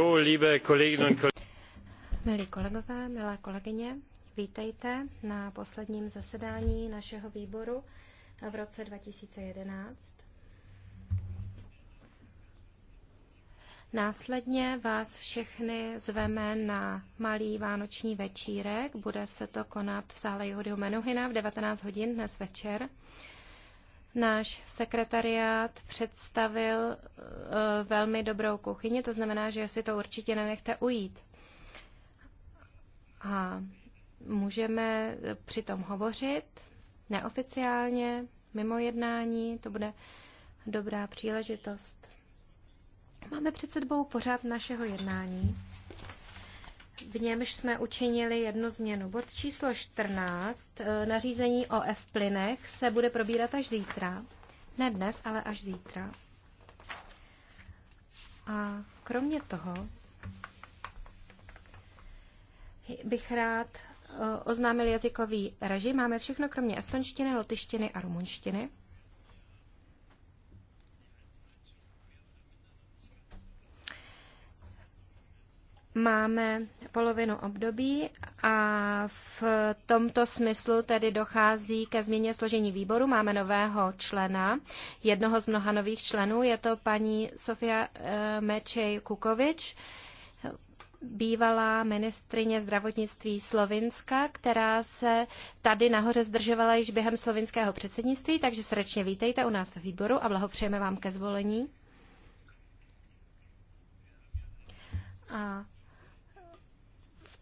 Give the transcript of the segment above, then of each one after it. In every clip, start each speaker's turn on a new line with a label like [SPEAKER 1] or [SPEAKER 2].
[SPEAKER 1] Milí
[SPEAKER 2] kolegové,
[SPEAKER 1] milé kolegyně, vítejte na posledním zasedání našeho výboru v roce 2011. Následně vás všechny zveme na malý vánoční večírek. Bude se to konat v sále Jehudy Menuhina v 19 hodin dnes večer náš sekretariát představil eh, velmi dobrou kuchyni, to znamená, že si to určitě nenechte ujít. A můžeme přitom hovořit neoficiálně, mimo jednání, to bude dobrá příležitost. Máme před sebou pořád našeho jednání v němž jsme učinili jednu změnu. Bod číslo 14, eh, nařízení o F-plynech, se bude probírat až zítra. Ne dnes, ale až zítra. A kromě toho bych rád eh, oznámil jazykový režim. Máme všechno kromě estonštiny, lotyštiny a rumunštiny. máme polovinu období a v tomto smyslu tedy dochází ke změně složení výboru. Máme nového člena, jednoho z mnoha nových členů, je to paní Sofia eh, Mečej Kukovič, bývalá ministrině zdravotnictví Slovinska, která se tady nahoře zdržovala již během slovinského předsednictví, takže srdečně vítejte u nás v výboru a blahopřejeme vám ke zvolení. A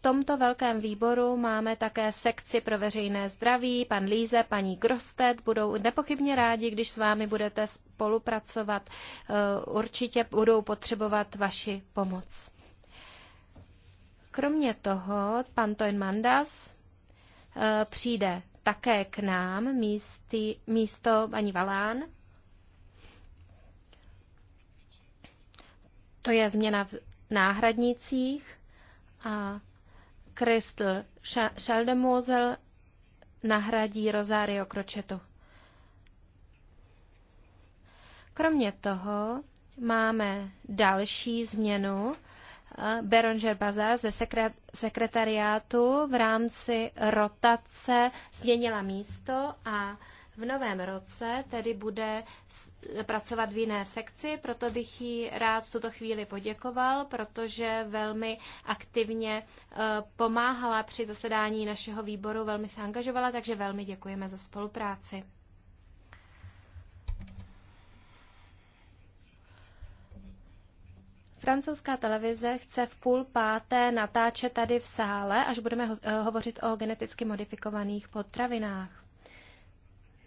[SPEAKER 1] tomto velkém výboru máme také sekci pro veřejné zdraví. Pan Líze, paní Grostet budou nepochybně rádi, když s vámi budete spolupracovat. Eh, určitě budou potřebovat vaši pomoc. Kromě toho, pan Toin Mandas eh, přijde také k nám místy, místo paní Valán. To je změna v náhradnicích a Crystal Schaldemosel nahradí Rosario Crochetu. Kromě toho máme další změnu. Eh, Beronger Bazar ze sekretariátu v rámci rotace změnila místo a v novém roce tedy bude pracovat v jiné sekci, proto bych jí rád v tuto chvíli poděkoval, protože velmi aktivně e, pomáhala při zasedání našeho výboru, velmi se angažovala, takže velmi děkujeme za spolupráci. Francouzská televize chce v půl páté natáčet tady v sále, až budeme ho- e, hovořit o geneticky modifikovaných potravinách.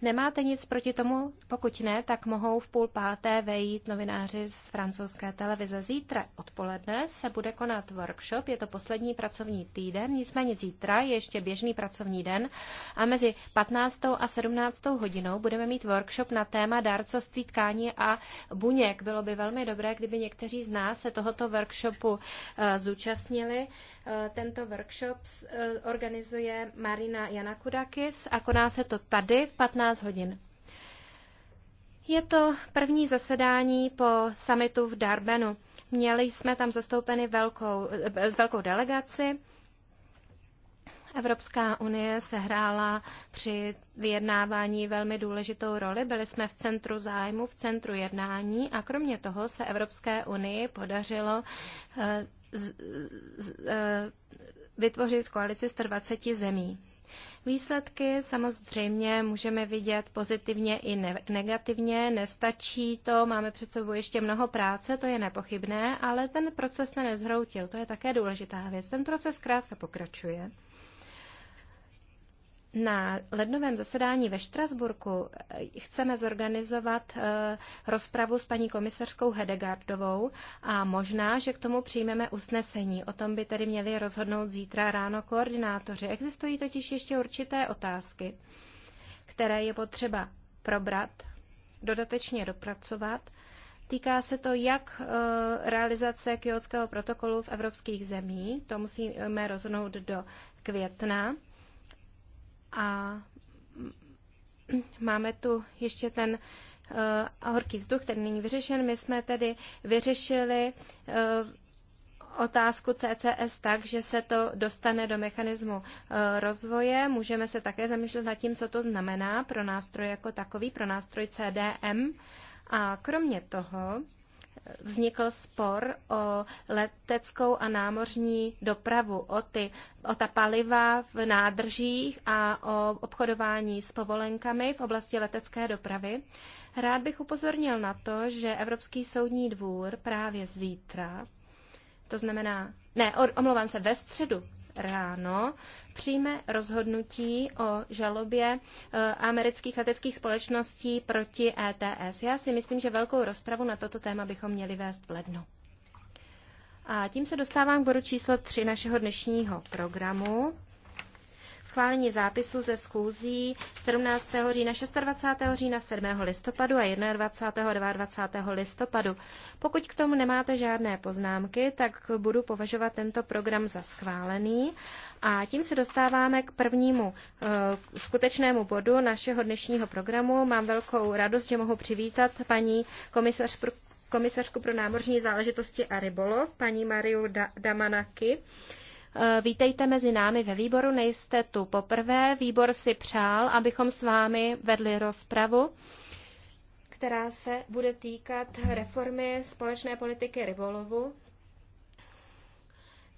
[SPEAKER 1] Nemáte nic proti tomu? Pokud ne, tak mohou v půl páté vejít novináři z francouzské televize. Zítra odpoledne se bude konat workshop, je to poslední pracovní týden, nicméně zítra je ještě běžný pracovní den a mezi 15. a 17. hodinou budeme mít workshop na téma dárcovství tkání a buněk. Bylo by velmi dobré, kdyby někteří z nás se tohoto workshopu eh, zúčastnili. Eh, tento workshop eh, organizuje Marina Janakudakis a koná se to tady v 15 15 hodin. Je to první zasedání po summitu v Darbenu. Měli jsme tam zastoupeny velkou, eh, s velkou delegaci. Evropská unie sehrála při vyjednávání velmi důležitou roli. Byli jsme v centru zájmu, v centru jednání a kromě toho se Evropské unii podařilo eh, z, z, z, eh, vytvořit koalici 120 zemí. Výsledky samozřejmě můžeme vidět pozitivně i ne- negativně, nestačí to, máme před sebou ještě mnoho práce, to je nepochybné, ale ten proces se nezhroutil, to je také důležitá věc. Ten proces krátka pokračuje. Na lednovém zasedání ve Štrasburku eh, chceme zorganizovat eh, rozpravu s paní komisařkou Hedegardovou a možná, že k tomu přijmeme usnesení. O tom by tedy měli rozhodnout zítra ráno koordinátoři. Existují totiž ještě určité otázky, které je potřeba probrat, dodatečně dopracovat. Týká se to jak eh, realizace kyotského protokolu v evropských zemích, to musíme rozhodnout do května, a máme tu ještě ten uh, horký vzduch, který není vyřešen. My jsme tedy vyřešili uh, otázku CCS tak, že se to dostane do mechanismu uh, rozvoje. Můžeme se také zamýšlet nad tím, co to znamená pro nástroj jako takový, pro nástroj CDM. A kromě toho, vznikl spor o leteckou a námořní dopravu, o, ty, o ta paliva v nádržích a o obchodování s povolenkami v oblasti letecké dopravy. Rád bych upozornil na to, že Evropský soudní dvůr právě zítra, to znamená, ne, omlouvám se, ve středu ráno přijme rozhodnutí o žalobě eh, amerických leteckých společností proti ETS. Já si myslím, že velkou rozpravu na toto téma bychom měli vést v lednu. A tím se dostávám k bodu číslo 3 našeho dnešního programu schválení zápisu ze schůzí 17. října, 26. října, 7. listopadu a 21. 22. listopadu. Pokud k tomu nemáte žádné poznámky, tak budu považovat tento program za schválený. A tím se dostáváme k prvnímu e, skutečnému bodu našeho dnešního programu. Mám velkou radost, že mohu přivítat paní komisař pro, komisařku pro námořní záležitosti a rybolov, paní Mariu da, Damanaky. Eh, vítejte mezi námi ve výboru, nejste tu poprvé. Výbor si přál, abychom s vámi vedli rozpravu, která se bude týkat reformy společné politiky rybolovu.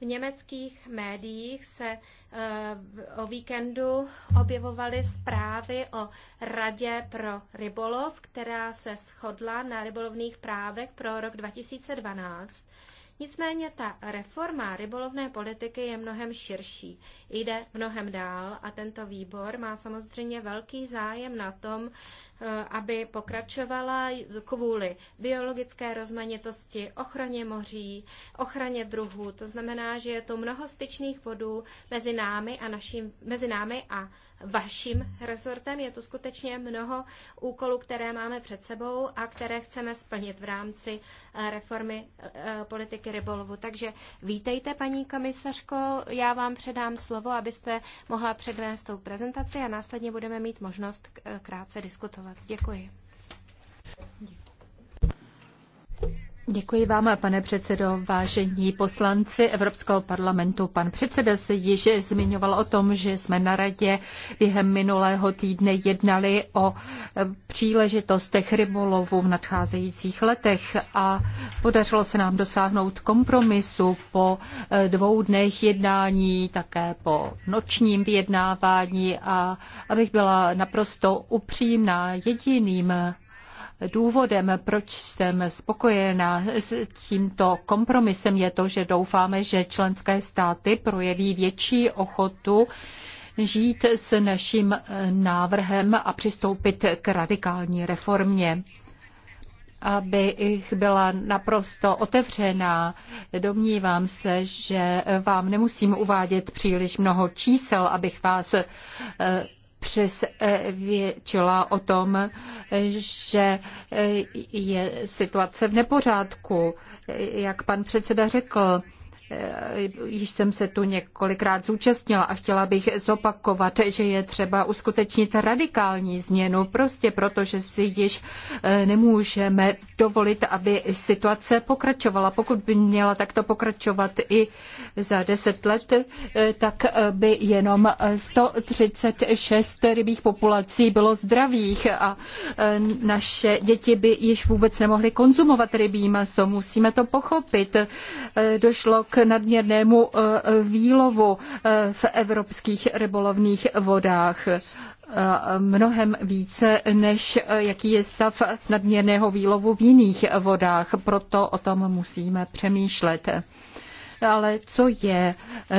[SPEAKER 1] V německých médiích se eh, o víkendu objevovaly zprávy o Radě pro rybolov, která se shodla na rybolovných právech pro rok 2012. Nicméně ta reforma rybolovné politiky je mnohem širší, jde mnohem dál a tento výbor má samozřejmě velký zájem na tom, eh, aby pokračovala kvůli biologické rozmanitosti, ochraně moří, ochraně druhů. To znamená, že je to mnoho styčných bodů mezi námi a, naším, mezi námi a vaším rezortem. Je to skutečně mnoho úkolů, které máme před sebou a které chceme splnit v rámci eh, reformy eh, politiky rybolovu. Takže vítejte, paní komisařko, já vám předám slovo, abyste mohla předvést tou prezentaci a následně budeme mít možnost eh, krátce diskutovat. Děkuji. Děkuji.
[SPEAKER 3] Děkuji vám, pane předsedo, vážení poslanci Evropského parlamentu. Pan předseda se již zmiňoval o tom, že jsme na radě během minulého týdne jednali o příležitostech rybolovu v nadcházejících letech a podařilo se nám dosáhnout kompromisu po dvou dnech jednání, také po nočním vyjednávání a abych byla naprosto upřímná, jediným důvodem, proč jsem spokojená s tímto kompromisem, je to, že doufáme, že členské státy projeví větší ochotu žít s naším návrhem a přistoupit k radikální reformě aby jich byla naprosto otevřená. Domnívám se, že vám nemusím uvádět příliš mnoho čísel, abych vás eh, přesvědčila o tom, že je situace v nepořádku. Jak pan předseda řekl, Již jsem se tu několikrát zúčastnila a chtěla bych zopakovat, že je třeba uskutečnit radikální změnu, prostě proto, že si již eh, nemůžeme dovolit, aby situace pokračovala. Pokud by měla takto pokračovat i za deset let, eh, tak eh, by jenom 136 rybích populací bylo zdravých a naše děti by již vůbec nemohly konzumovat rybí maso. Musíme to pochopit. Došlo k nadměrnému eh, výlovu eh, v evropských rybolovných vodách eh, mnohem více, než jaký je stav nadměrného výlovu v jiných vodách. Proto o tom musíme přemýšlet. Ale co je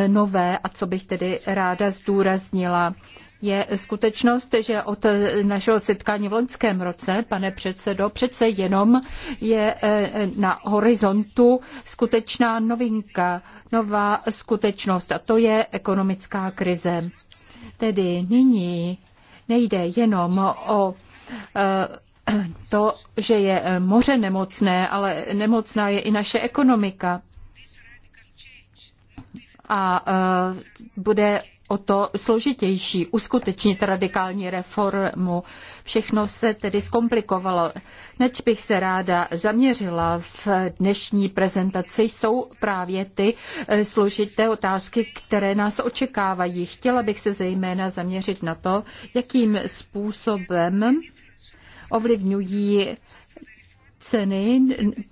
[SPEAKER 3] nové a co bych tedy ráda zdůraznila? je skutečnost, že od našeho setkání v loňském roce, pane předsedo, přece jenom je eh, na horizontu skutečná novinka, nová skutečnost a to je ekonomická krize. Tedy nyní nejde jenom o eh, to, že je moře nemocné, ale nemocná je i naše ekonomika. A eh, bude o to složitější uskutečnit radikální reformu. Všechno se tedy zkomplikovalo. Neč bych se ráda zaměřila v dnešní prezentaci, jsou právě ty eh, složité otázky, které nás očekávají. Chtěla bych se zejména zaměřit na to, jakým způsobem ovlivňují ceny,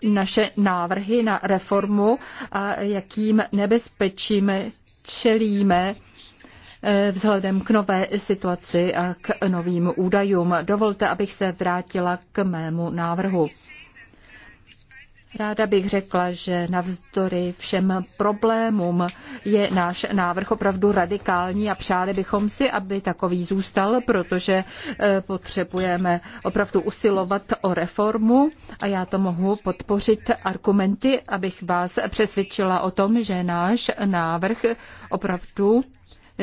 [SPEAKER 3] naše návrhy na reformu a jakým nebezpečím čelíme Eh, vzhledem k nové situaci a k novým údajům. Dovolte, abych se vrátila k mému návrhu. Ráda bych řekla, že navzdory všem problémům je náš návrh opravdu radikální a přáli bychom si, aby takový zůstal, protože eh, potřebujeme opravdu usilovat o reformu a já to mohu podpořit argumenty, abych vás přesvědčila o tom, že náš návrh opravdu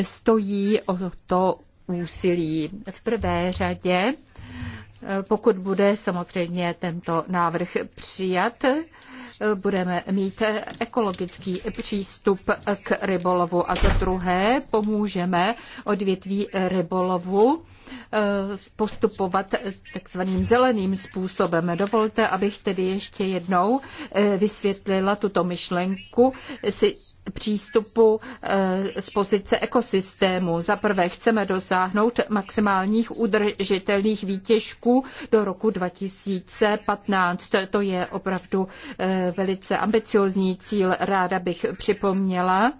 [SPEAKER 3] stojí o to úsilí. V prvé řadě, eh, pokud bude samozřejmě tento návrh přijat, eh, budeme mít ekologický přístup k rybolovu a za druhé pomůžeme odvětví rybolovu eh, postupovat takzvaným zeleným způsobem. Dovolte, abych tedy ještě jednou vysvětlila tuto myšlenku přístupu eh, z pozice ekosystému. Za prvé chceme dosáhnout maximálních udržitelných výtěžků do roku 2015. To je opravdu eh, velice ambiciozní cíl. Ráda bych připomněla,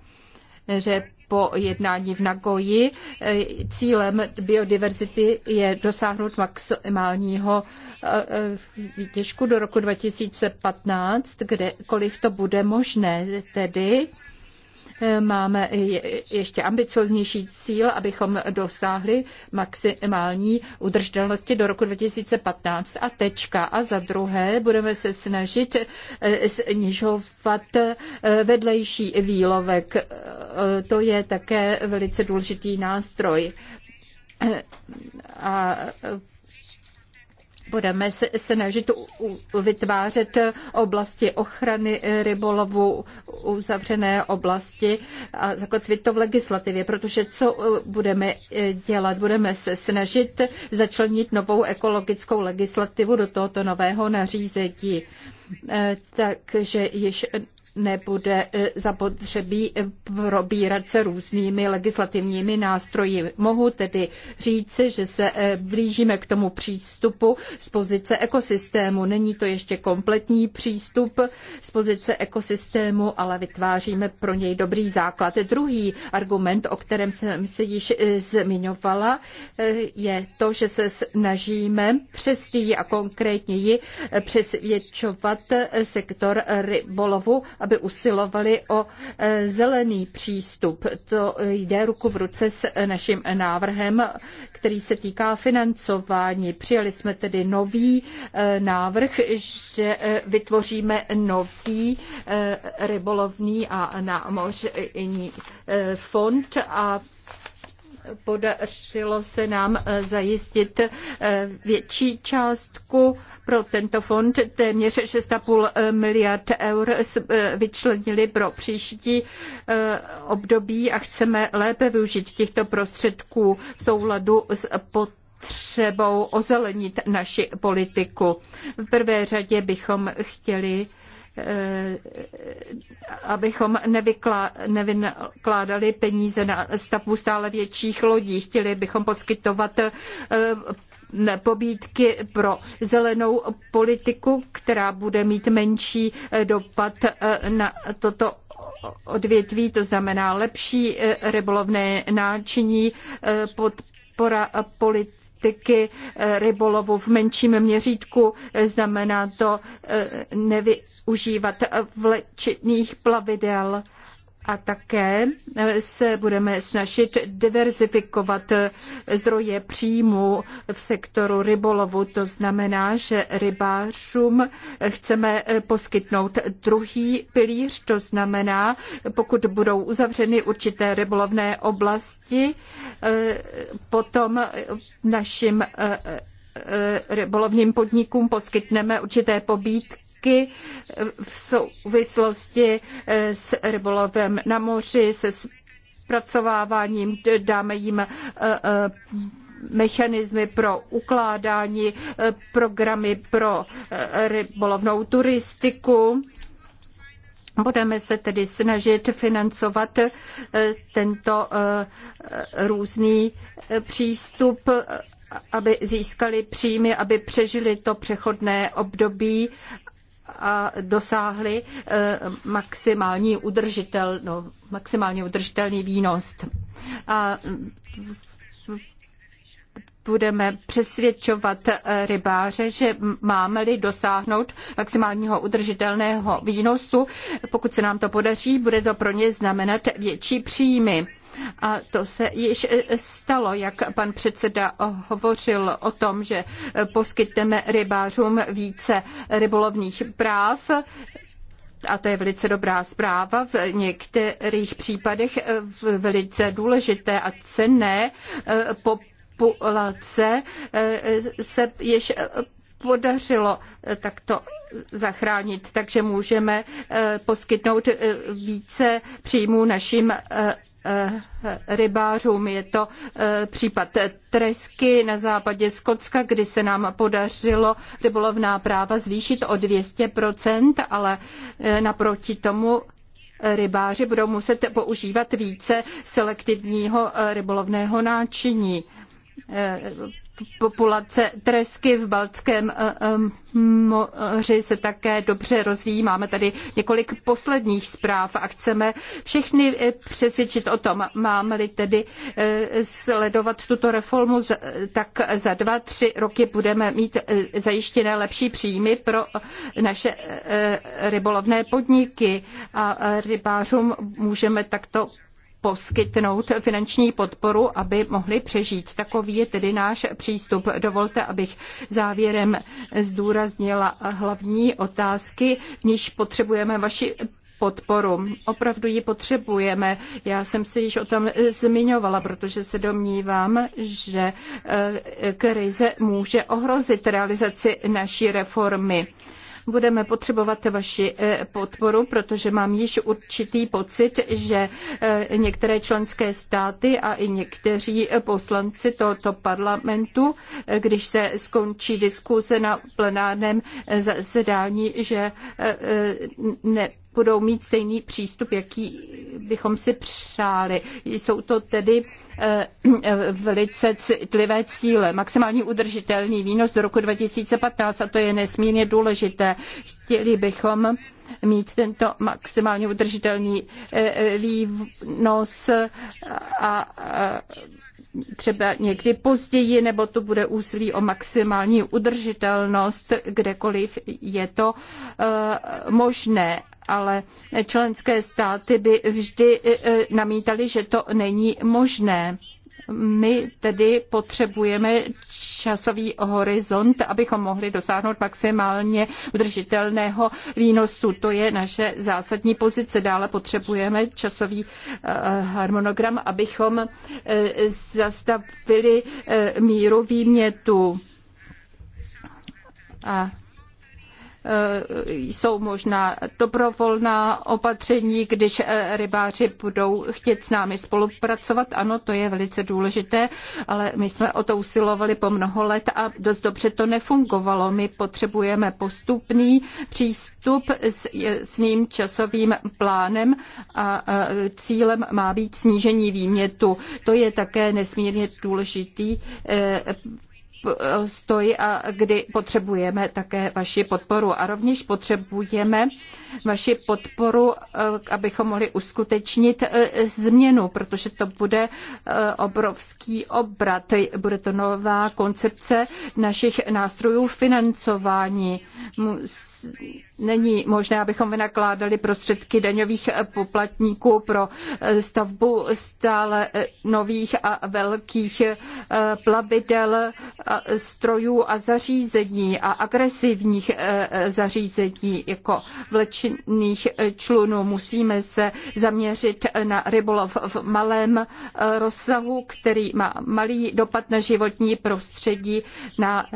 [SPEAKER 3] že po jednání v Nagoji. Eh, cílem biodiverzity je dosáhnout maximálního výtěžku do roku 2015, kdekoliv to bude možné, tedy Máme ještě ambicioznější cíl, abychom dosáhli maximální udržitelnosti do roku 2015 a tečka. A za druhé budeme se snažit eh, snižovat eh, vedlejší výlovek. Eh, to je také velice důležitý nástroj. A budeme se snažit vytvářet oblasti ochrany rybolovu, uzavřené oblasti a zakotvit to v legislativě, protože co e, budeme e, dělat? Budeme se snažit začlenit novou ekologickou legislativu do tohoto nového nařízení. E, takže již nebude e, zapotřebí e, probírat se různými legislativními nástroji. Mohu tedy říci, že se e, blížíme k tomu přístupu z pozice ekosystému. Není to ještě kompletní přístup z pozice ekosystému, ale vytváříme pro něj dobrý základ. Druhý argument, o kterém jsem se již zmiňovala, je to, že se snažíme přesněji a konkrétněji přesvědčovat sektor rybolovu, aby usilovali o e, zelený přístup. To jde ruku v ruce s naším návrhem, který se týká financování. Přijali jsme tedy nový e, návrh, že e, vytvoříme nový rybolovný a námořní fond a Podařilo se nám eh, zajistit eh, větší částku pro tento fond, téměř 6,5 eh, miliard eur vyčlenili pro příští období a chceme lépe využít těchto prostředků v souladu s pot potřebou ozelenit naši politiku. V prvé řadě bychom chtěli Eh, abychom nevykládali peníze na stavbu stále větších lodí. Chtěli bychom poskytovat eh, pobídky pro zelenou politiku, která bude mít menší eh, dopad na toto odvětví, to znamená lepší rybolovné náčiní, podpora politik politiky eh, rybolovu v menším měřítku. Eh, znamená to eh, nevyužívat vlečitných plavidel a také eh, se budeme snažit diverzifikovat eh, zdroje příjmu v sektoru rybolovu. To znamená, že rybářům eh, chceme poskytnout druhý pilíř, to znamená, pokud budou uzavřeny určité rybolovné oblasti, potom našim rybolovním podnikům poskytneme určité pobídky, výrobky v souvislosti s rybolovem na moři, se zpracováváním, dáme jim eh, eh, mechanismy pro ukládání, eh, programy pro rybolovnou turistiku. Budeme se tedy snažit financovat tento různý přístup, aby získali příjmy, aby přežili to přechodné období a dosáhli eh, maximální udržitel, no, maximálně udržitelný výnos. A budeme přesvědčovat eh, rybáře, že máme-li dosáhnout maximálního udržitelného výnosu, pokud se nám to podaří, bude to pro ně znamenat větší příjmy. A to se již eh, stalo, jak pan předseda hovořil o tom, že eh, poskytneme rybářům více rybolovných práv a to je velice dobrá zpráva, v některých případech eh, velice důležité a cenné populace se již podařilo eh, takto zachránit, takže můžeme eh, poskytnout eh, více příjmů našim rybářům. Je to případ Tresky na západě Skotska, kdy se nám podařilo rybolovná práva zvýšit o 200%, ale naproti tomu rybáři budou muset používat více selektivního rybolovného náčiní. Eh, populace tresky v Baltském eh, eh, moři se také dobře rozvíjí. Máme tady několik posledních zpráv a chceme všechny přesvědčit o tom. Máme-li tedy sledovat tuto reformu, tak za dva, tři roky budeme mít zajištěné lepší příjmy pro naše rybolovné podniky a rybářům můžeme takto poskytnout finanční podporu, aby mohli přežít. Takový je tedy náš přístup. Dovolte, abych závěrem zdůraznila hlavní otázky, v níž potřebujeme vaši podporu. Opravdu ji potřebujeme. Já jsem se již o tom zmiňovala, protože se domnívám, že eh, krize může ohrozit realizaci naší reformy. Budeme potřebovat vaši eh, podporu, protože mám již určitý pocit, že eh, některé členské státy a i někteří poslanci tohoto parlamentu, eh, když se skončí diskuse na plenárném zasedání, že ne budou mít stejný přístup, jaký bychom si přáli. Jsou to tedy eh, eh, velice citlivé cíle. Maximální udržitelný výnos do roku 2015 a to je nesmírně důležité. Chtěli bychom mít tento maximálně udržitelný eh, výnos a třeba někdy později, nebo to bude úsilí o maximální udržitelnost, kdekoliv je to možné ale členské státy by vždy e, e, namítaly, že to není možné. My tedy potřebujeme časový horizont, abychom mohli dosáhnout maximálně udržitelného výnosu. To je naše zásadní pozice. Dále potřebujeme časový e, harmonogram, abychom zastavili míru výmětu. A Eh, jsou možná dobrovolná opatření, když eh, rybáři budou chtět s námi spolupracovat. Ano, to je velice důležité, ale my jsme o to usilovali po mnoho let a dost dobře to nefungovalo. My potřebujeme postupný přístup s jasným časovým plánem a eh, cílem má být snížení výmětu. To je také nesmírně důležitý stojí a kdy potřebujeme také vaši podporu. A rovněž potřebujeme vaši podporu, eh, abychom mohli uskutečnit eh, změnu, protože to bude eh, obrovský obrat. Bude to nová koncepce našich nástrojů financování. Musí není možné, abychom vynakládali prostředky daňových poplatníků pro eh, stavbu stále eh, nových a velkých eh, plavidel, strojů a zařízení a agresivních zařízení jako vlečných člunů. Musíme se zaměřit na rybolov v malém rozsahu, který má malý dopad na životní prostředí, na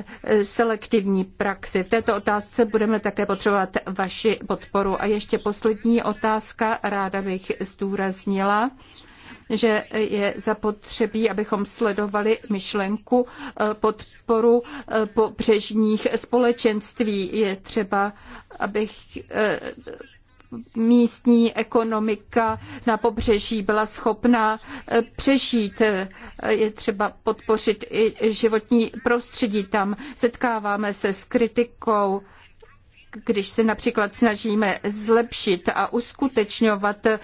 [SPEAKER 3] selektivní praxi. V této otázce budeme také také potřebovat vaši podporu. A ještě poslední otázka, ráda bych zdůraznila že je zapotřebí, abychom sledovali myšlenku eh, podporu eh, pobřežních společenství. Je třeba, abych eh, místní ekonomika na pobřeží byla schopna přežít. Je třeba podpořit i životní prostředí tam. Setkáváme se s kritikou když se například snažíme zlepšit a uskutečňovat eh,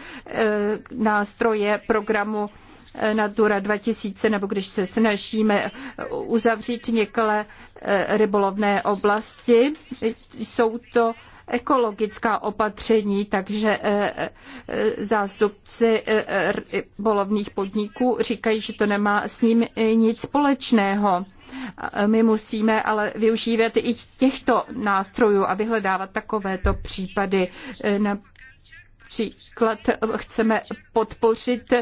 [SPEAKER 3] nástroje programu eh, Natura 2000, nebo když se snažíme uzavřít některé eh, rybolovné oblasti, jsou to ekologická opatření, takže zástupci rybolovných podniků říkají, že to nemá s ním nic společného. My musíme ale využívat i těchto nástrojů a vyhledávat takovéto případy. E, například e, chceme podpořit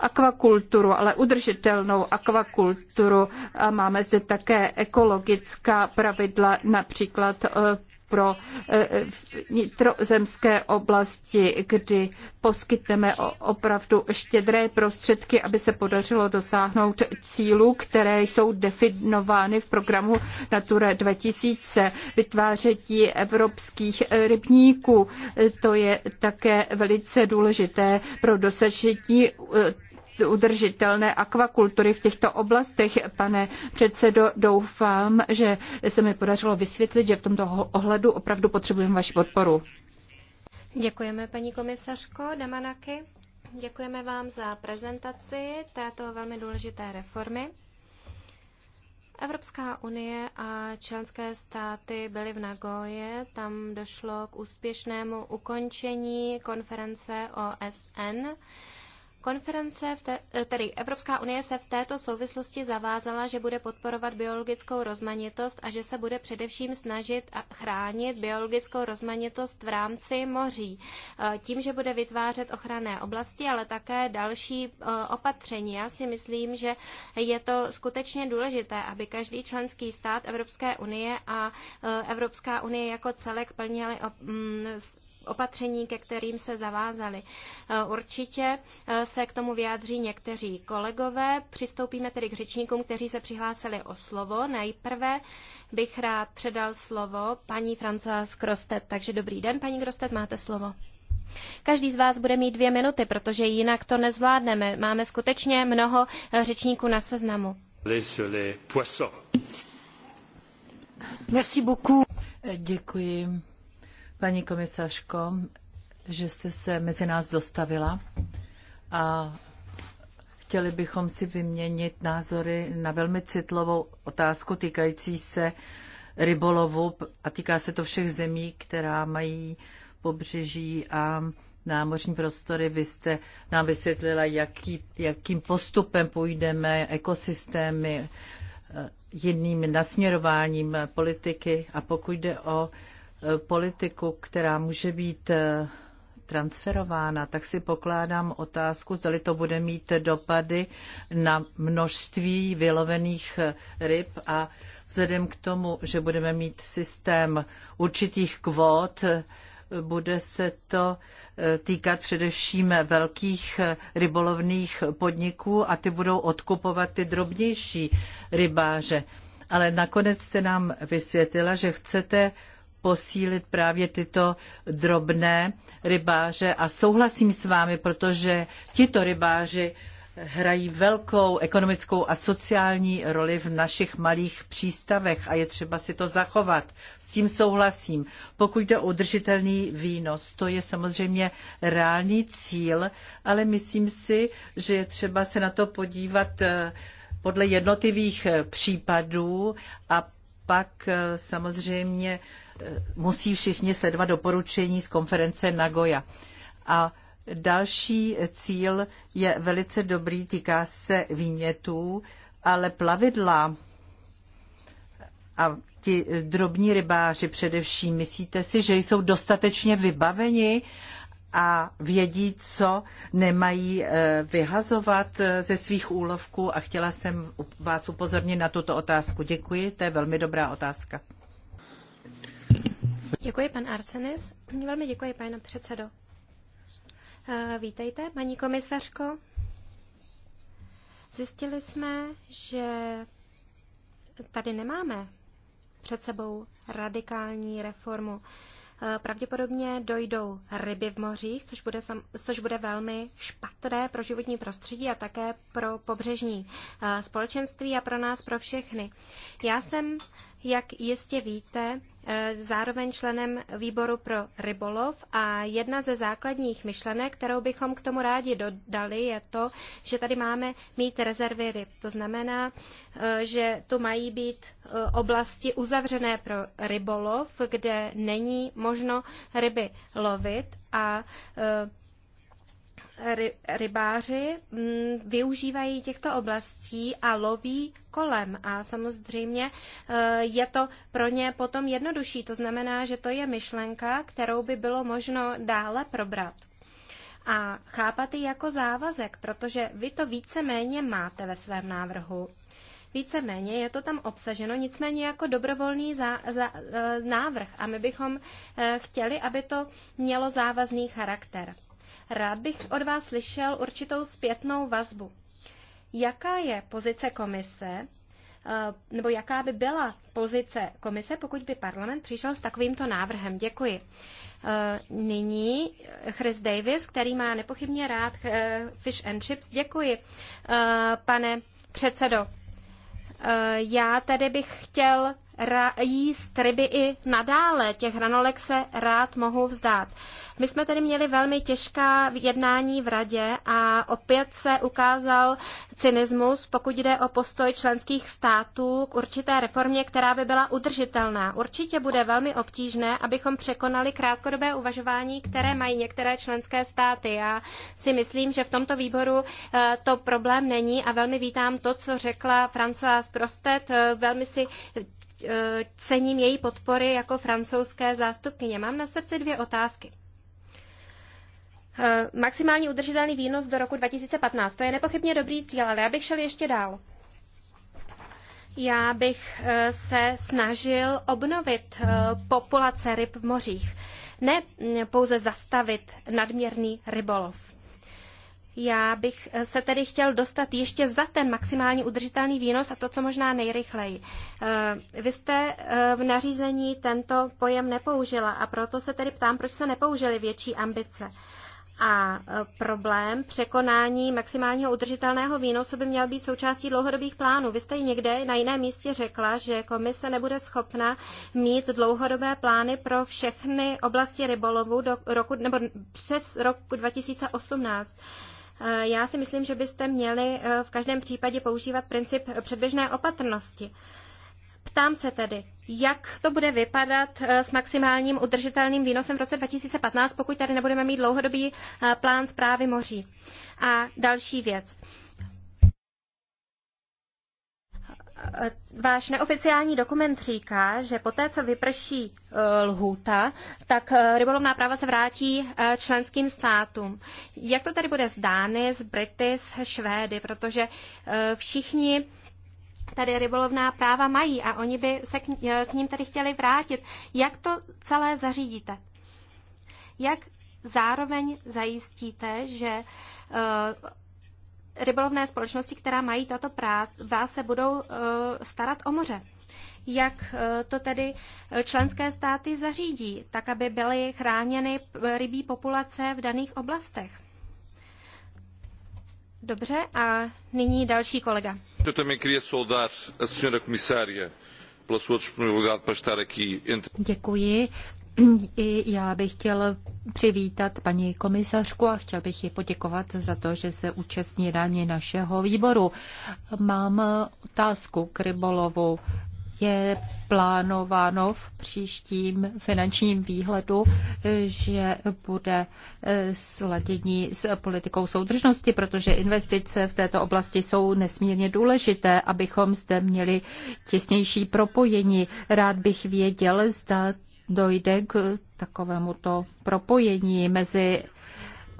[SPEAKER 3] akvakulturu, ale udržitelnou akvakulturu. A máme zde také ekologická pravidla, například e, pro eh, eh, vnitrozemské oblasti, kdy poskytneme opravdu štědré prostředky, aby se podařilo dosáhnout cílů, které jsou definovány v programu Natura 2000, vytváření evropských rybníků. To je také velice důležité pro dosažení eh, udržitelné akvakultury v těchto oblastech. Pane předsedo, doufám, že se mi podařilo vysvětlit, že v tomto ohledu opravdu potřebujeme vaši podporu.
[SPEAKER 1] Děkujeme, paní komisařko Damanaky. Děkujeme vám za prezentaci této velmi důležité reformy. Evropská unie a členské státy byly v Nagoje. Tam došlo k úspěšnému ukončení konference OSN. Konference, v te, eh, tedy Evropská unie se v této souvislosti zavázala, že bude podporovat biologickou rozmanitost a že se bude především snažit a chránit biologickou rozmanitost v rámci moří. Eh, tím, že bude vytvářet ochranné oblasti, ale také další eh, opatření. Já si myslím, že je to skutečně důležité, aby každý členský stát Evropské unie a Evropská unie jako celek plnili mm, opatření, ke kterým se zavázali. Eh, určitě eh, se k tomu vyjádří někteří kolegové. Přistoupíme tedy k řečníkům, kteří se přihlásili o slovo. Nejprve bych rád předal slovo paní Francoise Krostet. Takže dobrý den, paní Krostet, máte slovo. Každý z vás bude mít dvě minuty, protože jinak to nezvládneme. Máme skutečně mnoho eh, řečníků na seznamu.
[SPEAKER 2] Merci beaucoup. Děkuji paní komisařko, že jste se mezi nás dostavila a chtěli bychom si vyměnit názory na velmi citlivou otázku týkající se rybolovu a týká se to všech zemí, která mají pobřeží a námořní prostory. Vy jste nám vysvětlila, jaký, jakým postupem půjdeme, ekosystémy, eh, jiným nasměrováním politiky a pokud jde o politiku, která může být eh, transferována, tak si pokládám otázku, zdali to bude mít dopady na množství vylovených eh, ryb a vzhledem k tomu, že budeme mít systém určitých kvót, eh, bude se to týkat především velkých rybolovných podniků a ty budou odkupovat ty drobnější rybáře. Ale nakonec jste nám vysvětlila, že chcete posílit právě tyto drobné rybáře a souhlasím s vámi, protože tito rybáři hrají velkou ekonomickou a sociální roli v našich malých přístavech a je třeba si to zachovat. S tím souhlasím. Pokud jde o udržitelný výnos, to je samozřejmě reálný cíl, ale myslím si, že je třeba se na to podívat eh, podle jednotlivých případů a pak eh, samozřejmě musí všichni sledovat doporučení z konference Nagoya. A další cíl je velice dobrý, týká se výmětů, ale plavidla a ti drobní rybáři především, myslíte si, že jsou dostatečně vybaveni a vědí, co nemají eh, vyhazovat eh, ze svých úlovků? A chtěla jsem vás upozornit na tuto otázku. Děkuji, to je velmi dobrá otázka.
[SPEAKER 1] Děkuji, pan Arsenis. Velmi děkuji, pane předsedo. Eh, vítejte, paní komisařko. Zjistili jsme, že tady nemáme před sebou radikální reformu. Eh, pravděpodobně dojdou ryby v mořích, což bude, sam, což bude velmi špatné pro životní prostředí a také pro pobřežní eh, společenství a pro nás, pro všechny. Já jsem jak jistě víte, eh, zároveň členem výboru pro rybolov a jedna ze základních myšlenek, kterou bychom k tomu rádi dodali, je to, že tady máme mít rezervy ryb. To znamená, eh, že tu mají být eh, oblasti uzavřené pro rybolov, kde není možno ryby lovit a rybáři mm, využívají těchto oblastí a loví kolem. A samozřejmě e, je to pro ně potom jednodušší. To znamená, že to je myšlenka, kterou by bylo možno dále probrat. A chápat ji jako závazek, protože vy to víceméně máte ve svém návrhu. Víceméně je to tam obsaženo, nicméně jako dobrovolný zá, zá, e, návrh. A my bychom e, chtěli, aby to mělo závazný charakter. Rád bych od vás slyšel určitou zpětnou vazbu. Jaká je pozice komise, eh, nebo jaká by byla pozice komise, pokud by parlament přišel s takovýmto návrhem? Děkuji. Eh, nyní Chris Davis, který má nepochybně rád eh, fish and chips. Děkuji, pane předsedo. Já tady bych chtěl jíst ryby i nadále. Těch hranolek se rád mohou vzdát. My jsme tedy měli velmi těžká jednání v radě a opět se ukázal cynismus, pokud jde o postoj členských států k určité reformě, která by byla udržitelná. Určitě bude velmi obtížné, abychom překonali krátkodobé uvažování, které mají některé členské státy. Já si myslím, že v tomto výboru eh, to problém není a velmi vítám to, co řekla Françoise Grostet. Eh, velmi si Eh, cením její podpory jako francouzské zástupkyně. Mám na srdci dvě otázky. Eh, maximální udržitelný výnos do roku 2015, to je nepochybně dobrý cíl, ale já bych šel ještě dál. Já bych eh, se snažil obnovit populace ryb v mořích, ne mm, pouze zastavit nadměrný rybolov. Já bych eh, se tedy chtěl dostat ještě za ten maximální udržitelný výnos a to, co možná nejrychleji. Eh, vy jste eh, v nařízení tento pojem nepoužila a proto se tedy ptám, proč se nepoužili větší ambice. A problém překonání maximálního udržitelného výnosu by měl být součástí dlouhodobých plánů. Vy jste někde na jiném místě řekla, že komise nebude schopna mít dlouhodobé plány pro všechny oblasti rybolovu do roku, nebo přes roku 2018. Eh, já si myslím, že byste měli eh, v každém případě používat princip předběžné opatrnosti. Ptám se tedy, jak to bude vypadat eh, s maximálním udržitelným výnosem v roce 2015, pokud tady nebudeme mít dlouhodobý plán zprávy moří. A další věc. Eh, váš neoficiální dokument říká, že poté, co vyprší eh, lhůta, tak eh, rybolovná práva se vrátí členským státům. Jak to tady bude z Dány, z Brity, z Švédy, protože všichni tady rybolovná práva mají a oni by se k, k ním tady chtěli vrátit. Jak to celé zařídíte? Jak zároveň zajistíte, že rybolovné společnosti, která mají tato práva, se budou eh, starat o moře. Jak eh, to tedy členské státy zařídí, tak aby byly chráněny rybí populace v daných oblastech? Dobře, a nyní další kolega.
[SPEAKER 2] Eu também queria saudar a senhora comissária pela sua disponibilidade para estar aqui.
[SPEAKER 1] Děkuji,
[SPEAKER 3] i já bych chtěl přivítat paní komisařku a chtěl bych ji poděkovat za to, že se účastní ráně našeho výboru. Mám otázku k rybolovu. Je plánováno v příštím finančním výhledu, že bude eh, sladění s politikou soudržnosti, protože investice v této oblasti jsou nesmírně důležité, abychom zde měli těsnější propojení. Rád bych věděl, zda dojde k takovémuto propojení mezi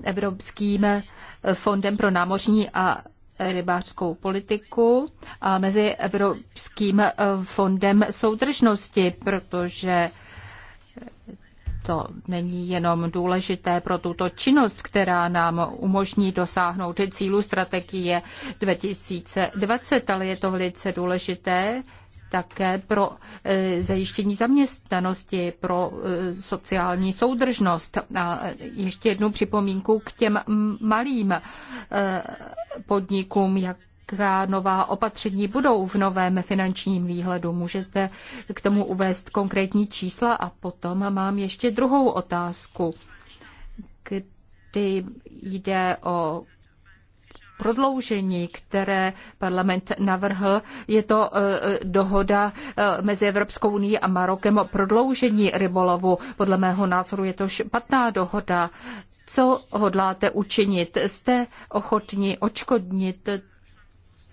[SPEAKER 3] Evropským fondem pro námořní a rybářskou politiku a mezi Evropským fondem soudržnosti, protože to není jenom důležité pro tuto činnost, která nám umožní dosáhnout cílu strategie 2020, ale je to velice důležité také pro e, zajištění zaměstnanosti, pro e, sociální soudržnost. A ještě jednu připomínku k těm malým e, podnikům, jak jaká nová opatření budou v novém finančním výhledu. Můžete k tomu uvést konkrétní čísla a potom mám ještě druhou otázku. Kdy jde o prodloužení, které parlament navrhl. Je to e, dohoda e, mezi Evropskou unii a Marokem o prodloužení rybolovu. Podle mého názoru je to špatná dohoda. Co hodláte učinit? Jste ochotni očkodnit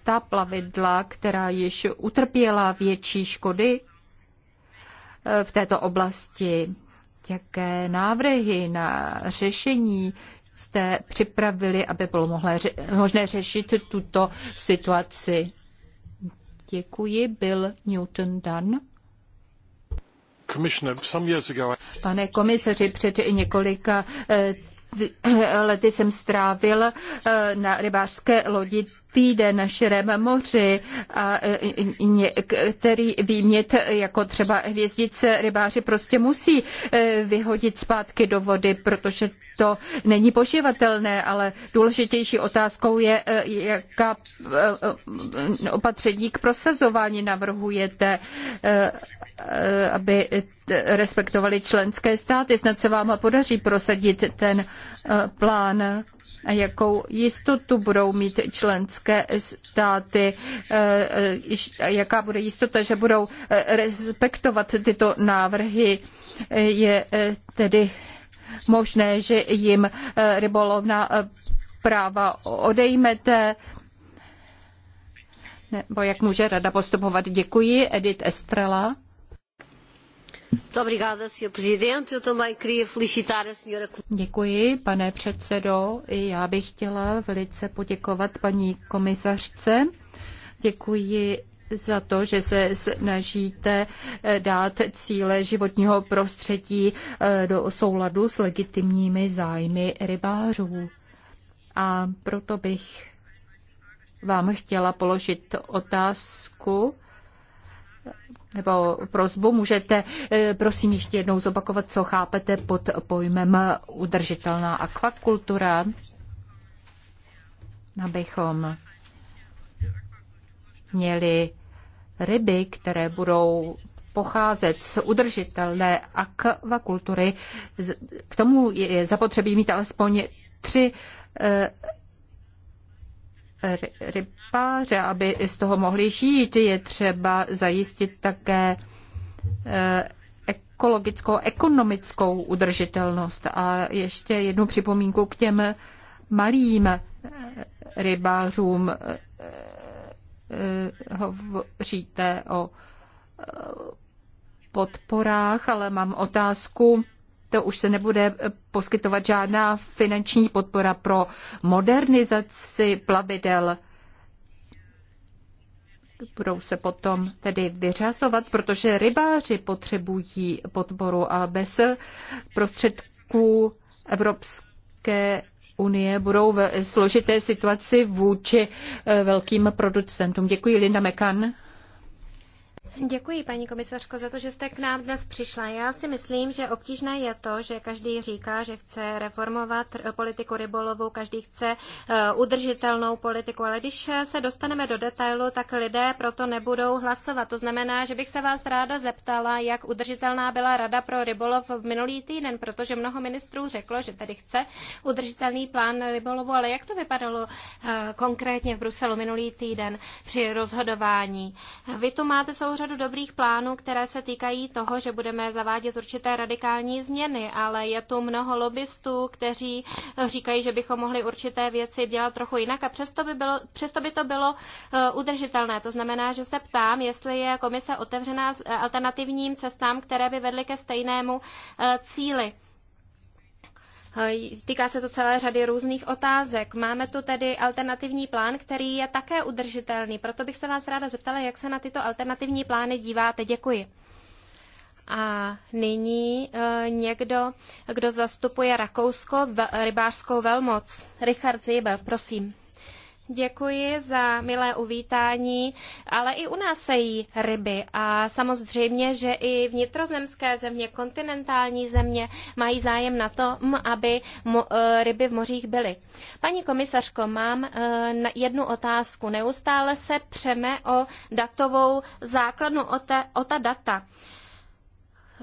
[SPEAKER 3] ta plavidla, která již utrpěla větší škody e, v této oblasti? Jaké návrhy na řešení jste připravili, aby bylo mohle, možné řešit tuto situaci? Děkuji, Bill Newton Dunn. Pane komisaři, před několika eh, lety jsem strávil eh, na rybářské lodi týden na širém moři a e, který výmět, jako třeba hvězdice, rybáři prostě musí e, vyhodit zpátky do vody, protože to není poživatelné, ale důležitější otázkou je, e, jaká opatření k prosazování navrhujete, aby respektovaly členské státy. Snad se vám podaří prosadit ten eh, plán. A jakou jistotu budou mít členské státy, eh, jaká bude jistota, že budou eh, respektovat tyto návrhy, je tedy možné, že jim rybolovná práva odejmete, nebo jak může rada postupovat. Děkuji, Edith Estrela. Děkuji, pane předsedo. Já bych chtěla velice poděkovat paní komisařce. Děkuji za to, že se snažíte eh, dát cíle životního prostředí eh, do souladu s legitimními zájmy rybářů. A proto bych vám chtěla položit otázku, nebo prozbu. Můžete eh, prosím ještě jednou zopakovat, co chápete pod pojmem udržitelná akvakultura, abychom měli ryby, které budou pocházet z udržitelné akvakultury. K tomu je zapotřebí mít alespoň tři eh, rybáře, aby z toho mohli žít. Je třeba zajistit také eh, ekologickou, ekonomickou udržitelnost. A ještě jednu připomínku k těm malým eh, rybářům. Eh, hovoříte o podporách, ale mám otázku to už se nebude eh, poskytovat žádná finanční podpora pro modernizaci plavidel. Budou se potom tedy vyřazovat, protože rybáři potřebují podporu a bez prostředků Evropské unie budou v složité situaci vůči eh, velkým producentům. Děkuji, Linda Mekan.
[SPEAKER 1] Děkuji, paní komisařko, za to, že jste k nám dnes přišla. Já si myslím, že obtížné je to, že každý říká, že chce reformovat politiku rybolovu, každý chce e, udržitelnou politiku, ale když se dostaneme do detailu, tak lidé proto nebudou hlasovat. To znamená, že bych se vás ráda zeptala, jak udržitelná byla Rada pro rybolov v minulý týden, protože mnoho ministrů řeklo, že tady chce udržitelný plán rybolovu, ale jak to vypadalo e, konkrétně v Bruselu minulý týden při rozhodování? Vy tu máte souhrn řadu dobrých plánů, které se týkají toho, že budeme zavádět určité radikální změny, ale je tu mnoho lobbystů, kteří říkají, že bychom mohli určité věci dělat trochu jinak a přesto by, bylo, přesto by to bylo eh, udržitelné. To znamená, že se ptám, jestli je komise otevřená eh, alternativním cestám, které by vedly ke stejnému eh, cíli. Týká se to celé řady různých otázek. Máme tu tedy alternativní plán, který je také udržitelný. Proto bych se vás ráda zeptala, jak se na tyto alternativní plány díváte. Děkuji. A nyní e, někdo, kdo zastupuje Rakousko, v, rybářskou velmoc. Richard Zíbel, prosím. Děkuji za milé uvítání, ale i u nás jí ryby a samozřejmě, že i vnitrozemské země, kontinentální země mají zájem na tom, aby e, ryby v mořích byly. Paní komisařko, mám e, jednu otázku. Neustále se přeme o datovou základnu, o, ta data.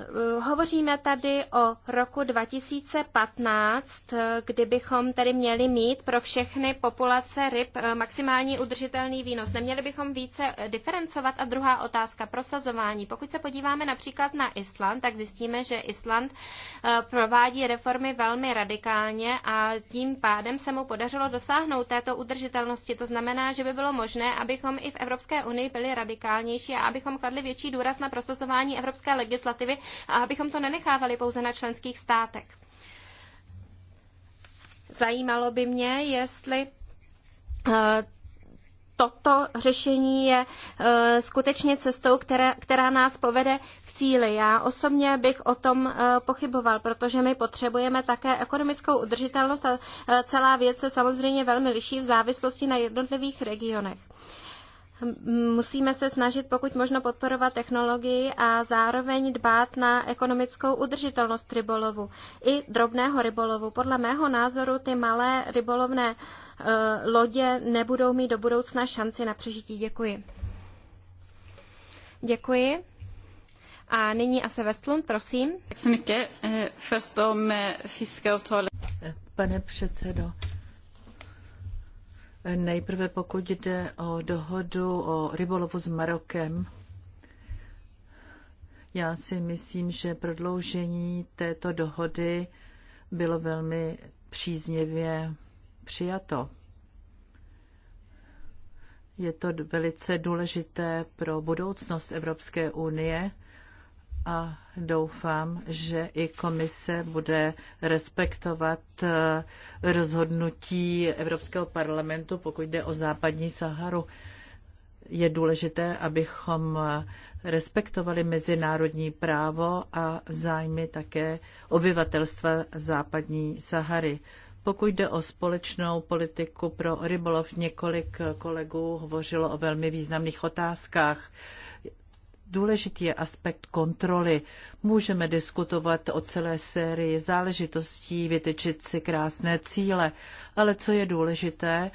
[SPEAKER 1] Eh, hovoříme tady o roku 2015, eh, kdybychom tedy měli mít pro všechny populace ryb eh, maximální udržitelný výnos. Neměli bychom více diferencovat? A druhá otázka, prosazování. Pokud se podíváme například na Island, tak zjistíme, že Island provádí reformy velmi radikálně a tím pádem se mu podařilo dosáhnout této udržitelnosti. To znamená, že by bylo možné, abychom i v Evropské unii byli radikálnější a abychom kladli větší důraz na prosazování evropské legislativy, a abychom to nenechávali pouze na členských státech. Zajímalo by mě, jestli eh, toto řešení je eh, skutečně cestou, která, která nás povede k cíli. Já osobně bych o tom eh, pochyboval, protože my potřebujeme také ekonomickou udržitelnost a celá věc se samozřejmě velmi liší v závislosti na jednotlivých regionech. Musíme se snažit pokud možno podporovat technologii a zároveň dbát na ekonomickou udržitelnost rybolovu i drobného rybolovu. Podle mého názoru ty malé rybolovné e, lodě nebudou mít do budoucna šanci na přežití. Děkuji. Děkuji. A nyní Ase Westlund, prosím. Tack så mycket. Eh, först om fiskeavtalet. Pane předsedo,
[SPEAKER 2] Nejprve pokud jde o dohodu o rybolovu s Marokem, já si myslím, že prodloužení této dohody bylo velmi příznivě přijato. Je to velice důležité pro budoucnost Evropské unie a doufám, že i komise bude respektovat eh, rozhodnutí Evropského parlamentu, pokud jde o západní Saharu. Je důležité, abychom eh, respektovali mezinárodní právo a zájmy také obyvatelstva západní Sahary. Pokud jde o společnou politiku pro rybolov, několik kolegů hovořilo o velmi významných otázkách důležitý je aspekt kontroly. Můžeme diskutovat o celé sérii záležitostí, vytyčit si krásné cíle, ale co je důležité,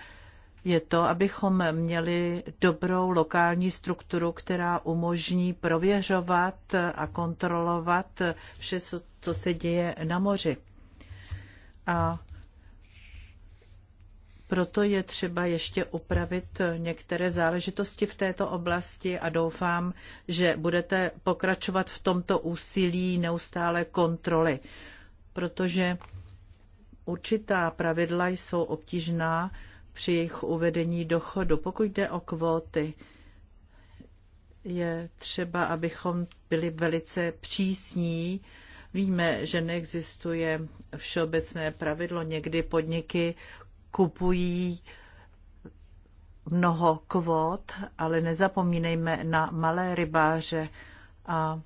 [SPEAKER 2] je to, abychom měli dobrou lokální strukturu, která umožní prověřovat a kontrolovat vše, co se děje na moři. A proto je třeba ještě upravit některé záležitosti v této oblasti a doufám, že budete pokračovat v tomto úsilí neustále kontroly, protože určitá pravidla jsou obtížná při jejich uvedení do chodu. Pokud jde o kvóty, je třeba, abychom byli velice přísní. Víme, že neexistuje všeobecné pravidlo. Někdy podniky kupují mnoho kvót, ale nezapomínejme na malé rybáře a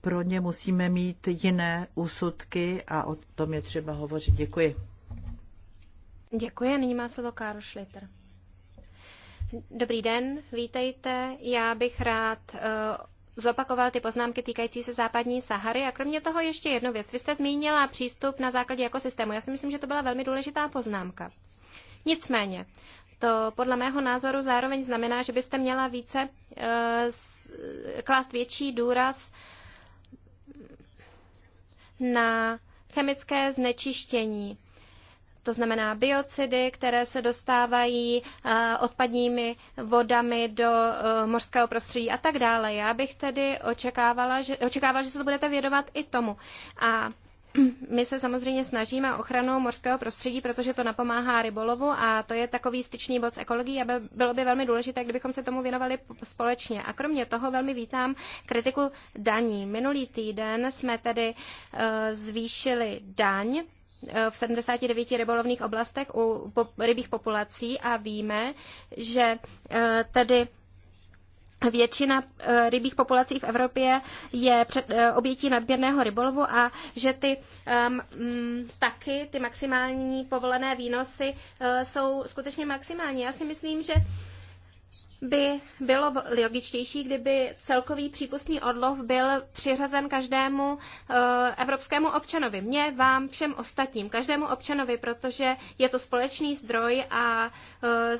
[SPEAKER 2] pro ně musíme mít jiné úsudky a o tom je třeba hovořit. Děkuji.
[SPEAKER 1] Děkuji. Nyní má slovo Káro Šliter. Dobrý den, vítejte. Já bych rád uh, zopakoval ty poznámky týkající se západní Sahary. A kromě toho ještě jednu věc. Vy jste zmínila přístup na základě ekosystému. Já si myslím, že to byla velmi důležitá poznámka. Nicméně, to podle mého názoru zároveň znamená, že byste měla více eh, klást větší důraz na chemické znečištění to znamená biocidy, které se dostávají eh, odpadními vodami do eh, mořského prostředí a tak dále. Já bych tedy očekávala, že, očekávala, že se to budete vědovat i tomu. A my se samozřejmě snažíme ochranu mořského prostředí, protože to napomáhá rybolovu a to je takový styčný bod s ekologií a bylo by velmi důležité, kdybychom se tomu věnovali společně. A kromě toho velmi vítám kritiku daní. Minulý týden jsme tedy uh, zvýšili daň v 79 rybolovných oblastech u rybích populací a víme, že eh, tedy Většina eh, rybích populací v Evropě je před, eh, obětí nadměrného rybolovu a že ty um, taky, ty maximální povolené výnosy uh, jsou skutečně maximální. Já si myslím, že uh, by bylo logičtější, kdyby celkový přípustný odlov byl přiřazen každému eh, evropskému občanovi. Mně, vám, všem ostatním, každému občanovi, protože je to společný zdroj a eh,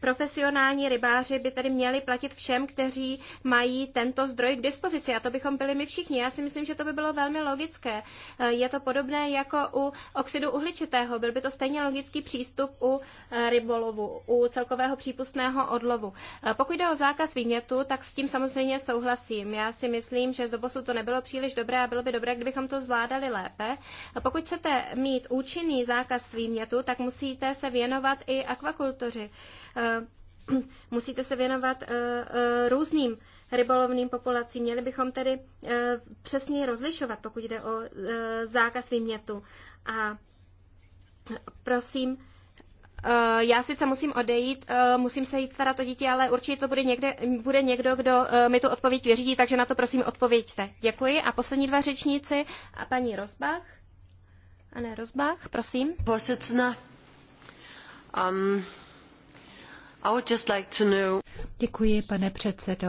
[SPEAKER 1] profesionální rybáři by tedy měli platit všem, kteří mají tento zdroj k dispozici. A to bychom byli my všichni. Já si myslím, že to by bylo velmi logické. Eh, je to podobné jako u oxidu uhličitého. Byl by to stejně logický přístup u eh, rybolovu, u celkového přípustného odlovu. Eh, pokud jde o zákaz výmětu, tak s tím samozřejmě souhlasím. Já si myslím, že z doposud to nebylo příliš dobré a bylo by dobré, kdybychom to zvládali lépe. Pokud chcete mít účinný zákaz výmětu, tak musíte se věnovat i akvakultuři. Eh, musíte se věnovat eh, eh, různým rybolovným populacím. Měli bychom tedy přesně rozlišovat, pokud jde o zákaz výmětu. A prosím, já sice musím odejít, musím se jít starat o dítě, ale určitě to bude, někde, bude někdo, kdo mi tu odpověď vyřídí, takže na to prosím odpověďte. Děkuji. A poslední dva řečníci, a paní Rozbach. A ne, Rozbach, prosím. Vosecna.
[SPEAKER 3] Um, Děkuji, pane předsedo.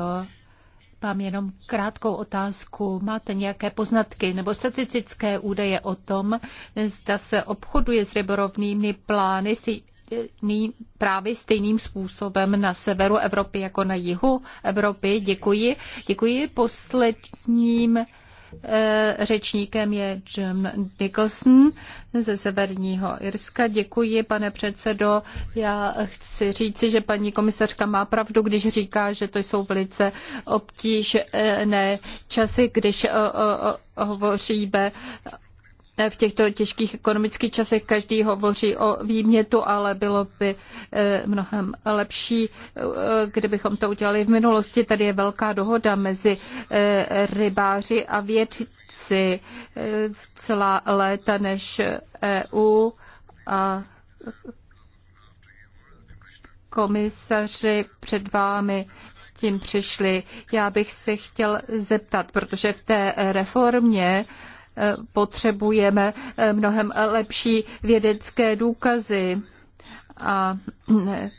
[SPEAKER 3] Mám jenom krátkou otázku. Máte nějaké poznatky nebo statistické údaje o tom, zda se obchoduje s rybolovnými plány právě stejným způsobem na severu Evropy jako na jihu Evropy? Děkuji. Děkuji posledním Eh, řečníkem je Jim Nicholson ze Severního Irska. Děkuji, pane předsedo. Já chci říci, že paní komisařka má pravdu, když říká, že to jsou velice obtížné časy, když eh, eh, hovoříme v těchto těžkých ekonomických časech každý hovoří o výmětu, ale bylo by eh, mnohem lepší, eh, kdybychom to udělali v minulosti. Tady je velká dohoda mezi eh, rybáři a vědci celá léta než EU a komisaři před vámi s tím přišli. Já bych se chtěl zeptat, protože v té reformě potřebujeme eh, mnohem lepší vědecké důkazy. A eh,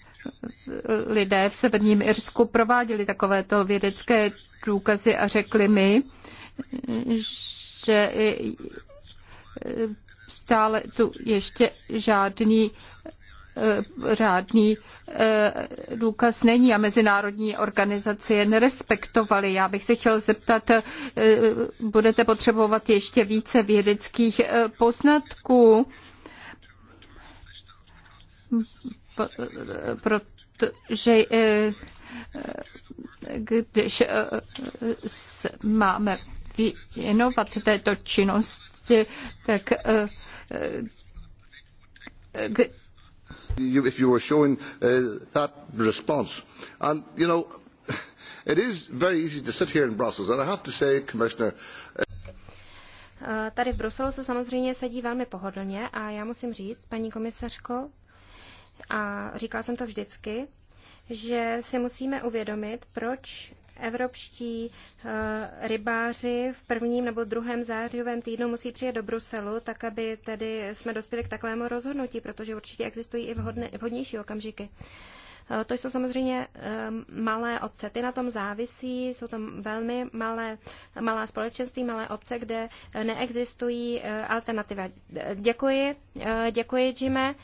[SPEAKER 3] lidé v Severním Irsku prováděli takovéto vědecké důkazy a řekli mi, že eh, stále tu ještě žádný Eh, řádný eh, důkaz není a mezinárodní organizace je nerespektovaly. Já bych se chtěl zeptat, eh, budete potřebovat ještě více vědeckých poznatků, protože když máme věnovat této činnosti, tak if you were showing uh, that response. And, you know, it is very easy to sit here in Brussels, and I have to say, Commissioner,
[SPEAKER 1] uh, Tady v Bruselu se samozřejmě sedí velmi pohodlně a já musím říct, paní komisařko, a říkala jsem to vždycky, že si musíme uvědomit, proč evropští eh, rybáři v prvním nebo druhém zářijovém týdnu musí přijet do Bruselu, tak aby tedy jsme dospěli k takovému rozhodnutí, protože určitě existují i vhodnější okamžiky. Uh, Eh, to jsou samozřejmě eh, malé obce, ty na tom závisí, jsou tam velmi malé, malá společenství, malé obce, kde eh, neexistují alternativa. Děkuji, děkuji, Jime.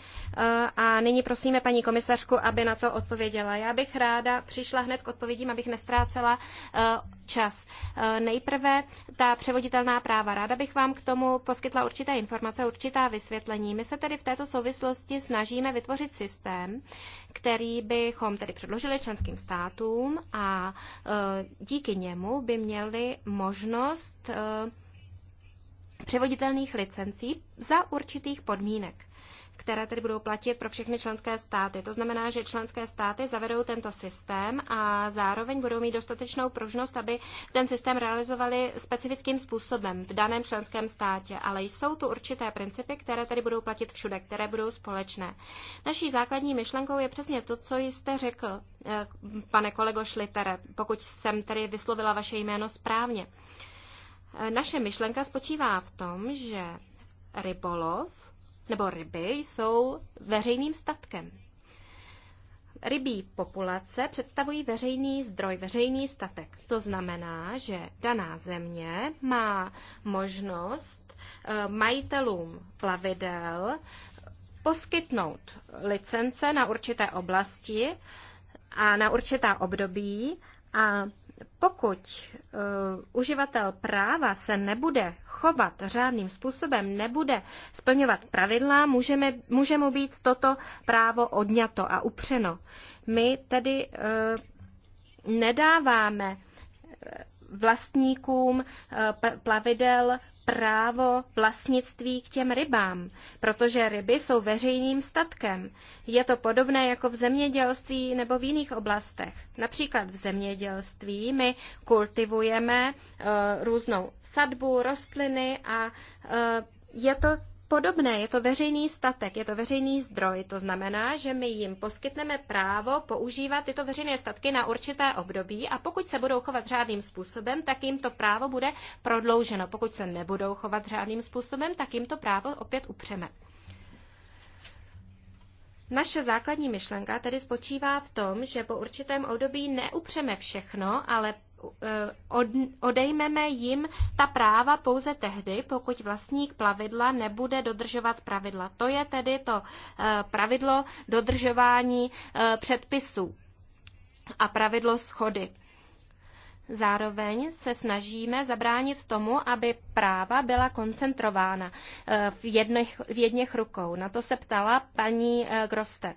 [SPEAKER 1] A nyní prosíme paní komisařku, aby na to odpověděla. Já bych ráda přišla hned k odpovědím, abych nestrácela čas. Eh, nejprve ta převoditelná práva. Ráda bych vám k tomu poskytla určité informace, určitá vysvětlení. My se tedy v této souvislosti snažíme vytvořit systém, který bychom tedy předložili členským státům a eh, díky němu by měli možnost eh, převoditelných licencí za určitých podmínek které tedy budou platit pro všechny členské státy. To znamená, že členské státy zavedou tento systém a zároveň budou mít dostatečnou pružnost, aby ten systém realizovali specifickým způsobem v daném členském státě. Ale jsou tu určité principy, které tedy budou platit všude, které budou společné. Naší základní myšlenkou je přesně to, co jste řekl, eh, pane kolego Šlitere, pokud jsem tedy vyslovila vaše jméno správně. Eh, naše myšlenka spočívá v tom, že rybolov nebo ryby jsou veřejným statkem. Rybí populace představují veřejný zdroj, veřejný statek. To znamená, že daná země má možnost eh, majitelům plavidel poskytnout licence na určité oblasti a na určitá období a pokud uh, uživatel práva se nebude chovat řádným způsobem, nebude splňovat pravidla, můžeme, může mu být toto právo odňato a upřeno. My tedy uh, nedáváme vlastníkům eh, plavidel právo vlastnictví k těm rybám, protože ryby jsou veřejným statkem. Je to podobné jako v zemědělství nebo v jiných oblastech. Například v zemědělství my kultivujeme eh, různou sadbu, rostliny a eh, je to podobné. Je to veřejný statek, je to veřejný zdroj. To znamená, že my jim poskytneme právo používat tyto veřejné statky na určité období a pokud se budou chovat řádným způsobem, tak jim to právo bude prodlouženo. Pokud se nebudou chovat řádným způsobem, tak jim to právo opět upřeme. Naše základní myšlenka tedy spočívá v tom, že po určitém období neupřeme všechno, ale Eh, odejmeme jim ta práva pouze tehdy, pokud vlastník plavidla nebude dodržovat pravidla. To je tedy to eh, pravidlo dodržování eh, předpisů a pravidlo schody. Zároveň se snažíme zabránit tomu, aby práva byla koncentrována v jedných, v jedných rukou. Na to se ptala paní Grostet.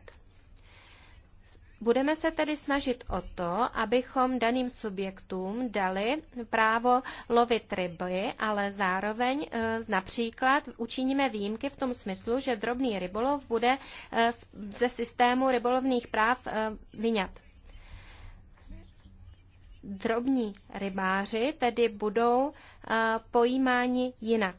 [SPEAKER 1] Budeme se tedy snažit o to, abychom daným subjektům dali právo lovit ryby, ale zároveň eh, například učiníme výjimky v tom smyslu, že drobný rybolov bude eh, ze systému rybolovných práv eh, vyňat. Drobní rybáři tedy budou pojímáni jinak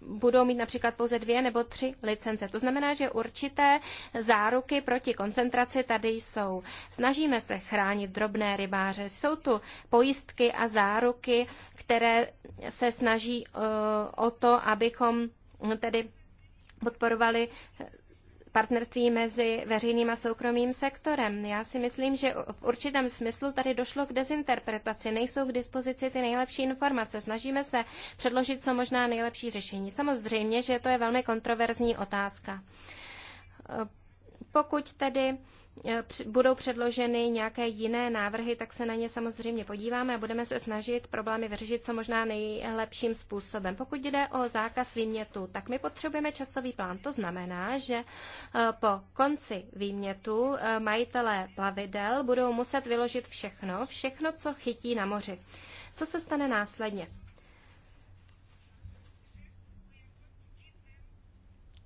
[SPEAKER 1] budou mít například pouze dvě nebo tři licence. To znamená, že určité záruky proti koncentraci tady jsou. Snažíme se chránit drobné rybáře. Jsou tu pojistky a záruky, které se snaží eh, o to, abychom tedy podporovali partnerství mezi veřejným a soukromým sektorem. Já si myslím, že v určitém smyslu tady došlo k dezinterpretaci. Nejsou k dispozici ty nejlepší informace. Snažíme se předložit co možná nejlepší řešení. Samozřejmě, že to je velmi kontroverzní otázka. Pokud tedy E, budou předloženy nějaké jiné návrhy, tak se na ně samozřejmě podíváme a budeme se snažit problémy vyřešit co možná nejlepším způsobem. Pokud jde o zákaz výmětu, tak my potřebujeme časový plán. To znamená, že e, po konci výmětu e, majitelé plavidel budou muset vyložit všechno, všechno, co chytí na moři. Co se stane následně?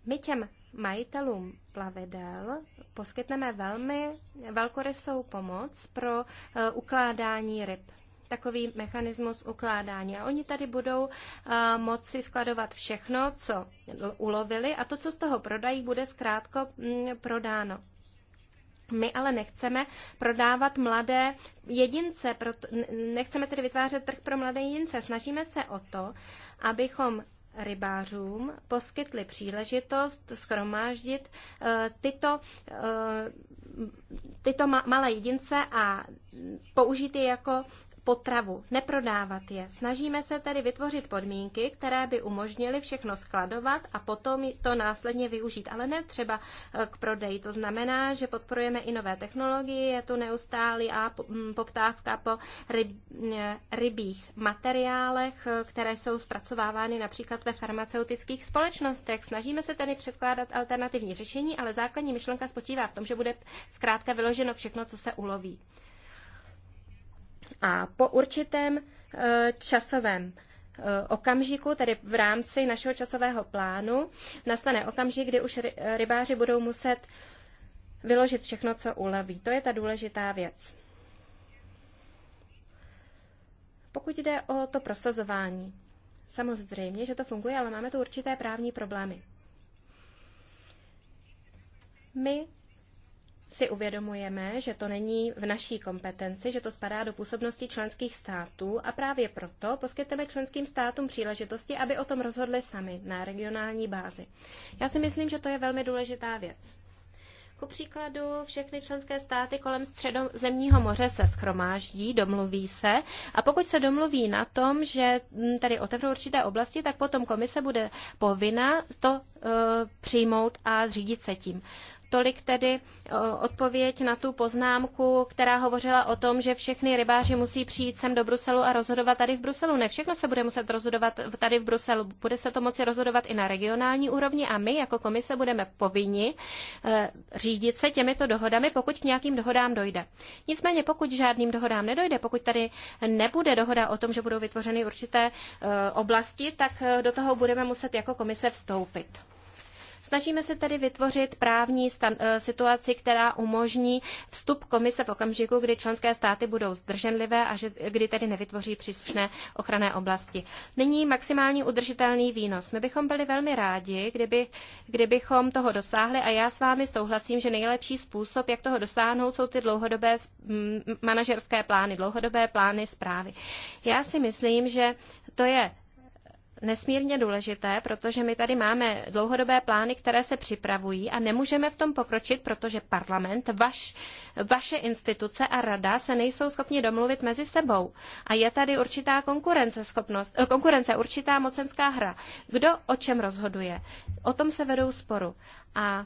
[SPEAKER 1] My těm majitelům plavidel poskytneme velmi velkorysou pomoc pro eh, ukládání ryb takový mechanismus ukládání. A oni tady budou eh, moci skladovat všechno, co ulovili a to, co z toho prodají, bude zkrátko mm, prodáno. My ale nechceme prodávat mladé jedince, nechceme tedy vytvářet trh pro mladé jedince. Snažíme se o to, abychom rybářům poskytli příležitost schromáždit eh, tyto, eh, tyto malé jedince a použít je jako potravu, neprodávat je. Snažíme se tedy vytvořit podmínky, které by umožnily všechno skladovat a potom to následně využít, ale ne třeba eh, k prodeji. To znamená, že podporujeme i nové technologie, je tu neustálý a hm, poptávka po ryb, eh, rybích materiálech, eh, které jsou zpracovávány například ve farmaceutických společnostech. Snažíme se tedy předkládat alternativní řešení, ale základní myšlenka spočívá v tom, že bude zkrátka vyloženo všechno, co se uloví. A po určitém e, časovém e, okamžiku, tedy v rámci našeho časového plánu, nastane okamžik, kdy už rybáři budou muset vyložit všechno, co uleví. To je ta důležitá věc. Pokud jde o to prosazování, samozřejmě, že to funguje, ale máme tu určité právní problémy. My si uvědomujeme, že to není v naší kompetenci, že to spadá do působnosti členských států a právě proto poskytujeme členským státům příležitosti, aby o tom rozhodli sami na regionální bázi. Já si myslím, že to je velmi důležitá věc. Ku příkladu všechny členské státy kolem středozemního moře se schromáždí, domluví se a pokud se domluví na tom, že hm, tady otevřou určité oblasti, tak potom komise bude povinna to uh, přijmout a řídit se tím. Tolik tedy e, odpověď na tu poznámku, která hovořila o tom, že všechny rybáři musí přijít sem do Bruselu a rozhodovat tady v Bruselu. Ne všechno se bude muset rozhodovat tady v Bruselu. Bude se to moci rozhodovat i na regionální úrovni a my jako komise budeme povinni e, řídit se těmito dohodami, pokud k nějakým dohodám dojde. Nicméně, pokud žádným dohodám nedojde, pokud tady nebude dohoda o tom, že budou vytvořeny určité e, oblasti, tak do toho budeme muset jako komise vstoupit. Snažíme se tedy vytvořit právní eh, situaci, která umožní vstup komise v okamžiku, kdy členské státy budou zdrženlivé a že, kdy tedy nevytvoří příslušné ochranné oblasti. Nyní maximální udržitelný výnos. My bychom byli velmi rádi, kdyby, kdybychom toho dosáhli a já s vámi souhlasím, že nejlepší způsob, jak toho dosáhnout, jsou ty dlouhodobé manažerské plány, dlouhodobé plány zprávy. Já si myslím, že to je nesmírně důležité, protože my tady máme dlouhodobé plány, které se připravují a nemůžeme v tom pokročit, protože parlament, vaš, vaše instituce a rada se nejsou schopni domluvit mezi sebou. A je tady určitá konkurence, schopnost, eh, konkurence určitá mocenská hra. Kdo o čem rozhoduje? O tom se vedou sporu. A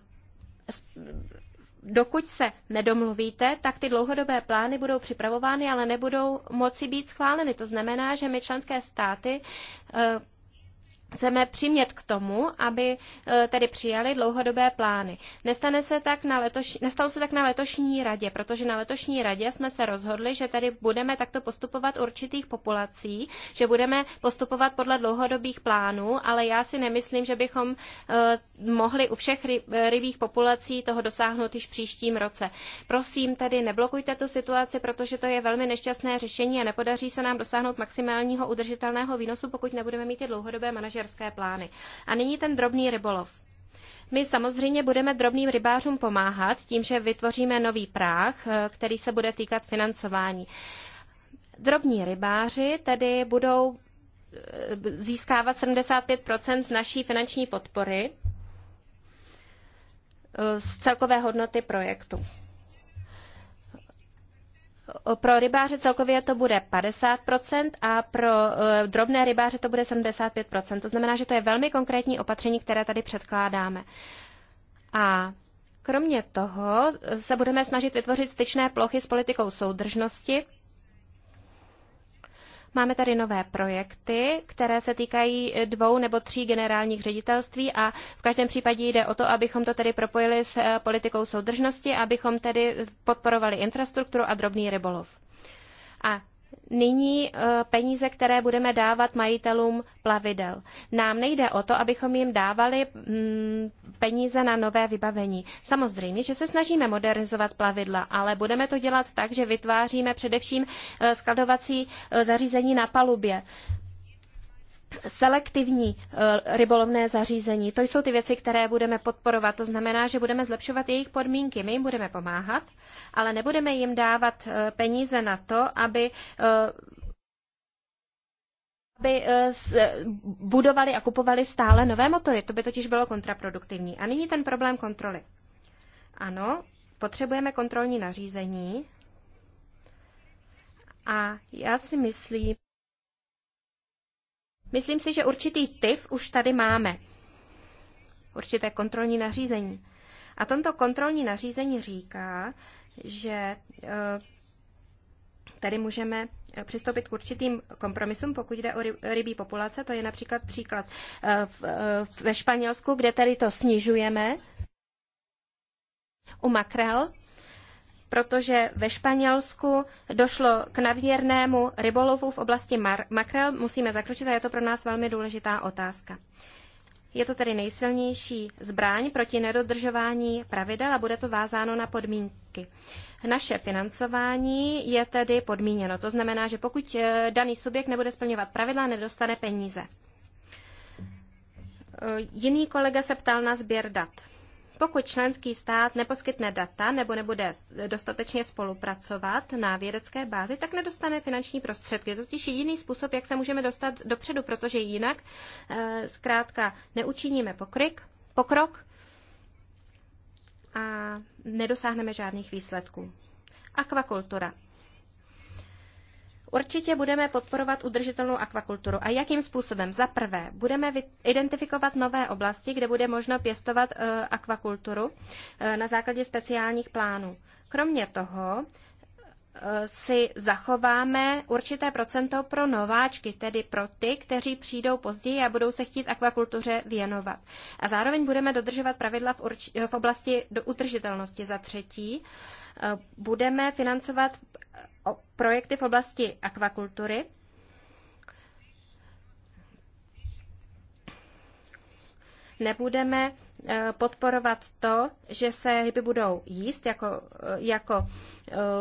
[SPEAKER 1] dokud se nedomluvíte, tak ty dlouhodobé plány budou připravovány, ale nebudou moci být schváleny. To znamená, že my členské státy eh, chceme přimět k tomu, aby e, tedy přijali dlouhodobé plány. Nestane se tak na letoš, nestalo se tak na letošní radě, protože na letošní radě jsme se rozhodli, že tady budeme takto postupovat určitých populací, že budeme postupovat podle dlouhodobých plánů, ale já si nemyslím, že bychom e, mohli u všech rybých e, rybích populací toho dosáhnout již v příštím roce. Prosím tedy neblokujte tu situaci, protože to je velmi nešťastné řešení a nepodaří se nám dosáhnout maximálního udržitelného výnosu, pokud nebudeme mít dlouhodobé manažerské masterské plány. A nyní ten drobný rybolov. My samozřejmě budeme drobným rybářům pomáhat tím, že vytvoříme nový práh, eh, který se bude týkat financování. Drobní rybáři tedy budou eh, získávat 75 z naší finanční podpory eh, z celkové hodnoty projektu. Pro rybáře celkově to bude 50% a pro eh, drobné rybáře to bude 75%. To znamená, že to je velmi konkrétní opatření, které tady předkládáme. A kromě toho se budeme snažit vytvořit styčné plochy s politikou soudržnosti, Máme tady nové projekty, které se týkají dvou nebo tří generálních ředitelství a v každém případě jde o to, abychom to tedy propojili s eh, politikou soudržnosti, abychom tedy podporovali infrastrukturu a drobný rybolov. A nyní eh, peníze, které budeme dávat majitelům plavidel. Nám nejde o to, abychom jim dávali mm, peníze na nové vybavení. Samozřejmě, že se snažíme modernizovat plavidla, ale budeme to dělat tak, že vytváříme především eh, skladovací eh, zařízení na palubě selektivní eh, rybolovné zařízení. To jsou ty věci, které budeme podporovat. To znamená, že budeme zlepšovat jejich podmínky. My jim budeme pomáhat, ale nebudeme jim dávat eh, peníze na to, aby eh, aby budovali a kupovali stále nové motory. To by totiž bylo kontraproduktivní. A nyní ten problém kontroly. Ano, potřebujeme kontrolní nařízení a já si myslím, Myslím si, že určitý tyf už tady máme. Určité kontrolní nařízení. A tomto kontrolní nařízení říká, že eh, tady můžeme eh, přistoupit k určitým kompromisům, pokud jde o rybí populace. To je například příklad eh, ve Španělsku, kde tady to snižujeme. U makrel protože ve Španělsku došlo k nadměrnému rybolovu v oblasti makrel. Musíme zakročit a je to pro nás velmi důležitá otázka. Je to tedy nejsilnější zbraň proti nedodržování pravidel a bude to vázáno na podmínky. Naše financování je tedy podmíněno. To znamená, že pokud eh, daný subjekt nebude splňovat pravidla, nedostane peníze. Eh, jiný kolega se ptal na sběr dat. Pokud členský stát neposkytne data nebo nebude dostatečně spolupracovat na vědecké bázi, tak nedostane finanční prostředky. Totiž jediný způsob, jak se můžeme dostat dopředu, protože jinak eh, zkrátka neučiníme pokryk, pokrok a nedosáhneme žádných výsledků. Akvakultura. Určitě budeme podporovat udržitelnou akvakulturu. A jakým způsobem? Za prvé, budeme identifikovat nové oblasti, kde bude možno pěstovat eh, akvakulturu eh, na základě speciálních plánů. Kromě toho eh, si zachováme určité procento pro nováčky, tedy pro ty, kteří přijdou později a budou se chtít akvakultuře věnovat. A zároveň budeme dodržovat pravidla v, urč- v oblasti do udržitelnosti. Za třetí, Eh, budeme financovat eh, projekty v oblasti akvakultury. Nebudeme eh, podporovat to, že se ryby budou jíst, jako, jako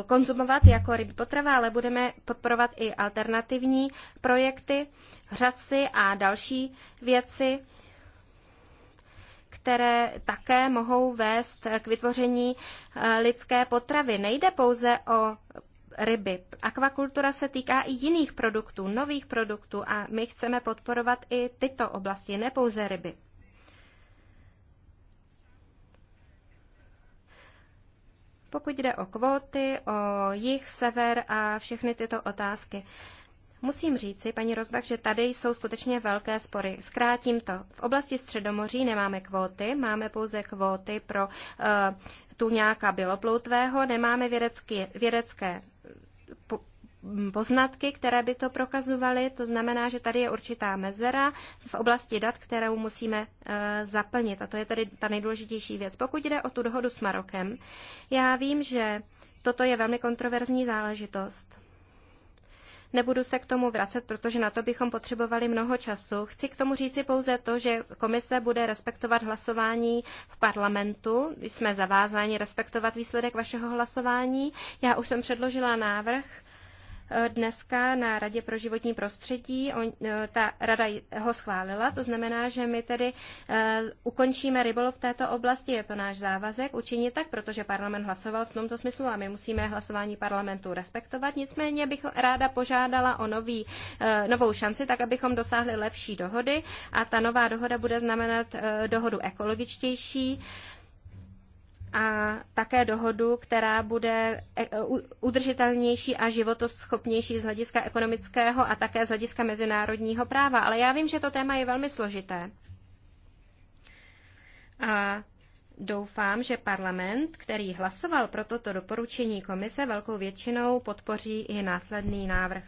[SPEAKER 1] konzumovat jako ryby potrava, ale budeme podporovat i alternativní projekty, řasy a další věci, které také mohou vést k vytvoření eh, lidské potravy. Nejde pouze o ryby. Akvakultura se týká i jiných produktů, nových produktů a my chceme podporovat i tyto oblasti, ne pouze ryby. Pokud jde o kvóty, o jich, sever a všechny tyto otázky. Musím říci, paní Rozbach, že tady jsou skutečně velké spory. Zkrátím to. V oblasti Středomoří nemáme kvóty, máme pouze kvóty pro uh, tuňáka běloploutvého, nemáme vědecky, vědecké po, poznatky, které by to prokazovaly. To znamená, že tady je určitá mezera v oblasti dat, kterou musíme uh, zaplnit. A to je tedy ta nejdůležitější věc. Pokud jde o tu dohodu s Marokem, já vím, že toto je velmi kontroverzní záležitost. Nebudu se k tomu vracet, protože na to bychom potřebovali mnoho času. Chci k tomu říci pouze to, že komise bude respektovat hlasování v parlamentu. Jsme zavázáni respektovat výsledek vašeho hlasování. Já už jsem předložila návrh dneska na Radě pro životní prostředí. On, eh, ta rada ho schválila, to znamená, že my tedy eh, ukončíme rybolov v této oblasti. Je to náš závazek učinit tak, protože parlament hlasoval v tomto smyslu a my musíme hlasování parlamentu respektovat. Nicméně bych ráda požádala o nový, eh, novou šanci, tak abychom dosáhli lepší dohody a ta nová dohoda bude znamenat dohodu ekologičtější a také dohodu, která bude e, e, udržitelnější a životoschopnější z hlediska ekonomického a také z hlediska mezinárodního práva. Ale já vím, že to téma je velmi složité. A doufám, že parlament, který hlasoval pro toto doporučení komise, velkou většinou podpoří i následný návrh.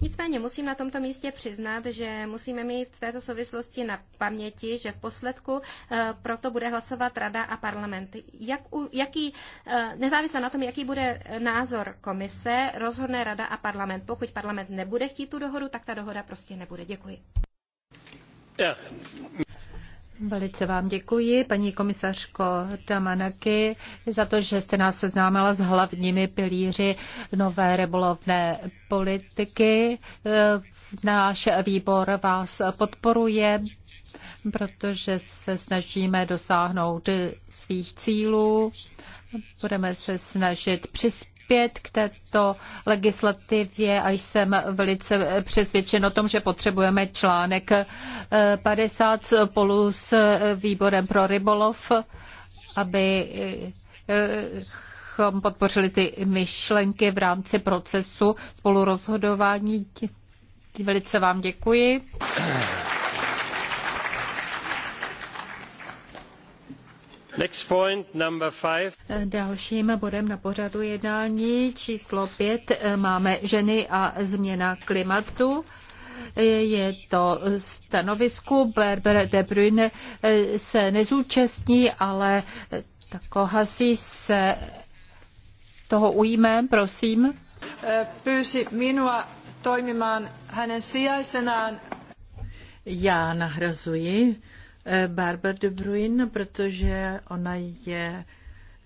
[SPEAKER 1] Nicméně musím na tomto místě přiznat, že musíme mít v této souvislosti na paměti, že v posledku eh, proto bude hlasovat Rada a parlament. Jak u, jaký, eh, nezávisle na tom, jaký bude názor komise, rozhodne Rada a parlament. Pokud parlament nebude chtít tu dohodu, tak ta dohoda prostě nebude. Děkuji. Yeah.
[SPEAKER 3] Velice vám děkuji, paní komisařko Tamanaky, za to, že jste nás seznámila s hlavními pilíři nové rebolovné politiky. E, náš výbor vás podporuje, protože se snažíme dosáhnout svých cílů. Budeme se snažit přispět zpět k této legislativě a jsem velice přesvědčen o tom, že potřebujeme článek 50 eh, spolu s výborem pro rybolov, aby eh, podpořili ty myšlenky v rámci procesu spolurozhodování. Velice vám děkuji. Dalším bodem na pořadu jednání číslo pět eh, máme ženy a změna klimatu. Eh, je to stanovisku, Berbere de Bruyne eh, se nezúčastní, ale tak Takohasi se toho ujme, prosím.
[SPEAKER 2] Pyysi minua toimimaan hänen sijaisenaan. Já nahrazuji Barber de Bruin, protože ona je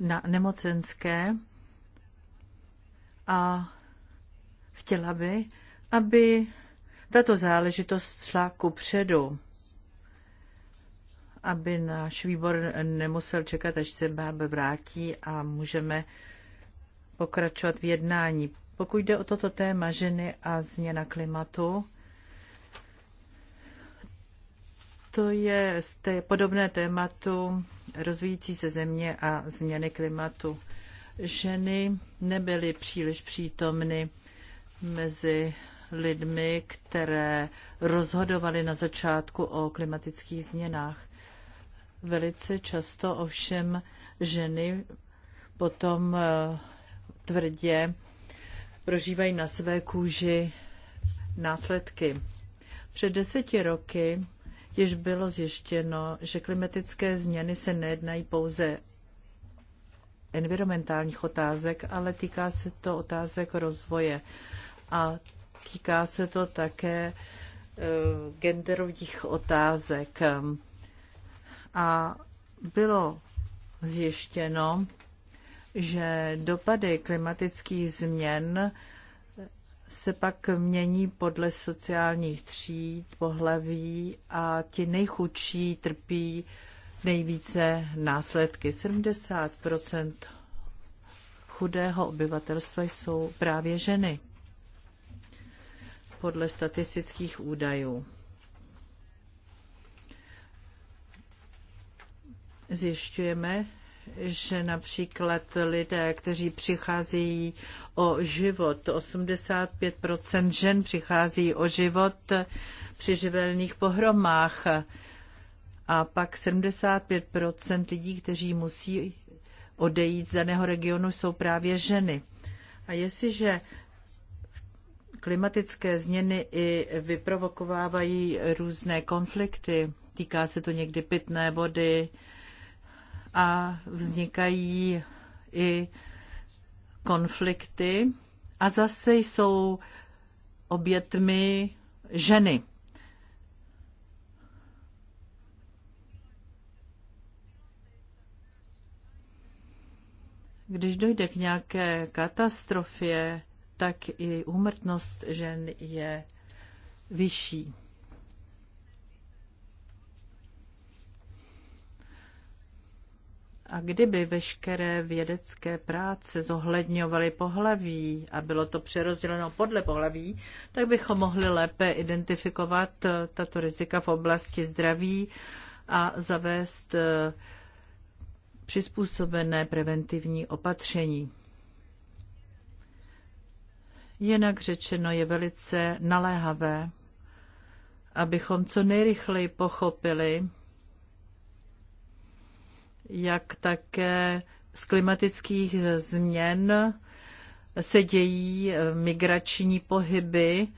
[SPEAKER 2] na nemocenské a chtěla by, aby tato záležitost šla ku předu, aby náš výbor nemusel čekat, až se Barber vrátí a můžeme pokračovat v jednání. Pokud jde o toto téma ženy a změna klimatu, To je podobné tématu rozvíjící se země a změny klimatu. Ženy nebyly příliš přítomny mezi lidmi, které rozhodovaly na začátku o klimatických změnách. Velice často ovšem ženy potom eh, tvrdě prožívají na své kůži následky. Před deseti roky již bylo zjištěno, že klimatické změny se nejednají pouze environmentálních otázek, ale týká se to otázek rozvoje. A týká se to také e, genderových otázek. A bylo zjištěno, že dopady klimatických změn se pak mění podle sociálních tříd, pohlaví a ti nejchudší trpí nejvíce následky. 70 chudého obyvatelstva jsou právě ženy podle statistických údajů. Zjišťujeme, že například lidé, kteří přicházejí o život, 85% žen přichází o život při živelných pohromách a pak 75% lidí, kteří musí odejít z daného regionu, jsou právě ženy. A jestliže klimatické změny i vyprovokovávají různé konflikty, týká se to někdy pitné vody, a vznikají i konflikty a zase jsou obětmi ženy. Když dojde k nějaké katastrofě, tak i úmrtnost žen je vyšší. A kdyby veškeré vědecké práce zohledňovaly pohlaví a bylo to přerozděleno podle pohlaví, tak bychom mohli lépe identifikovat eh, tato rizika v oblasti zdraví a zavést eh, přizpůsobené preventivní opatření. Jinak řečeno je velice naléhavé, abychom co nejrychleji pochopili, jak také z klimatických změn se dějí eh, migrační pohyby.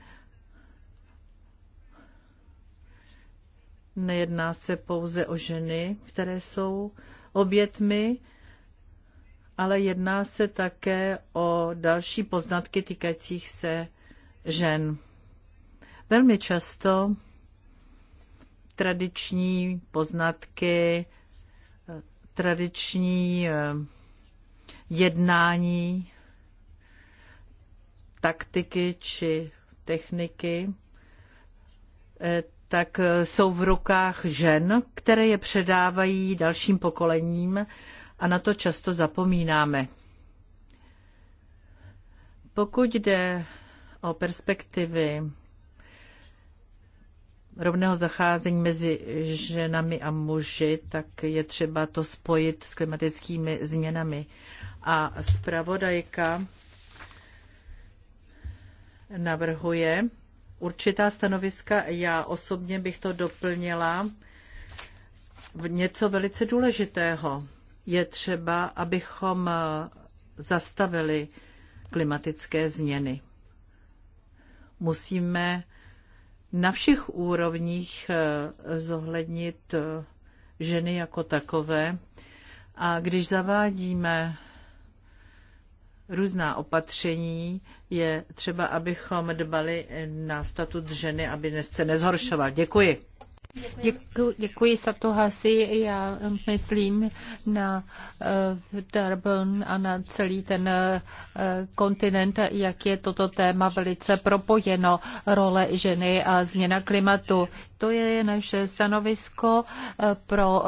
[SPEAKER 2] Nejedná se pouze o ženy, které jsou obětmi, ale jedná se také o další poznatky týkajících se žen. Velmi často tradiční poznatky tradiční eh, jednání, taktiky či techniky, eh, tak eh, jsou v rukách žen, které je předávají dalším pokolením a na to často zapomínáme. Pokud jde o perspektivy rovného zacházení mezi ženami a muži, tak je třeba to spojit s klimatickými změnami. A zpravodajka navrhuje určitá stanoviska. Já osobně bych to doplnila v něco velice důležitého. Je třeba, abychom zastavili klimatické změny. Musíme na všech úrovních eh, zohlednit eh, ženy jako takové. A když zavádíme různá opatření, je třeba, abychom dbali na statut ženy, aby se nezhoršoval. Děkuji.
[SPEAKER 3] Děkuji, děkuji Hasi. Já myslím na uh, Durban a na celý ten uh, kontinent, jak je toto téma velice propojeno. Role ženy a změna klimatu. To je naše stanovisko eh, pro uh,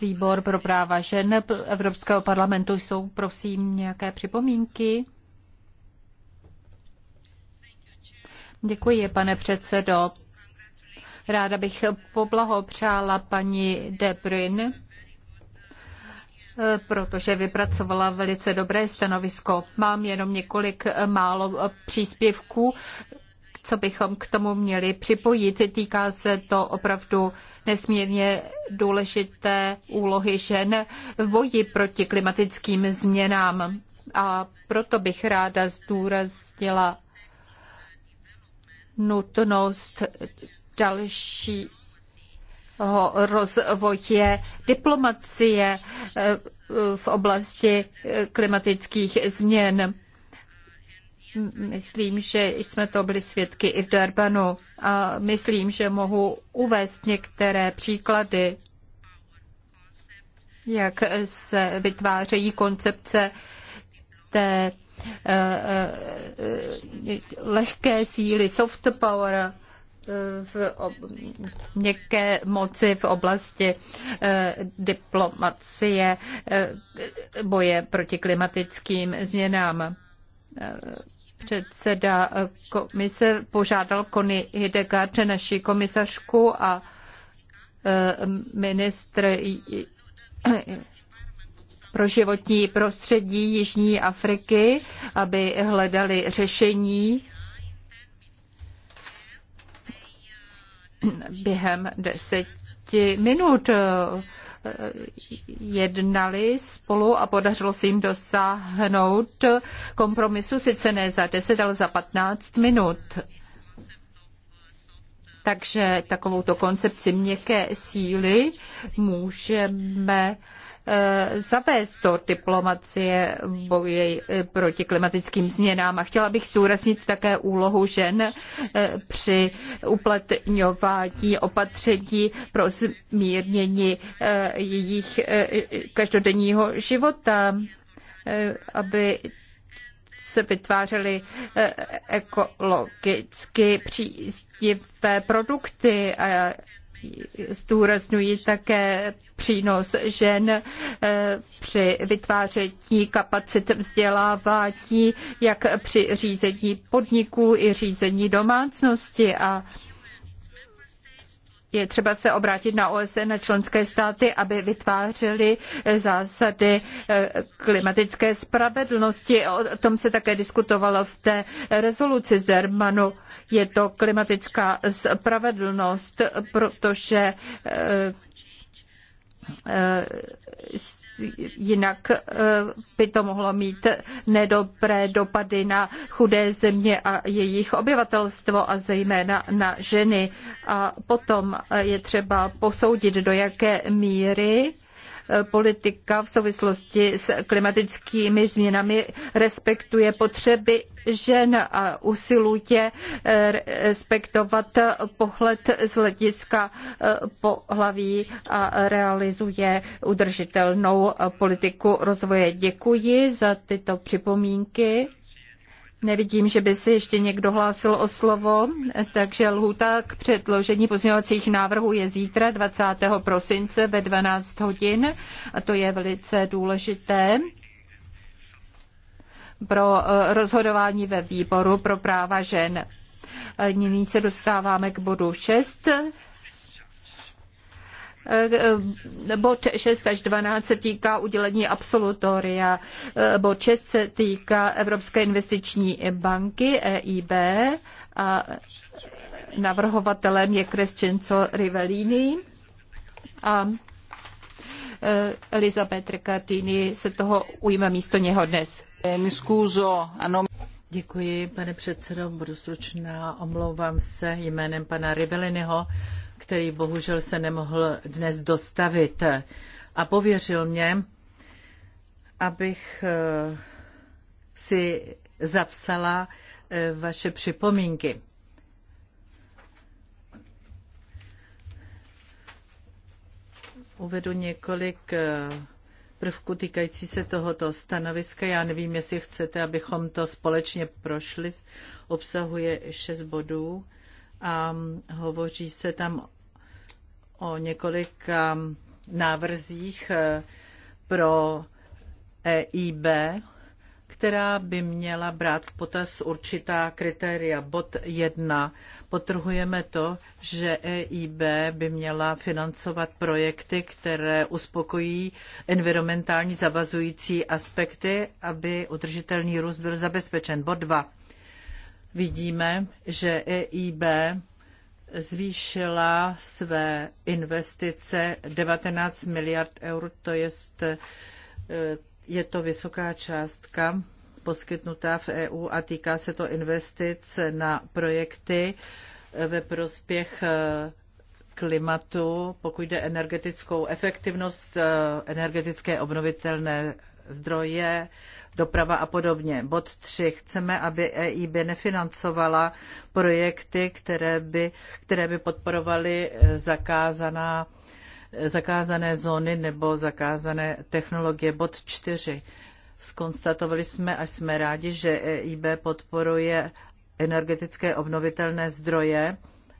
[SPEAKER 3] výbor pro práva žen Evropského parlamentu. Jsou prosím nějaké připomínky? Děkuji, pane předsedo. Ráda bych poblahopřála paní De Bruyne, eh, protože vypracovala velice dobré stanovisko. Mám jenom několik eh, málo eh, příspěvků, co bychom k tomu měli připojit. Týká se to opravdu nesmírně důležité úlohy žen v boji proti klimatickým změnám. A proto bych ráda zdůraznila nutnost dalšího rozvoje diplomacie eh, v oblasti eh, klimatických změn. Myslím, že jsme to byli svědky i v Durbanu a myslím, že mohu uvést některé příklady, jak se vytvářejí koncepce té eh, lehké síly, soft power, v měkké moci v oblasti eh, diplomacie eh, boje proti klimatickým změnám. Eh, předseda komise požádal Kony Hidegard, naši komisařku a ministr pro životní prostředí Jižní Afriky, aby hledali řešení během deseti minut jednali spolu a podařilo se jim dosáhnout kompromisu, sice ne za deset, ale za patnáct minut. Takže takovouto koncepci měkké síly můžeme Eh, zavést do diplomacie boje eh, proti klimatickým změnám. A chtěla bych zdůraznit také úlohu žen eh, při uplatňování opatření pro zmírnění jejich každodenního života, aby se vytvářely ekologicky příznivé produkty a Zdůrazňuji také přínos žen eh, při vytváření kapacit vzdělávání, jak při řízení podniků i řízení domácnosti a je třeba se obrátit na OSN, na členské státy, aby vytvářely eh, zásady eh, klimatické spravedlnosti. O tom se také diskutovalo v té rezoluci z Je to klimatická spravedlnost, protože eh, jinak eh, by to mohlo mít nedobré dopady na chudé země a jejich obyvatelstvo a zejména na ženy. A potom eh, je třeba posoudit, do jaké míry eh, politika v souvislosti s klimatickými změnami respektuje potřeby žen a usiluje eh, respektovat pohled z hlediska eh, pohlaví a realizuje udržitelnou politiku rozvoje. Děkuji za tyto připomínky. Nevidím, že by se ještě někdo hlásil o slovo, takže lhůta k předložení pozměňovacích návrhů je zítra 20. prosince ve 12 hodin a to je velice důležité pro eh, rozhodování ve výboru pro práva žen. Nyní se dostáváme k bodu 6. Eh, bod 6 až 12 se týká udělení absolutoria. Eh, bod 6 se týká Evropské investiční banky EIB a navrhovatelem je Crescenzo Rivellini. A Eh, Elizabeth Recatini se toho ujme místo něho dnes. Eh, Děkuji, pane předsedo, budu
[SPEAKER 2] stručná. Omlouvám se jménem pana Riveliniho, který bohužel se nemohl dnes dostavit a pověřil mě, abych eh, si zapsala vaše připomínky. uvedu několik eh, prvků týkající se tohoto stanoviska. Já nevím, jestli chcete, abychom to společně prošli. Obsahuje šest bodů a mm, hovoří se tam o několika mm, návrzích eh, pro EIB která by měla brát v potaz určitá kritéria. Bod 1. Potrhujeme to, že EIB by měla financovat projekty, které uspokojí environmentální zavazující aspekty, aby udržitelný růst byl zabezpečen. Bod 2. Vidíme, že EIB zvýšila své investice 19 miliard eur, to je je to vysoká částka poskytnutá v EU a týká se to investic na projekty ve prospěch e, klimatu, pokud jde energetickou efektivnost, e, energetické obnovitelné zdroje, doprava a podobně. Bod 3. Chceme, aby EIB nefinancovala projekty, které by, které by podporovaly e, zakázaná zakázané zóny nebo zakázané technologie. Bod čtyři. Skonstatovali jsme a jsme rádi, že EIB podporuje energetické obnovitelné zdroje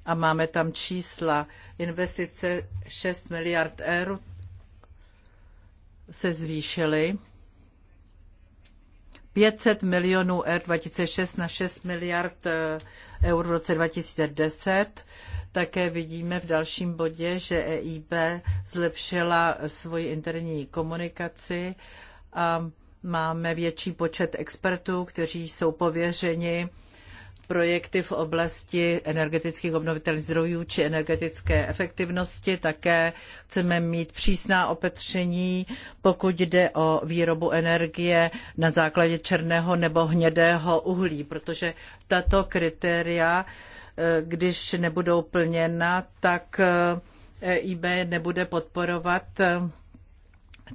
[SPEAKER 2] a máme tam čísla investice 6 miliard eur se zvýšily 500 milionů R 2006 na 6 miliard eh, eur v roce 2010. Také vidíme v dalším bodě, že EIB zlepšila svoji interní komunikaci a máme větší počet expertů, kteří jsou pověřeni projekty v oblasti energetických obnovitelných zdrojů či energetické efektivnosti. Také chceme mít přísná opatření, pokud jde o výrobu energie na základě černého nebo hnědého uhlí, protože tato kritéria, eh, když nebudou plněna, tak EIB eh, e nebude podporovat eh,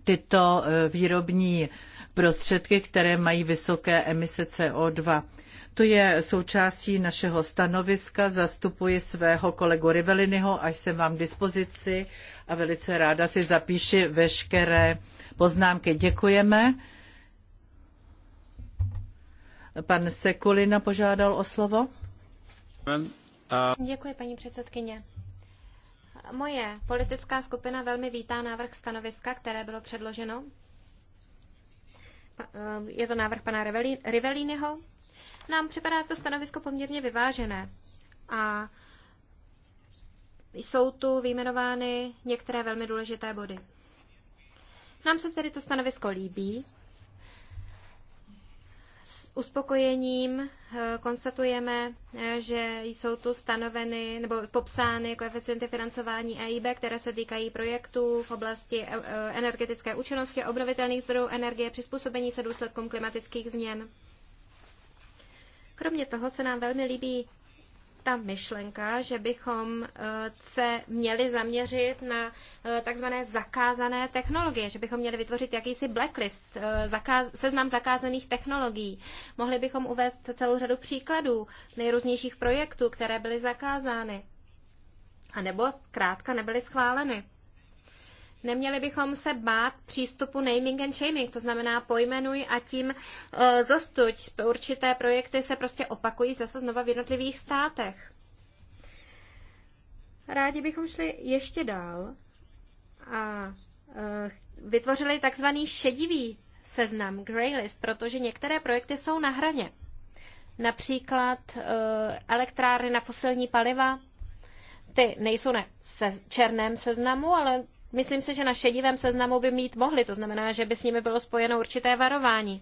[SPEAKER 2] tyto výrobní prostředky, které mají vysoké emise CO2. To je součástí našeho stanoviska. Zastupuji svého kolegu Riveliniho a jsem vám k dispozici a velice ráda si zapíši veškeré poznámky. Děkujeme. Pan Sekulina požádal o slovo.
[SPEAKER 1] Děkuji, paní předsedkyně. Moje politická skupina velmi vítá návrh stanoviska, které bylo předloženo. Eh, je to návrh pana Rivelínyho, nám připadá to stanovisko poměrně vyvážené. A jsou tu vyjmenovány některé velmi důležité body. Nám se tedy to stanovisko líbí. S uspokojením eh, konstatujeme, eh, že jsou tu stanoveny nebo popsány koeficienty financování EIB, které se týkají projektů v oblasti eh, energetické účinnosti, obnovitelných zdrojů energie, přizpůsobení se důsledkům klimatických změn. Kromě toho se nám velmi líbí ta myšlenka, že bychom eh, se měli zaměřit na eh, takzvané zakázané technologie, že bychom měli vytvořit jakýsi blacklist, eh, seznam zakázaných technologií. Mohli bychom uvést celou řadu příkladů nejrůznějších projektů, které byly zakázány, a nebo zkrátka nebyly schváleny. Neměli bychom se bát přístupu naming and shaming, to znamená pojmenuj a tím uh, zostuď. Určité projekty se prostě opakují zase znova v jednotlivých státech. Rádi bychom šli ještě dál a uh, vytvořili takzvaný šedivý seznam, grey list, protože některé projekty jsou na hraně. Například uh, elektrárny na fosilní paliva, ty nejsou na se, černém seznamu, ale Myslím si, že na šedivém seznamu by mít mohli, to znamená, že by s nimi bylo spojeno určité varování.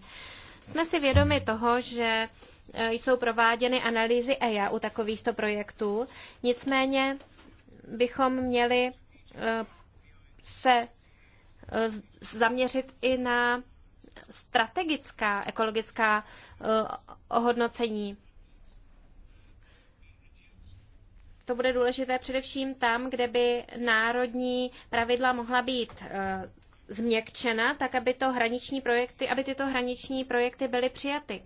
[SPEAKER 1] Jsme si vědomi toho, že e, jsou prováděny analýzy EIA u takovýchto projektů, nicméně bychom měli e, se e, zaměřit i na strategická ekologická ohodnocení To bude důležité především tam, kde by národní pravidla mohla být eh, změkčena, tak aby, to hraniční projekty, aby tyto hraniční projekty byly přijaty.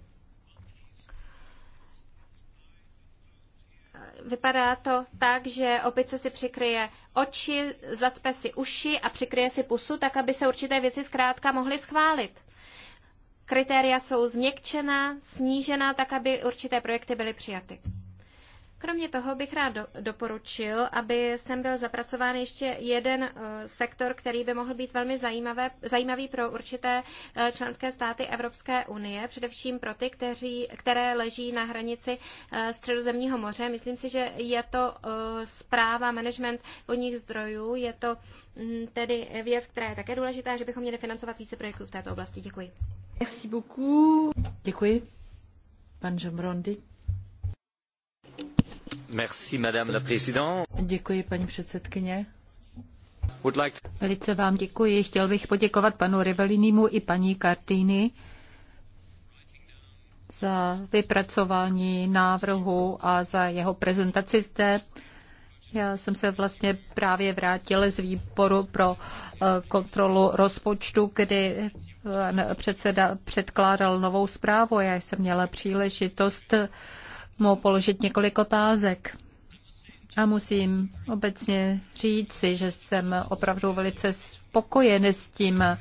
[SPEAKER 1] Vypadá to tak, že opice si přikryje oči, zacpe si uši a přikryje si pusu, tak aby se určité věci zkrátka mohly schválit. Kritéria jsou změkčena, snížena, tak aby určité projekty byly přijaty. Kromě toho bych rád do, doporučil, aby sem byl zapracován ještě jeden eh, sektor, který by mohl být velmi zajímavé, zajímavý pro určité eh, členské státy Evropské unie, především pro ty, kteří, které leží na hranici eh, Středozemního moře. Myslím si, že je to e, zpráva, management vodních zdrojů, je to mm, tedy věc, která je také důležitá, že bychom měli financovat více projektů v této oblasti. Děkuji.
[SPEAKER 2] Merci beaucoup. Děkuji. Pan Žomrondy.
[SPEAKER 3] Děkuji, paní Velice vám děkuji. Chtěl bych poděkovat panu Rivellinimu i paní Kartýny za vypracování návrhu a za jeho prezentaci zde. Já jsem se vlastně právě vrátil z výboru pro eh, kontrolu rozpočtu, kdy pan předseda předkládal novou zprávu. Já jsem měla příležitost mohu položit několik otázek. A musím obecně říci, že jsem opravdu velice spokojen s tím eh,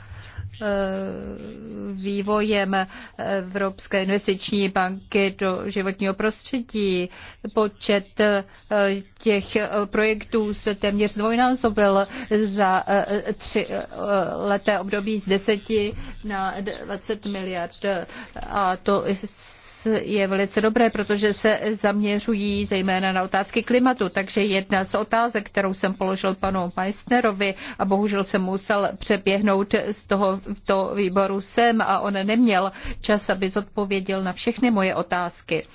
[SPEAKER 3] vývojem Evropské investiční banky do životního prostředí. Počet eh, těch eh, projektů se téměř zdvojnásobil za tři leté období z 10 na 20 miliard. A to je velice dobré, protože se zaměřují zejména na otázky klimatu. Takže jedna z otázek, kterou jsem položil panu Meissnerovi a bohužel jsem musel přeběhnout z toho to výboru sem a on neměl čas, aby zodpověděl na všechny moje otázky.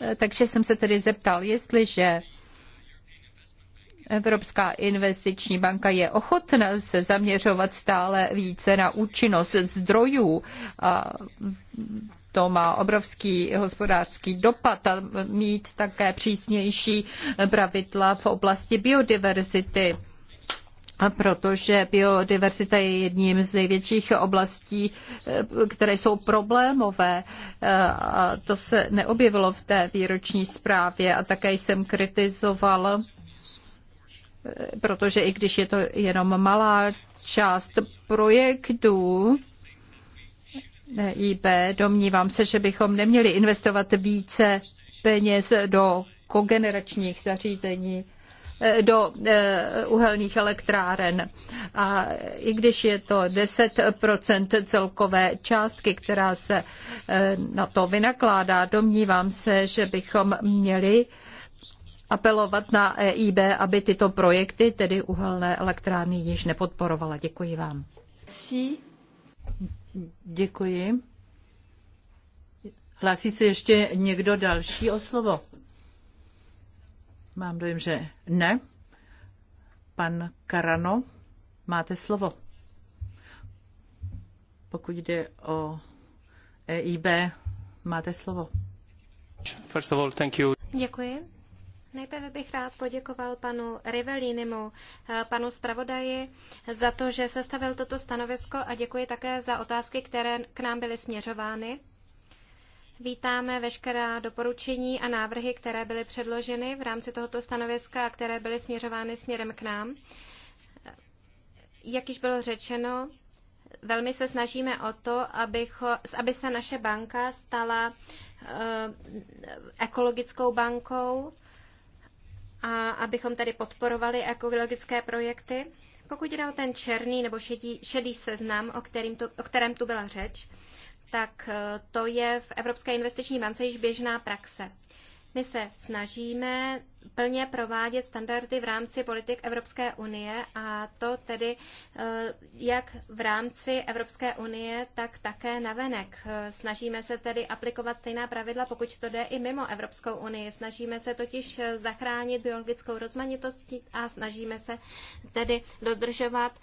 [SPEAKER 3] Eh, takže jsem se tedy zeptal, jestliže Evropská investiční banka je ochotna se zaměřovat stále více na účinnost zdrojů a to má obrovský hospodářský dopad a mít také přísnější pravidla v oblasti biodiverzity. A protože biodiverzita je jedním z největších oblastí, eh, které jsou problémové. Eh, a to se neobjevilo v té výroční zprávě a také jsem kritizoval, eh, protože i když je to jenom malá část projektů, EIB. Domnívám se, že bychom neměli investovat více peněz do kogeneračních zařízení, eh, do eh, uhelných elektráren. A i když je to 10 celkové částky, která se eh, na to vynakládá, domnívám se, že bychom měli apelovat na EIB, aby tyto projekty, tedy uhelné elektrárny, již nepodporovala. Děkuji vám. Děkuji. Hlásí
[SPEAKER 2] se ještě někdo další o slovo? Mám dojem, že ne. Pan Karano, máte slovo. Pokud jde o EIB, máte slovo. First of all, thank you.
[SPEAKER 1] Děkuji. Nejprve bych rád poděkoval panu Rivelinimu, eh, panu zpravodaji, za to, že sestavil toto stanovisko a děkuji také za otázky, které k nám byly směřovány. Vítáme veškerá doporučení a návrhy, které byly předloženy v rámci tohoto stanoviska a které byly směřovány směrem k nám. Jak již bylo řečeno, velmi se snažíme o to, abych, aby se naše banka stala eh, ekologickou bankou a abychom tady podporovali ekologické projekty. Pokud jde o ten černý nebo šedí, šedý seznam, o, kterým tu, o kterém tu byla řeč, tak eh, to je v Evropské investiční bance již běžná praxe. My se snažíme plně provádět standardy v rámci politik Evropské unie a to tedy eh, jak v rámci Evropské unie, tak také navenek. Eh, snažíme se tedy aplikovat stejná pravidla, pokud to jde i mimo Evropskou unii. Snažíme se totiž eh, zachránit biologickou rozmanitost a snažíme se tedy dodržovat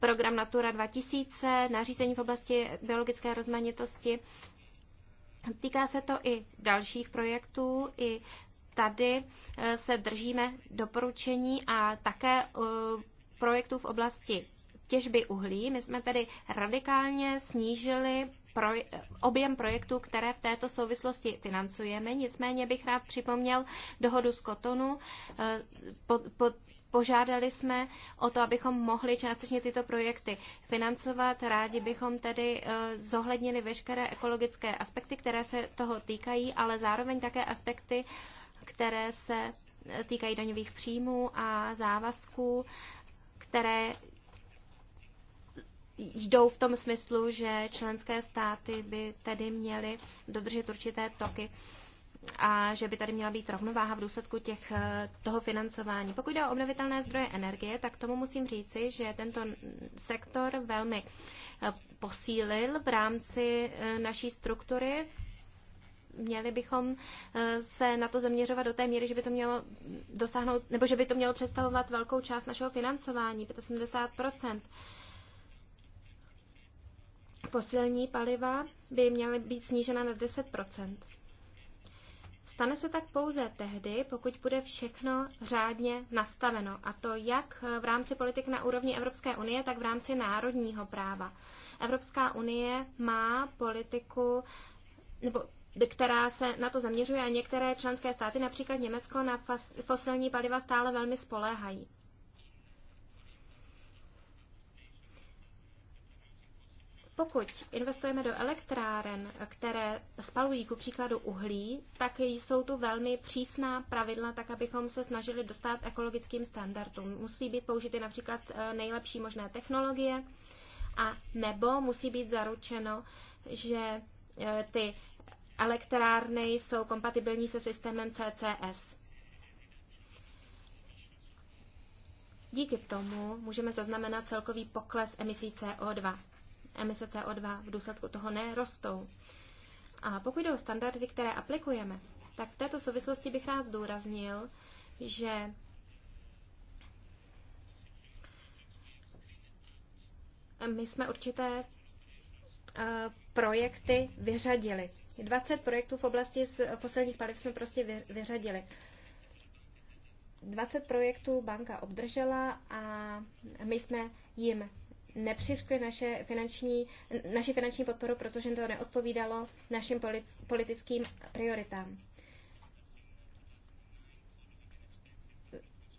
[SPEAKER 1] program Natura 2000, nařízení v oblasti biologické rozmanitosti Týká se to i dalších projektů, i tady eh, se držíme doporučení a také eh, projektů v oblasti těžby uhlí. My jsme tedy radikálně snížili proj- objem projektů, které v této souvislosti financujeme. Nicméně bych rád připomněl dohodu z Kotonu, eh, pod, pod, Požádali jsme o to, abychom mohli částečně tyto projekty financovat. Rádi bychom tedy e, zohlednili veškeré ekologické aspekty, které se toho týkají, ale zároveň také aspekty, které se e, týkají daňových příjmů a závazků, které jdou v tom smyslu, že členské státy by tedy měly dodržet určité toky a že by tady měla být rovnováha v důsledku těch, eh, toho financování. Pokud jde o obnovitelné zdroje energie, tak tomu musím říci, že tento sektor velmi eh, posílil v rámci eh, naší struktury měli bychom se na to zaměřovat do té míry, že by to mělo dosáhnout, nebo že by to mělo představovat velkou část našeho financování, 75 Posilní paliva by měly být snížena na 10 Stane se tak pouze tehdy, pokud bude všechno řádně nastaveno, a to jak v rámci politik na úrovni Evropské unie, tak v rámci národního práva. Evropská unie má politiku, nebo která se na to zaměřuje a některé členské státy, například Německo, na fosilní paliva stále velmi spoléhají. Pokud investujeme do elektráren, které spalují ku příkladu uhlí, tak jsou tu velmi přísná pravidla, tak abychom se snažili dostat ekologickým standardům. Musí být použity například eh, nejlepší možné technologie a nebo musí být zaručeno, že eh, ty elektrárny jsou kompatibilní se systémem CCS. Díky tomu můžeme zaznamenat celkový pokles emisí CO2 emise CO2 v důsledku toho nerostou. A pokud jde o standardy, které aplikujeme, tak v této souvislosti bych rád zdůraznil, že my jsme určité eh, projekty vyřadili. 20 projektů v oblasti fosilních paliv jsme prostě vyřadili. 20 projektů banka obdržela a my jsme jim nepřiškli naše finanční, naši finanční podporu, protože to neodpovídalo našim politickým prioritám.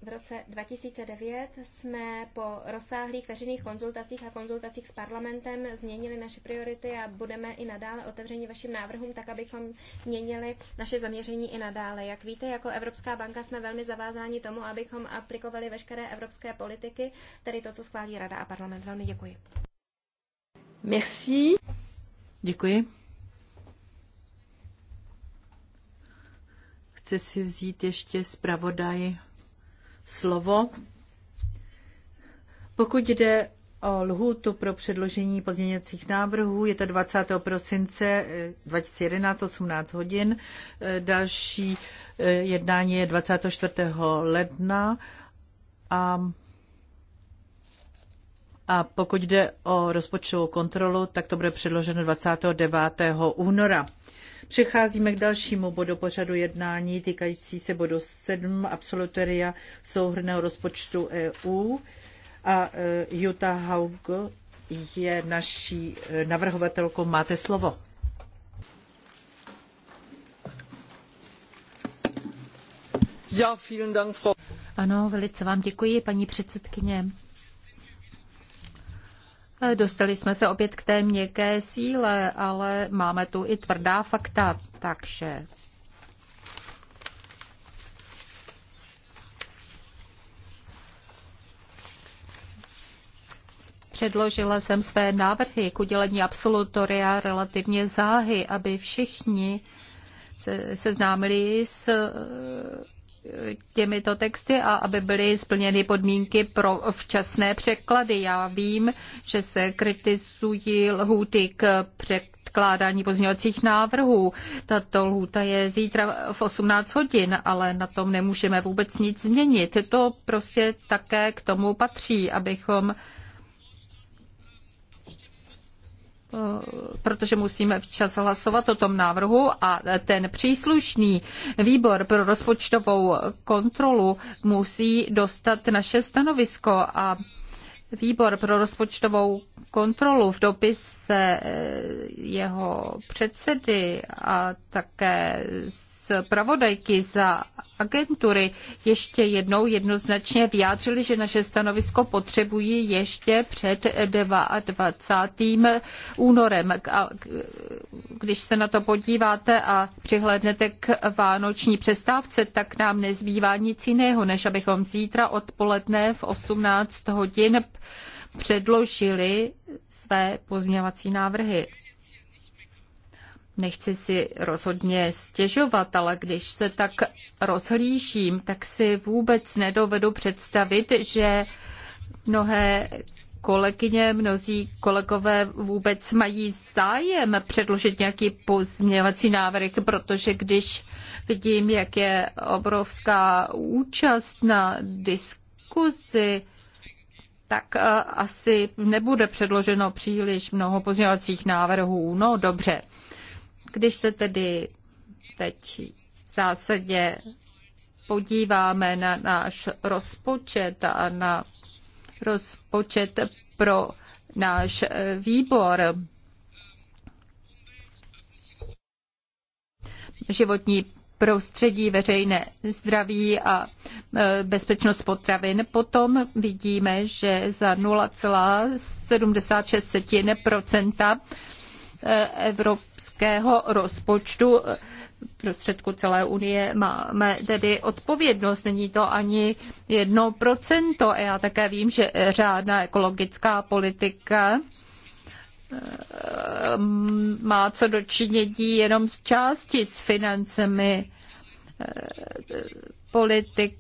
[SPEAKER 1] v roce 2009 jsme po rozsáhlých veřejných konzultacích a konzultacích s parlamentem změnili naše priority a budeme i nadále otevřeni vašim návrhům, tak abychom měnili naše zaměření i nadále. Jak víte, jako Evropská banka jsme velmi zavázáni tomu, abychom aplikovali veškeré evropské politiky, tedy to, co schválí Rada a parlament. Velmi děkuji.
[SPEAKER 3] Merci.
[SPEAKER 2] Děkuji. Chce si vzít ještě zpravodaj slovo. Pokud jde o lhůtu pro předložení pozměňovacích návrhů, je to 20. prosince 2011 eh, 18 hodin. Eh, další eh, jednání je 24. ledna a a pokud jde o rozpočtovou kontrolu, tak to bude předloženo 29. února. Přecházíme k dalšímu bodu pořadu jednání týkající se bodu 7 absolutoria souhrného rozpočtu EU a e, Jutta Haug je naší e, navrhovatelkou. Máte slovo. Ja, Dank
[SPEAKER 3] Ano, velice vám děkuji, paní předsedkyně. Eh, dostali jsme se opět k té měkké síle, ale máme tu i tvrdá fakta, takže Předložila jsem své návrhy k udělení absolutoria relativně záhy, aby všichni se seznámili s těmito texty a aby byly splněny podmínky pro včasné překlady. Já vím, že se kritizují lhůty k předkládání pozměňovacích návrhů. Tato lhůta je zítra v 18 hodin, ale na tom nemůžeme vůbec nic změnit. To prostě také k tomu patří, abychom Eh, protože musíme včas hlasovat o tom návrhu a ten příslušný výbor pro rozpočtovou kontrolu musí dostat naše stanovisko a Výbor pro rozpočtovou kontrolu v dopise eh, jeho předsedy a také zpravodajky za agentury ještě jednou jednoznačně vyjádřili, že naše stanovisko potřebují ještě před 22. únorem. A když se na to podíváte a přihlédnete k vánoční přestávce, tak nám nezbývá nic jiného, než abychom zítra odpoledne v 18 hodin předložili své pozměňovací návrhy. Nechci si rozhodně stěžovat, ale když se tak rozhlížím, tak si vůbec nedovedu představit, že mnohé kolegyně, mnozí kolegové vůbec mají zájem předložit nějaký pozměňovací návrh, protože když vidím, jak je obrovská účast na diskuzi, tak eh, asi nebude předloženo příliš mnoho pozměňovacích návrhů. No dobře. Když se tedy teď v zásadě podíváme na náš rozpočet a na rozpočet pro náš eh, výbor, životní prostředí, veřejné zdraví a eh, bezpečnost potravin. Potom vidíme, že za 0,76 eh, Evropa evropského rozpočtu prostředku celé unie máme tedy odpovědnost. Není to ani jedno procento. Já také vím, že řádná ekologická politika eh, má co dočinění jenom z části s financemi eh, politik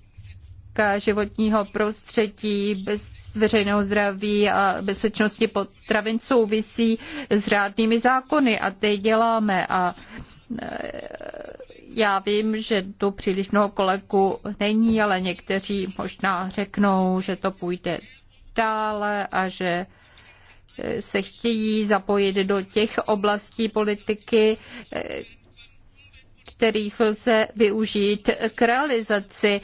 [SPEAKER 3] hlediska životního prostředí, bez veřejného zdraví a bezpečnosti potravin souvisí s řádnými zákony a ty děláme. A e, já vím, že tu příliš mnoho kolegu není, ale někteří možná řeknou, že to půjde dále a že e, se chtějí zapojit do těch oblastí politiky, e, kterých lze využít k realizaci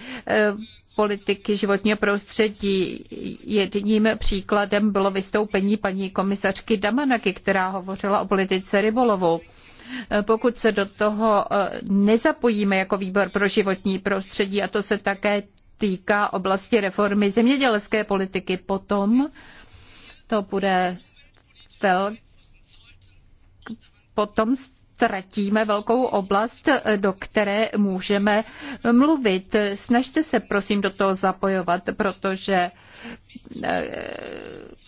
[SPEAKER 3] politiky životního prostředí. Jedním příkladem bylo vystoupení paní komisařky Damanaky, která hovořila o politice rybolovu. Pokud se do toho eh, nezapojíme jako výbor pro životní prostředí, a to se také týká oblasti reformy zemědělské politiky, potom to bude velké potom ztratíme velkou oblast, do které můžeme mluvit. Snažte se prosím do toho zapojovat, protože eh,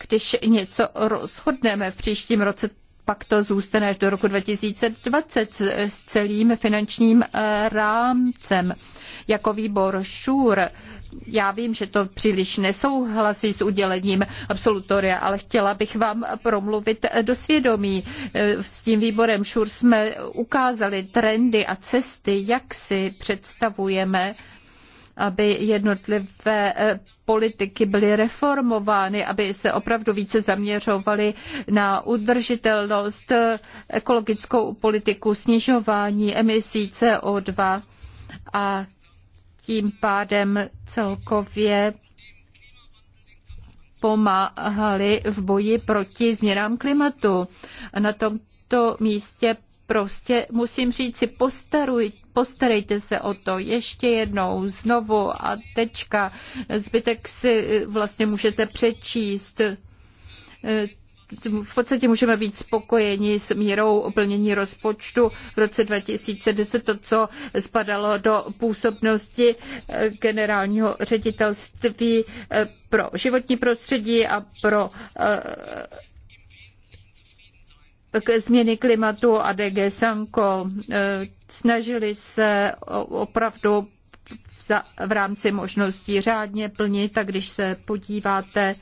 [SPEAKER 3] když něco rozhodneme v příštím roce, pak to zůstane až do roku 2020 s celým finančním eh, rámcem. Jako výbor ŠUR sure já vím, že to příliš nesouhlasí s udělením absolutoria, ale chtěla bych vám promluvit do svědomí. S tím výborem ŠUR jsme ukázali trendy a cesty, jak si představujeme aby jednotlivé eh, politiky byly reformovány, aby se opravdu více zaměřovaly na udržitelnost, eh, ekologickou politiku, snižování emisí CO2 a tím pádem celkově pomáhali v boji proti změnám klimatu. A na tomto místě prostě musím říct si, postaruj, postarejte se o to ještě jednou, znovu a tečka. Zbytek si vlastně můžete přečíst v podstatě můžeme být spokojeni s mírou plnění rozpočtu v roce 2010, to, co spadalo do působnosti eh, generálního ředitelství eh, pro životní prostředí a pro eh, k změny klimatu a DG Sanko snažili se opravdu v rámci možností řádně plnit a když se podíváte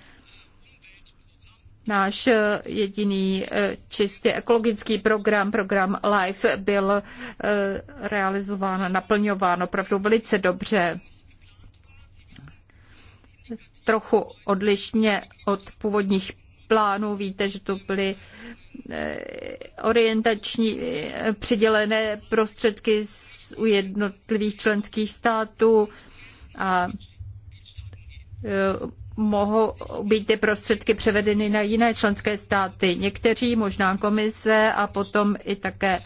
[SPEAKER 3] Náš eh, jediný eh, čistě ekologický program, program LIFE, byl eh, realizován, naplňován opravdu velice dobře. Trochu odlišně od původních plánů. Víte, že to byly orientační přidělené prostředky u jednotlivých členských států a mohou být ty prostředky převedeny na jiné členské státy. Někteří, možná komise a potom i také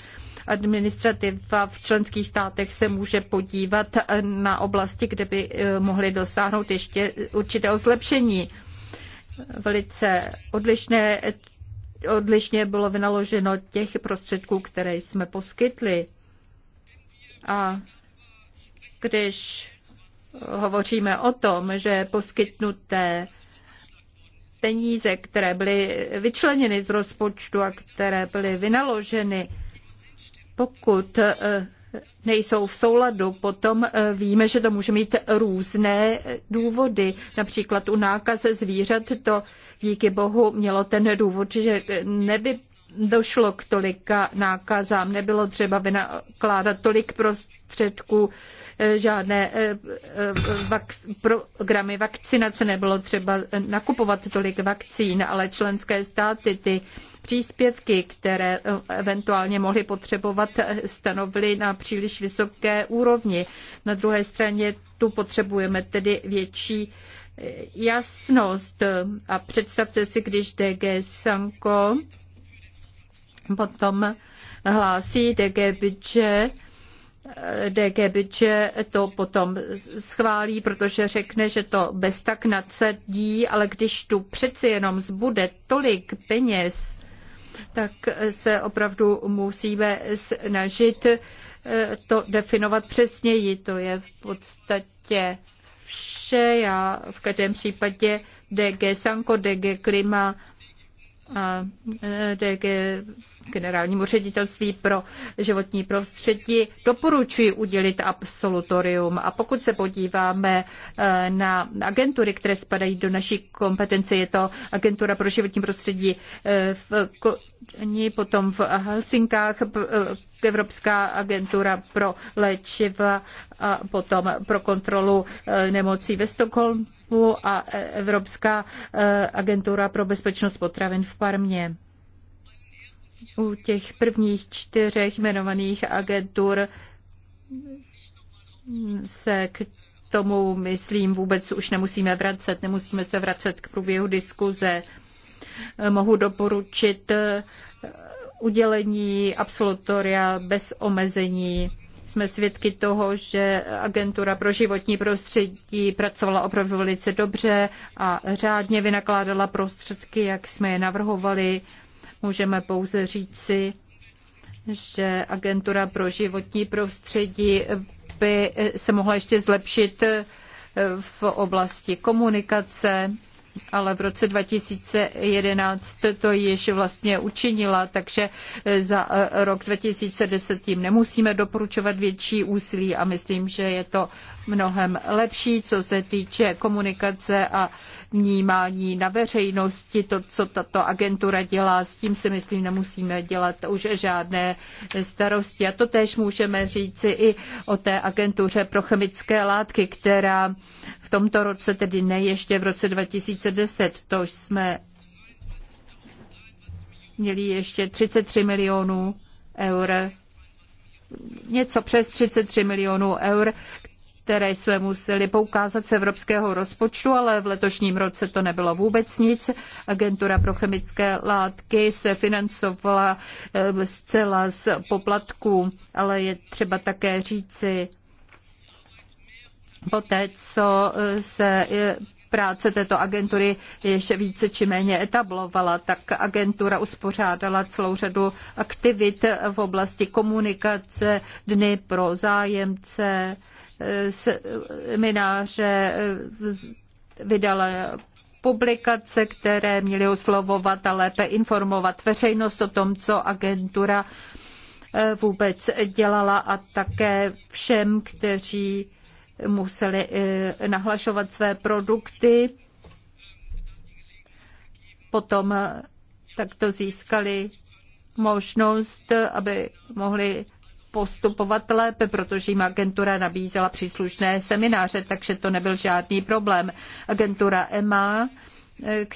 [SPEAKER 3] administrativa v členských státech se může podívat na oblasti, kde by eh, mohli dosáhnout ještě určitého zlepšení. Velice odlišné, odlišně bylo vynaloženo těch prostředků, které jsme poskytli. A když hovoříme o tom, že poskytnuté peníze, které byly vyčleněny z rozpočtu a které byly vynaloženy, pokud eh, nejsou v souladu, potom eh, víme, že to může mít různé důvody. Například u nákaze zvířat to díky bohu mělo ten důvod, že neby došlo k tolika nákazám, nebylo třeba vynakládat tolik prostředků, eh, žádné eh, eh, vak- programy vakcinace, nebylo třeba nakupovat tolik vakcín, ale členské státy ty příspěvky, které eventuálně mohly potřebovat, stanovily na příliš vysoké úrovni. Na druhé straně tu potřebujeme tedy větší jasnost. A představte si, když DG Sanko potom hlásí DG Budget, DG Budget to potom schválí, protože řekne, že to bez tak nadsadí, ale když tu přeci jenom zbude tolik peněz, tak se opravdu musíme snažit eh, to definovat přesněji. To je v podstatě vše. Já v každém případě DG Sanko, DG Klima E, generálnímu ředitelství pro životní prostředí doporučuji udělit absolutorium. A pokud se podíváme e, na agentury, které spadají do naší kompetence, je to agentura pro životní prostředí e, v oni potom v Helsinkách eh, Evropská agentura pro léčiva a potom pro kontrolu eh, nemocí ve Stockholmu a eh, Evropská agentura pro bezpečnost potravin v Parmě. U těch prvních čtyřech jmenovaných agentur se k tomu, myslím, vůbec už nemusíme vracet, nemusíme se vracet k průběhu diskuze mohu doporučit eh, udělení absolutoria bez omezení. Jsme svědky toho, že agentura pro životní prostředí pracovala opravdu velice dobře a řádně vynakládala prostředky, jak jsme je navrhovali. Můžeme pouze říci, že agentura pro životní prostředí by se mohla ještě zlepšit eh, v oblasti komunikace, ale v roce 2011 to již vlastně učinila, takže e, za e, rok 2010 jim nemusíme doporučovat větší úsilí a myslím, že je to mnohem lepší, co se týče komunikace a vnímání na veřejnosti. To, co tato agentura dělá, s tím si myslím, nemusíme dělat už žádné starosti. A to tež můžeme říci i o té agentuře pro chemické látky, která v tomto roce, tedy ne ještě v roce 2010, to jsme měli ještě 33 milionů eur něco přes 33 milionů eur, které jsme museli poukázat z evropského rozpočtu, ale v letošním roce to nebylo vůbec nic. Agentura pro chemické látky se financovala eh, zcela z poplatků, ale je třeba také říci, poté co eh, se eh, práce této agentury ještě více či méně etablovala, tak agentura uspořádala celou řadu aktivit v oblasti komunikace, dny pro zájemce, semináře eh, vydala publikace, které měly oslovovat a lépe informovat veřejnost o tom, co agentura eh, vůbec dělala a také všem, kteří museli eh, nahlašovat své produkty. Potom takto získali možnost, aby mohli postupovat lépe, protože jim agentura nabízela příslušné semináře, takže to nebyl žádný problém. Agentura EMA, eh,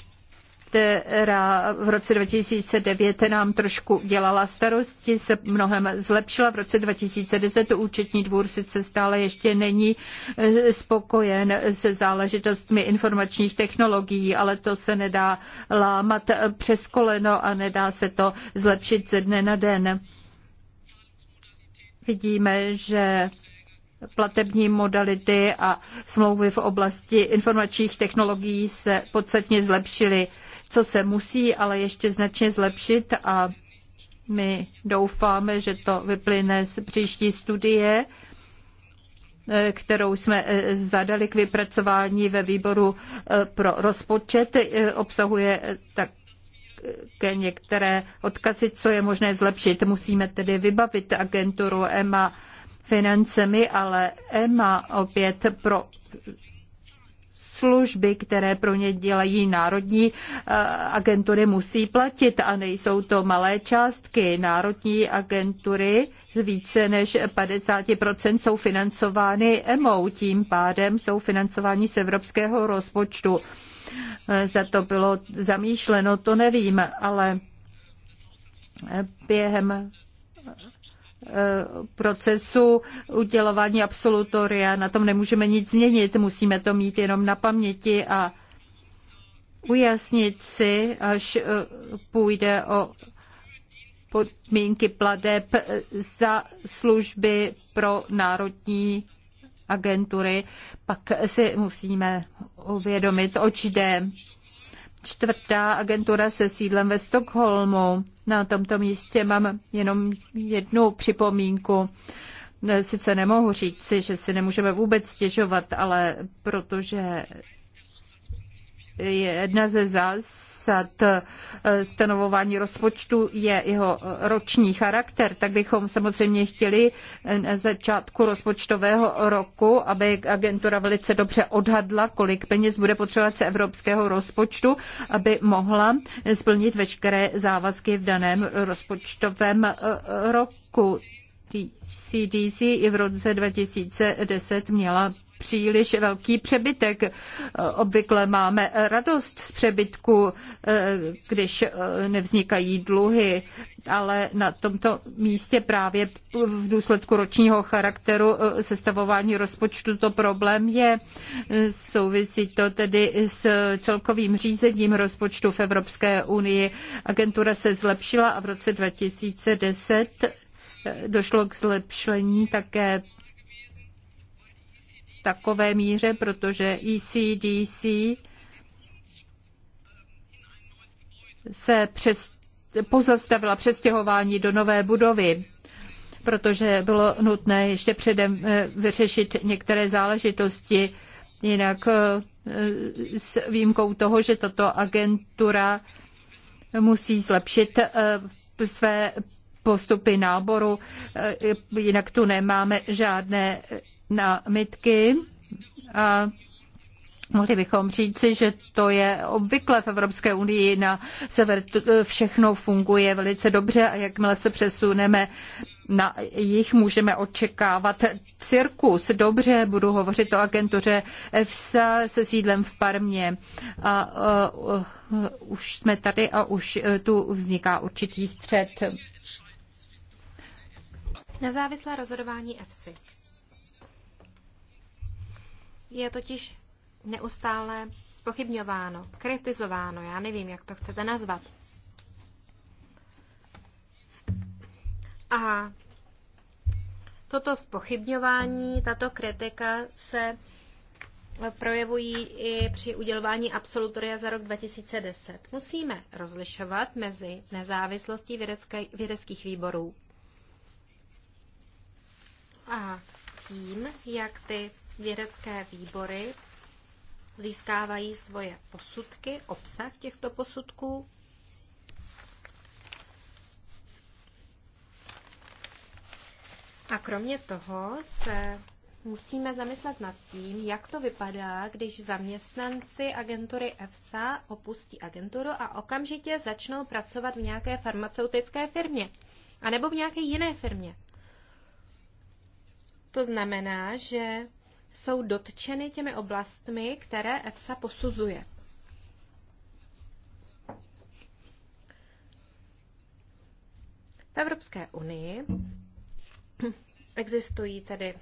[SPEAKER 3] která v roce 2009 nám trošku dělala starosti, se mnohem zlepšila. V roce 2010 účetní dvůr sice stále ještě není eh, spokojen se záležitostmi informačních technologií, ale to se nedá lámat přes koleno a nedá se to zlepšit ze dne na den. Vidíme, že platební modality a smlouvy v oblasti informačních technologií se podstatně zlepšily. Co se musí ale ještě značně zlepšit a my doufáme, že to vyplyne z příští studie, kterou jsme eh, zadali k vypracování ve výboru eh, pro rozpočet, eh, obsahuje tak některé odkazy, co je možné zlepšit. Musíme tedy vybavit agenturu EMA financemi, ale EMA opět pro služby, které pro ně dělají národní e, agentury, musí platit a nejsou to malé částky. Národní agentury z více než 50% jsou financovány EMO, tím pádem jsou financovány z evropského rozpočtu. Za to bylo zamýšleno, to nevím, ale během eh, procesu udělování absolutoria. Na tom nemůžeme nic změnit, musíme to mít jenom na paměti a ujasnit si, až eh, půjde o podmínky pladeb za služby pro národní agentury, pak si musíme uvědomit, oč jde. Čtvrtá agentura se sídlem ve Stockholmu. Na tomto místě mám jenom jednu připomínku. Sice nemohu říci, že si nemůžeme vůbec stěžovat, ale protože jedna ze zás zásad eh, stanovování rozpočtu je jeho eh, roční charakter, tak bychom samozřejmě chtěli eh, na začátku rozpočtového roku, aby agentura velice dobře odhadla, kolik peněz bude potřebovat z evropského rozpočtu, aby mohla splnit veškeré závazky v daném rozpočtovém roku. CDC i v roce 2010 měla příliš velký přebytek. Obvykle máme radost z přebytku, když nevznikají dluhy, ale na tomto místě právě v důsledku ročního charakteru sestavování rozpočtu to problém je. Souvisí to tedy s celkovým řízením rozpočtu v Evropské unii. Agentura se zlepšila a v roce 2010 došlo k zlepšení také takové míře, protože ECDC se přes, pozastavila přestěhování do nové budovy, protože bylo nutné ještě předem eh, vyřešit některé záležitosti. Jinak eh, s výjimkou toho, že tato agentura musí zlepšit eh, své postupy náboru, jinak tu nemáme žádné námitky a Mohli bychom říci, že to je obvykle v Evropské unii na sever všechno funguje velice dobře a jakmile se přesuneme na jich můžeme očekávat cirkus. Dobře, budu hovořit o agentuře EFSA se sídlem v Parmě. A, a, a, už jsme tady a už e, tu vzniká určitý střed.
[SPEAKER 1] Nezávislé rozhodování EFSA je totiž neustále spochybňováno, kritizováno, já nevím, jak to chcete nazvat. A toto spochybňování, tato kritika se projevují i při udělování absolutoria za rok 2010. Musíme rozlišovat mezi nezávislostí vědecké, vědeckých výborů a tím, jak ty vědecké výbory získávají svoje posudky, obsah těchto posudků. A kromě toho se musíme zamyslet nad tím, jak to vypadá, když zaměstnanci agentury EFSA opustí agenturu a okamžitě začnou pracovat v nějaké farmaceutické firmě a nebo v nějaké jiné firmě. To znamená, že jsou dotčeny těmi oblastmi, které EFSA posuzuje. V Evropské unii existují tedy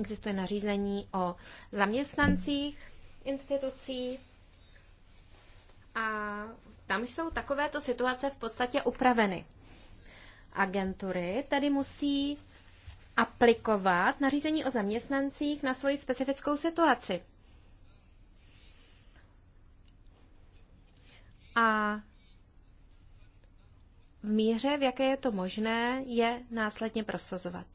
[SPEAKER 1] existuje nařízení o zaměstnancích institucí a tam jsou takovéto situace v podstatě upraveny. Agentury tedy musí aplikovat nařízení o zaměstnancích na svoji specifickou situaci. A v míře, v jaké je to možné, je následně prosazovat.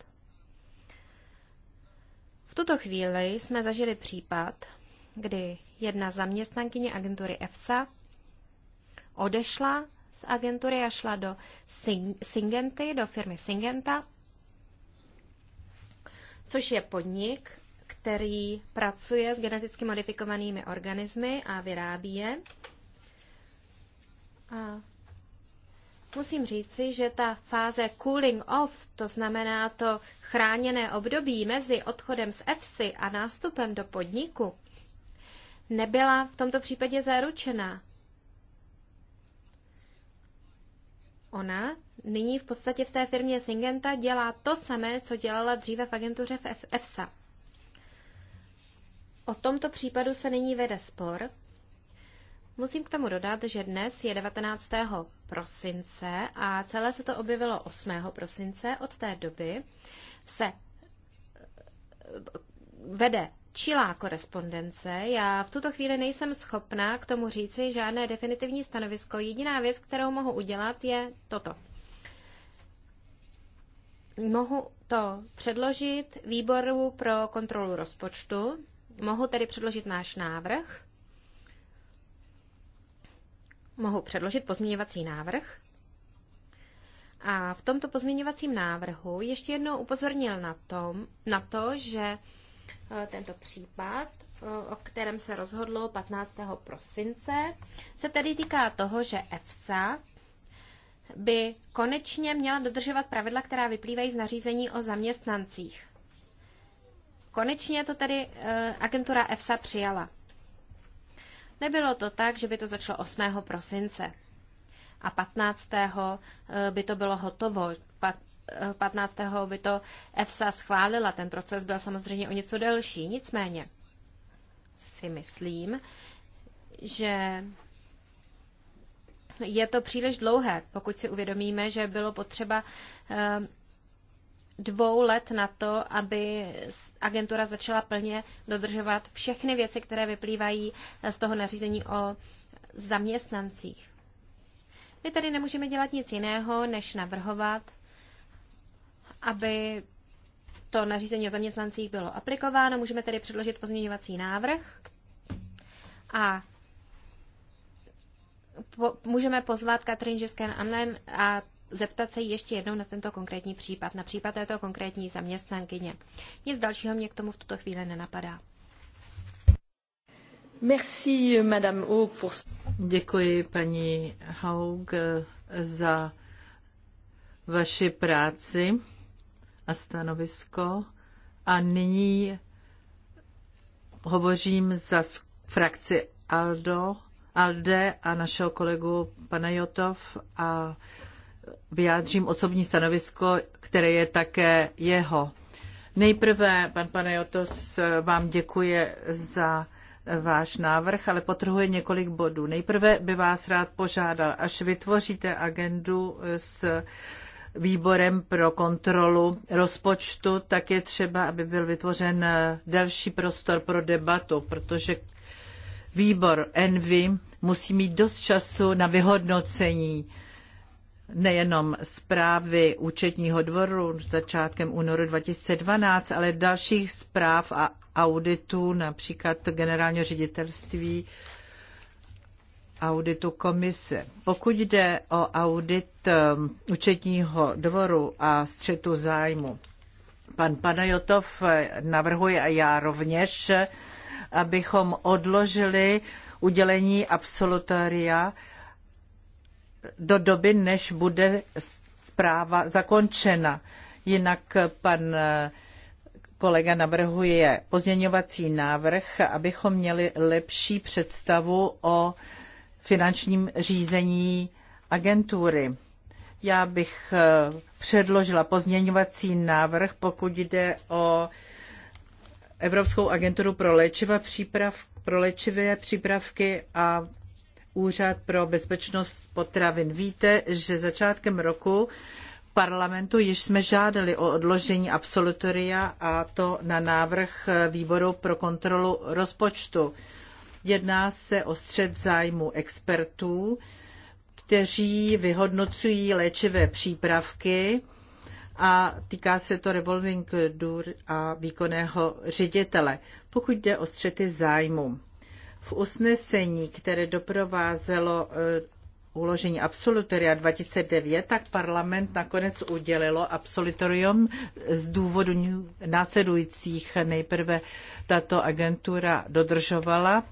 [SPEAKER 1] V tuto chvíli jsme zažili případ, kdy jedna zaměstnankyně agentury EFSA odešla z agentury a šla do Sing- Singenty, do firmy Singenta, což je podnik, který pracuje s geneticky modifikovanými organismy a vyrábí je. A musím říci, že ta fáze cooling off, to znamená to chráněné období mezi odchodem z EFSI a nástupem do podniku, nebyla v tomto případě zaručena. Ona nyní v podstatě v té firmě Syngenta dělá to samé, co dělala dříve v agentuře v EFSA. O tomto případu se nyní vede spor. Musím k tomu dodat, že dnes je 19. prosince a celé se to objevilo 8. prosince. Od té doby se eh, vede čilá korespondence. Já v tuto chvíli nejsem schopná k tomu říci žádné definitivní stanovisko. Jediná věc, kterou mohu udělat, je toto mohu to předložit výboru pro kontrolu rozpočtu, mohu tedy předložit náš návrh, mohu předložit pozměňovací návrh. A v tomto pozměňovacím návrhu ještě jednou upozornil na, tom, na to, že e, tento případ, o kterém se rozhodlo 15. prosince, se tedy týká toho, že EFSA by konečně měla dodržovat pravidla, která vyplývají z nařízení o zaměstnancích. Konečně to tedy eh, agentura EFSA přijala. Nebylo to tak, že by to začalo 8. prosince a 15. Eh, by to bylo hotovo. 15. Eh, by to EFSA schválila. Ten proces byl samozřejmě o něco delší. Nicméně si myslím, že je to příliš dlouhé, pokud si uvědomíme, že bylo potřeba eh, dvou let na to, aby agentura začala plně dodržovat všechny věci, které vyplývají eh, z toho nařízení o zaměstnancích. My tady nemůžeme dělat nic jiného, než navrhovat, aby to nařízení o zaměstnancích bylo aplikováno. Můžeme tedy předložit pozměňovací návrh a po, můžeme pozvat Katrin Žeskén Amlen a zeptat se ještě jednou na tento konkrétní případ, na případ této konkrétní zaměstnankyně. Nic dalšího mě k tomu v tuto chvíli nenapadá.
[SPEAKER 2] Merci, Madame Haug, pour... Děkuji, paní Haug, za vaši práci a stanovisko. A nyní hovořím za frakci Aldo Alde a našeho kolegu pana Jotov a vyjádřím osobní stanovisko, které je také jeho. Nejprve, pan Panajotos, vám děkuje za váš návrh, ale potrhuje několik bodů. Nejprve by vás rád požádal, až vytvoříte agendu s výborem pro kontrolu rozpočtu, tak je třeba, aby byl vytvořen další prostor pro debatu, protože výbor Envy musí mít dost času na vyhodnocení nejenom zprávy účetního dvoru začátkem únoru 2012, ale dalších zpráv a auditů, například generálního ředitelství auditu komise. Pokud jde o audit um, účetního dvoru a střetu zájmu, pan Panajotov eh, navrhuje a já rovněž abychom odložili udělení absolutoria do doby, než bude zpráva zakončena. Jinak pan eh, kolega navrhuje pozměňovací návrh, abychom měli lepší představu o finančním řízení agentury. Já bych eh, předložila pozměňovací návrh, pokud jde o Evropskou agenturu pro léčiva příprav, pro léčivé přípravky a Úřad pro bezpečnost potravin. Víte, že začátkem roku parlamentu již jsme žádali o odložení absolutoria a to na návrh výboru pro kontrolu rozpočtu. Jedná se o střed zájmu expertů, kteří vyhodnocují léčivé přípravky, a týká se to revolving door a výkonného ředitele, pokud jde o střety zájmu. V usnesení, které doprovázelo eh, uložení absolutoria 2009, tak parlament nakonec udělilo absolutorium z důvodu následujících. Nejprve tato agentura dodržovala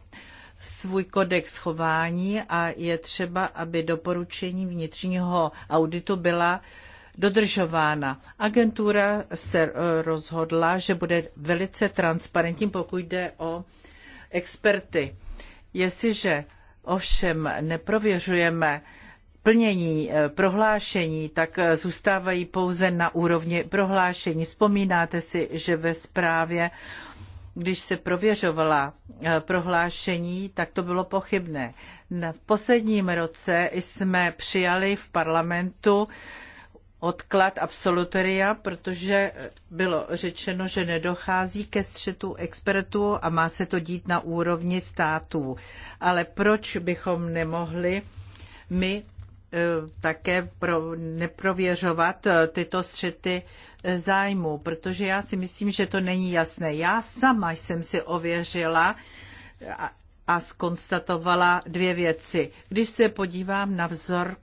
[SPEAKER 2] svůj kodex chování a je třeba, aby doporučení vnitřního auditu byla dodržována. Agentura se eh, rozhodla, že bude velice transparentní, pokud jde o experty. Jestliže ovšem neprověřujeme plnění eh, prohlášení, tak eh, zůstávají pouze na úrovni prohlášení. Vzpomínáte si, že ve zprávě když se prověřovala prohlášení, tak to bylo pochybné. V posledním roce jsme přijali v parlamentu odklad absolutoria, protože bylo řečeno, že nedochází ke střetu expertů a má se to dít na úrovni států. Ale proč bychom nemohli my eh, také pro, neprověřovat eh, tyto střety eh, zájmu, protože já si myslím, že to není jasné. Já sama jsem si ověřila a, a skonstatovala dvě věci. Když se podívám na vzor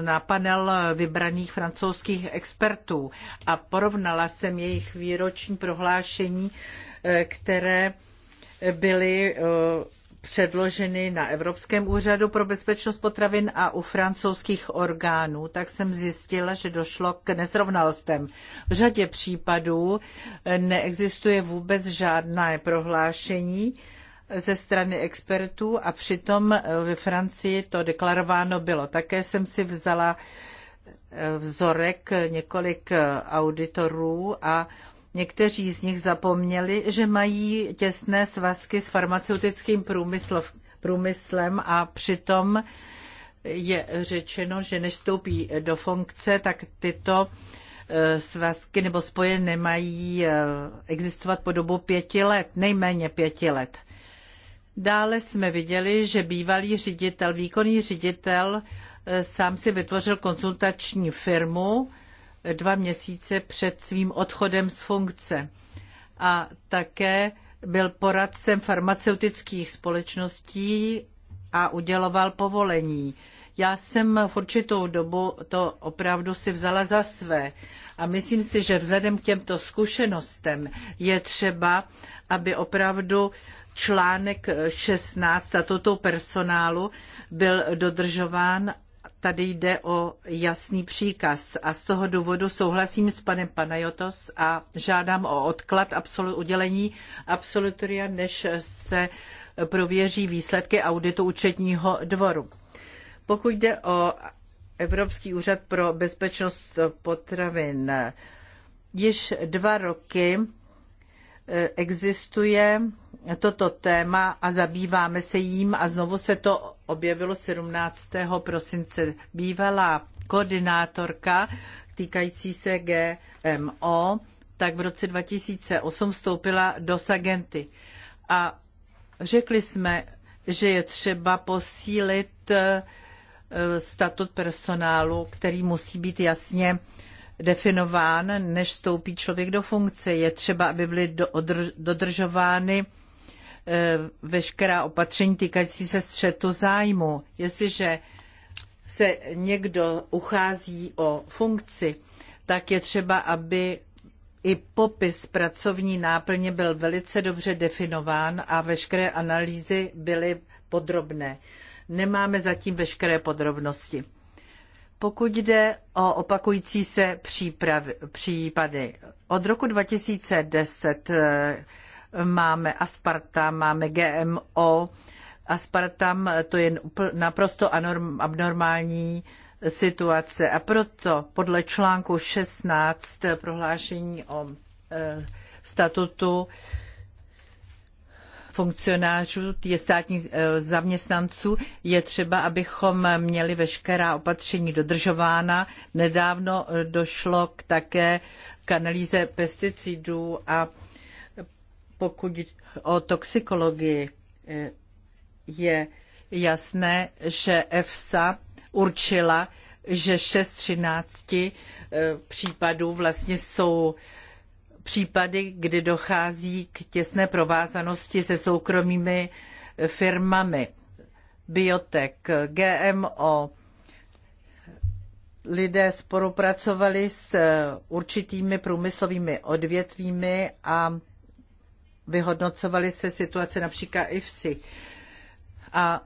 [SPEAKER 2] na panel vybraných francouzských expertů a porovnala jsem jejich výroční prohlášení, eh, které byly eh, předloženy na Evropském úřadu pro bezpečnost potravin a u francouzských orgánů, tak jsem zjistila, že došlo k nesrovnalostem. V řadě případů eh, neexistuje vůbec žádné prohlášení, ze strany expertů a přitom eh, ve Francii to deklarováno bylo. Také jsem si vzala eh, vzorek několik eh, auditorů a Někteří z nich zapomněli, že mají těsné svazky s farmaceutickým průmyslem a přitom je řečeno, že než vstoupí do funkce, tak tyto svazky nebo spoje nemají existovat po dobu pěti let, nejméně pěti let. Dále jsme viděli, že bývalý ředitel, výkonný ředitel, eh, sám si vytvořil konzultační firmu eh, dva měsíce před svým odchodem z funkce. A také byl poradcem farmaceutických společností a uděloval povolení. Já jsem v určitou dobu to opravdu si vzala za své a myslím si, že vzhledem k těmto zkušenostem je třeba, aby opravdu článek 16 eh, statutu personálu byl dodržován. Tady jde o jasný příkaz a z toho důvodu souhlasím s panem Panajotos a žádám o odklad absolu- udělení absolutoria, než se prověří výsledky auditu účetního dvoru. Pokud jde o Evropský úřad pro bezpečnost potravin, již dva roky eh, existuje toto téma a zabýváme se jím a znovu se to objevilo 17. prosince. Bývalá koordinátorka týkající se GMO, tak v roce 2008 vstoupila do Sagenty. A řekli jsme, že je třeba posílit eh, statut personálu, který musí být jasně definován, než vstoupí člověk do funkce. Je třeba, aby byly dodržovány Eh, veškerá opatření týkající se střetu zájmu. Jestliže se někdo uchází o funkci, tak je třeba, aby i popis pracovní náplně byl velice dobře definován a veškeré analýzy byly podrobné. Nemáme zatím veškeré podrobnosti. Pokud jde o opakující se přípravy, případy, od roku 2010 eh, máme aspartam, máme GMO. Aspartam to je naprosto abnormální situace a proto podle článku 16 prohlášení o e, statutu funkcionářů, je státních e, zaměstnanců, je třeba, abychom měli veškerá opatření dodržována. Nedávno došlo k také k analýze pesticidů a pokud o toxikologii eh, je jasné, že EFSA určila, že 6 13 eh, případů vlastně jsou případy, kdy dochází k těsné provázanosti se soukromými firmami. Biotech, GMO, lidé spolupracovali s eh, určitými průmyslovými odvětvími a vyhodnocovaly se situace například IFSI. A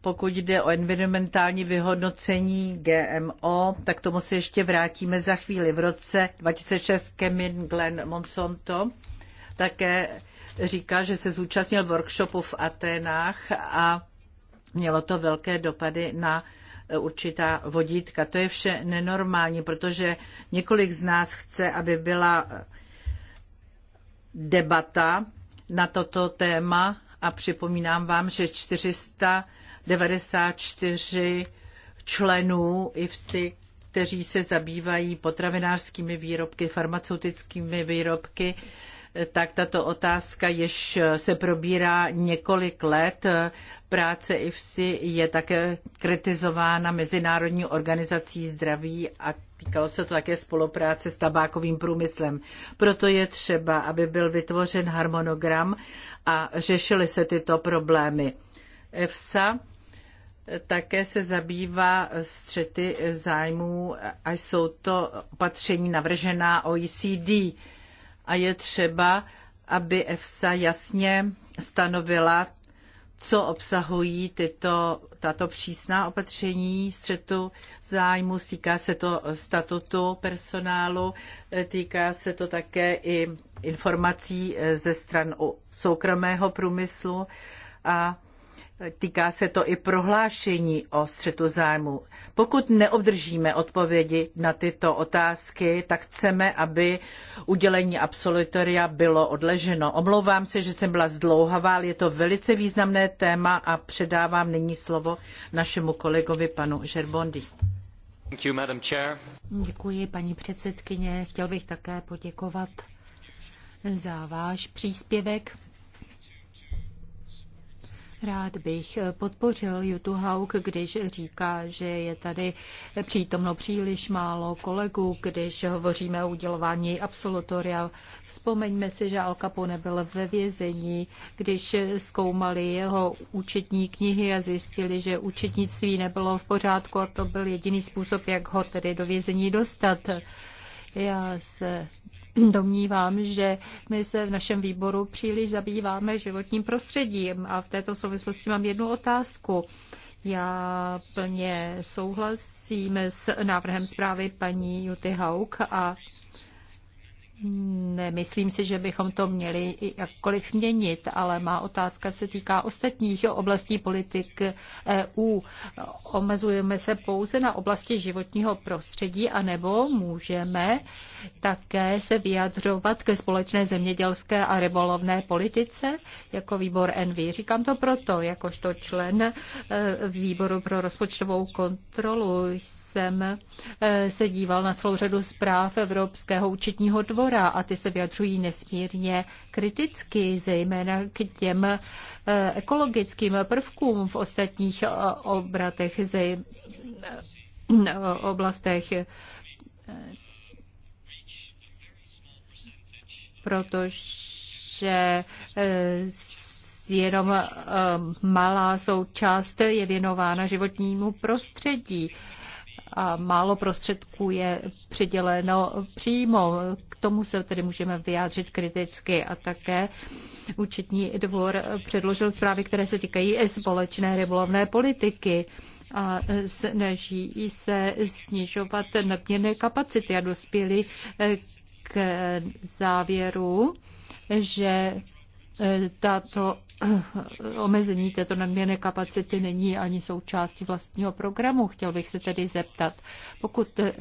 [SPEAKER 2] pokud jde o environmentální vyhodnocení GMO, tak tomu se ještě vrátíme za chvíli. V roce 2006 Kemin Glenn Monsanto také říká, že se zúčastnil workshopu v Aténách a mělo to velké dopady na e, určitá vodítka. To je vše nenormální, protože několik z nás chce, aby byla debata na toto téma a připomínám vám, že 494 členů IFSI, kteří se zabývají potravinářskými výrobky, farmaceutickými výrobky, tak tato otázka již se probírá několik let práce IFSI je také kritizována Mezinárodní organizací zdraví a týkalo se to také spolupráce s tabákovým průmyslem. Proto je třeba, aby byl vytvořen harmonogram a řešily se tyto problémy. EFSA také se zabývá střety zájmů a jsou to opatření navržená OECD. A je třeba, aby EFSA jasně stanovila co obsahují tyto, tato přísná opatření střetu zájmu. Týká se to statutu personálu, e, týká se to také i informací e, ze stran soukromého průmyslu a Týká se to i prohlášení o střetu zájmu. Pokud neobdržíme odpovědi na tyto otázky, tak chceme, aby udělení absolutoria bylo odleženo. Omlouvám se, že jsem byla zdlouhavá, ale je to velice významné téma a předávám nyní slovo našemu kolegovi panu Žerbondi.
[SPEAKER 3] Děkuji, paní předsedkyně. Chtěl bych také poděkovat za váš příspěvek Rád bych podpořil Jutu Hauk, když říká, že je tady přítomno příliš málo kolegů, když hovoříme o udělování absolutoria. Vzpomeňme si, že Al Capone byl ve vězení, když zkoumali jeho účetní knihy a zjistili, že účetnictví nebylo v pořádku a to byl jediný způsob, jak ho tedy do vězení dostat. Já se domnívám, že my se v našem výboru příliš zabýváme životním prostředím a v této souvislosti mám jednu otázku. Já plně souhlasím s návrhem zprávy paní Juty Hauk a Nemyslím si, že bychom to měli jakkoliv měnit, ale má otázka se týká ostatních oblastí politik EU. Omezujeme se pouze na oblasti životního prostředí, anebo můžeme také se vyjadřovat ke společné zemědělské a rybolovné politice jako výbor NV. Říkám to proto, jakožto člen e, výboru pro rozpočtovou kontrolu jsem e, se díval na celou řadu zpráv Evropského účetního dvora dvora a ty se vyjadřují nesmírně kriticky, zejména k těm eh, ekologickým prvkům v ostatních eh, obratech, eh, oblastech protože jenom malá součást je věnována životnímu prostředí a málo prostředků je přiděleno přímo. K tomu se tedy můžeme vyjádřit kriticky a také účetní dvor předložil zprávy, které se týkají společné rybolovné politiky a snaží se snižovat nadměrné kapacity a dospěli k závěru, že tato omezení této nadměrné kapacity není ani součástí vlastního programu. Chtěl bych se tedy zeptat, pokud eh,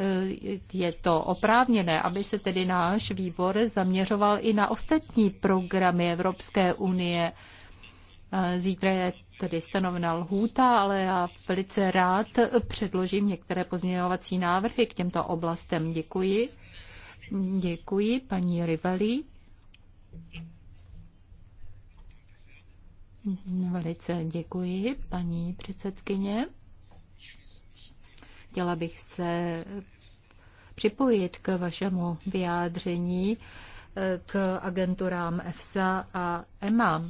[SPEAKER 3] je to oprávněné, aby se tedy náš výbor zaměřoval i na ostatní programy Evropské unie. Eh, zítra je tedy stanovena lhůta, ale já velice rád předložím některé pozměňovací návrhy k těmto oblastem. Děkuji. Děkuji, paní Rivali. Mhm, velice děkuji, paní předsedkyně. Chtěla bych se připojit k vašemu vyjádření eh, k agenturám EFSA a EMA.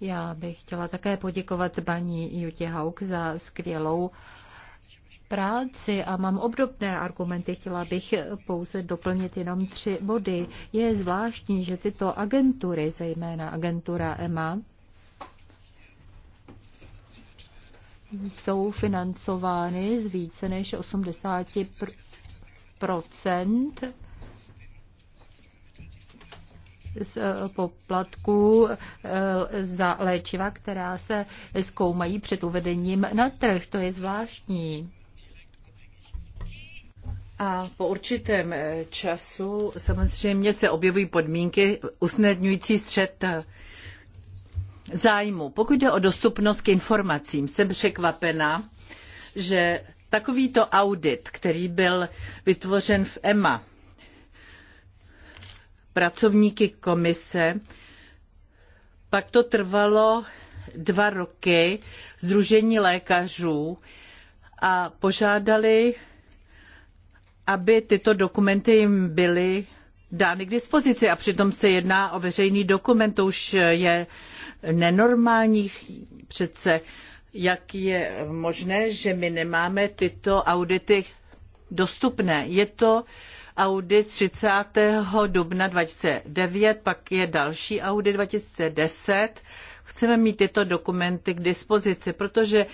[SPEAKER 3] Já bych chtěla také poděkovat paní Jutě Hauk za skvělou práci a mám obdobné argumenty. Chtěla bych pouze doplnit jenom tři body. Je zvláštní, že tyto agentury, zejména agentura EMA, jsou financovány z více než 80 procent z eh, poplatků eh, za léčiva, která se zkoumají před uvedením na trh. To je zvláštní.
[SPEAKER 2] A po určitém eh, času samozřejmě se objevují podmínky usnadňující střet zájmu. Pokud jde o dostupnost k informacím, jsem překvapena, že takovýto audit, který byl vytvořen v EMA, pracovníky komise, pak to trvalo dva roky Združení lékařů a požádali, aby tyto dokumenty jim byly dány k dispozici a přitom se jedná o veřejný dokument, to už je nenormální přece, jak je možné, že my nemáme tyto audity dostupné. Je to audit 30. dubna 2009, pak je další audit 2010. Chceme mít tyto dokumenty k dispozici, protože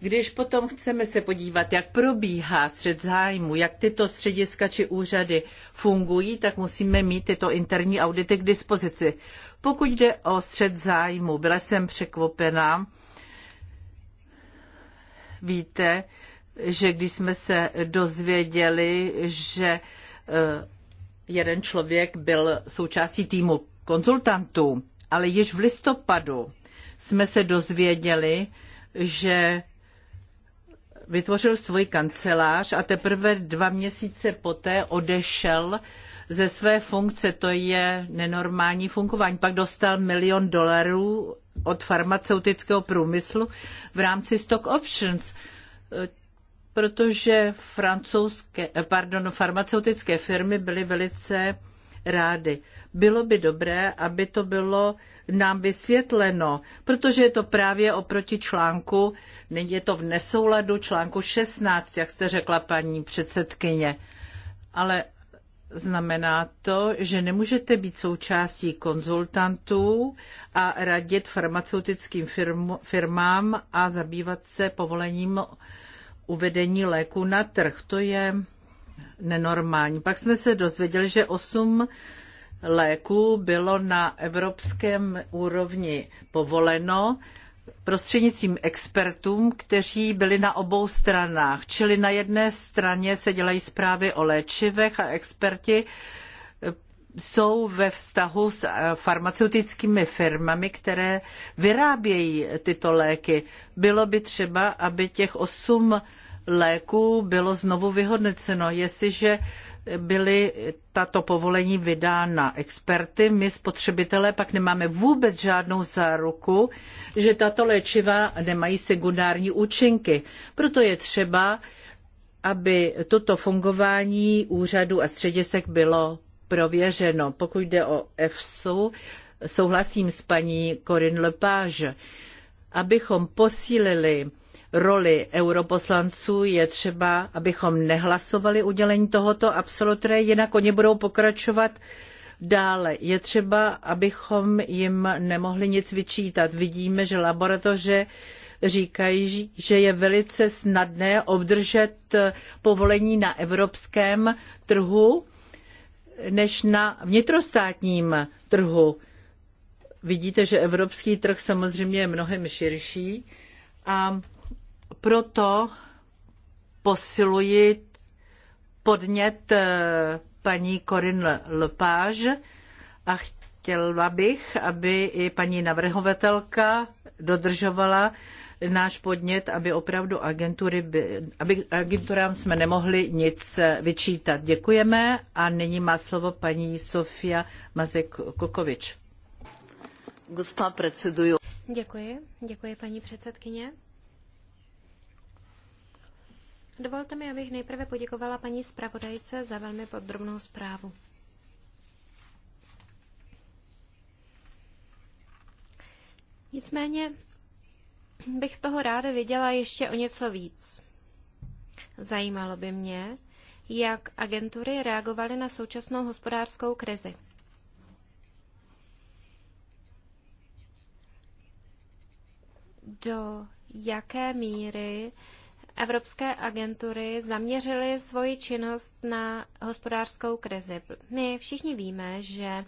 [SPEAKER 2] když potom chceme se podívat, jak probíhá střed zájmu, jak tyto střediska či úřady fungují, tak musíme mít tyto interní audity k dispozici. Pokud jde o střed zájmu, byla jsem překvapena. Víte, že když jsme se dozvěděli, že eh, jeden člověk byl součástí týmu konzultantů, ale již v listopadu jsme se dozvěděli, že vytvořil svůj kancelář a teprve dva měsíce poté odešel ze své funkce. To je nenormální fungování. Pak dostal milion dolarů od farmaceutického průmyslu v rámci stock options protože francouzské, eh, pardon, farmaceutické firmy byly velice rády. Bylo by dobré, aby to bylo nám vysvětleno, protože je to právě oproti článku, je to v nesouladu článku 16, jak jste řekla paní předsedkyně. Ale znamená to, že nemůžete být součástí konzultantů a radit farmaceutickým firmám a zabývat se povolením uvedení léku na trh. To je nenormální. Pak jsme se dozvěděli, že 8 léků bylo na evropském úrovni povoleno prostřednictvím expertům, kteří byli na obou stranách. Čili na jedné straně se dělají zprávy o léčivech a experti eh, jsou ve vztahu s eh, farmaceutickými firmami, které vyrábějí tyto léky. Bylo by třeba, aby těch osm 8 léků bylo znovu vyhodnoceno. Jestliže byly tato povolení vydána experty, my spotřebitelé pak nemáme vůbec žádnou záruku, že tato léčiva nemají sekundární účinky. Proto je třeba, aby toto fungování úřadu a středisek bylo prověřeno. Pokud jde o EFSU, souhlasím s paní Corinne Lepage, abychom posílili roli europoslanců je třeba, abychom nehlasovali udělení tohoto absolutoria, jinak oni budou pokračovat Dále je třeba, abychom jim nemohli nic vyčítat. Vidíme, že laboratoře říkají, že je velice snadné obdržet povolení na evropském trhu než na vnitrostátním trhu. Vidíte, že evropský trh samozřejmě je mnohem širší a proto posiluji podnět eh, paní Corinne Lepage a chtěla bych, aby i paní navrhovatelka dodržovala náš podnět, aby opravdu agentury, aby agenturám jsme nemohli nic eh, vyčítat. Děkujeme a nyní má slovo paní Sofia Mazek Kokovič.
[SPEAKER 1] Děkuji, děkuji paní předsedkyně. Dovolte mi, abych nejprve poděkovala paní zpravodajce za velmi podrobnou zprávu. Nicméně bych toho ráda viděla ještě o něco víc. Zajímalo by mě, jak agentury reagovaly na současnou hospodářskou krizi. Do jaké míry evropské agentury zaměřily svoji činnost na hospodářskou krizi. My všichni víme, že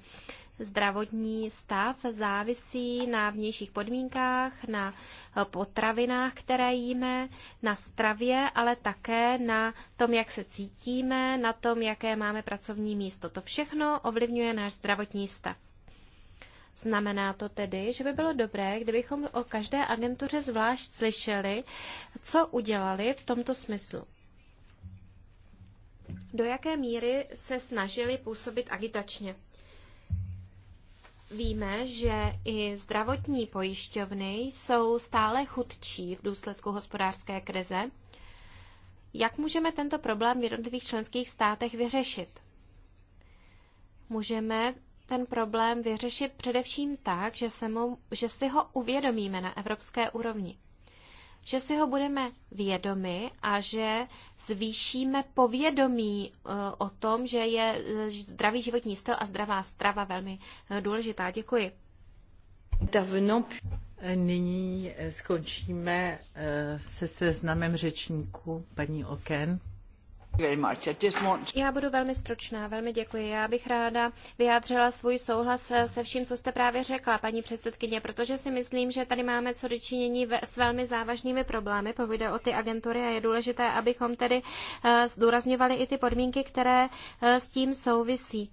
[SPEAKER 1] zdravotní stav závisí na vnějších podmínkách, na potravinách, které jíme, na stravě, ale také na tom, jak se cítíme, na tom, jaké máme pracovní místo. To všechno ovlivňuje náš zdravotní stav. Znamená to tedy, že by bylo dobré, kdybychom o každé agentuře zvlášť slyšeli, co udělali v tomto smyslu. Do jaké míry se snažili působit agitačně? Víme, že i zdravotní pojišťovny jsou stále chudčí v důsledku hospodářské krize. Jak můžeme tento problém v jednotlivých členských státech vyřešit? Můžeme ten problém vyřešit především tak, že, se mu, že si ho uvědomíme na evropské úrovni. Že si ho budeme vědomi a že zvýšíme povědomí e, o tom, že je e, zdravý životní styl a zdravá strava velmi e, důležitá. Děkuji.
[SPEAKER 2] Nyní skončíme se seznamem řečníků paní Oken.
[SPEAKER 1] Já budu velmi stručná, velmi děkuji. Já bych ráda vyjádřila svůj souhlas eh, se vším, co jste právě řekla, paní předsedkyně, protože si myslím, že tady máme co dočinění s velmi závažnými problémy, pokud jde o ty agentury a je důležité, abychom tedy eh, zdůrazňovali i ty podmínky, které eh, s tím souvisí.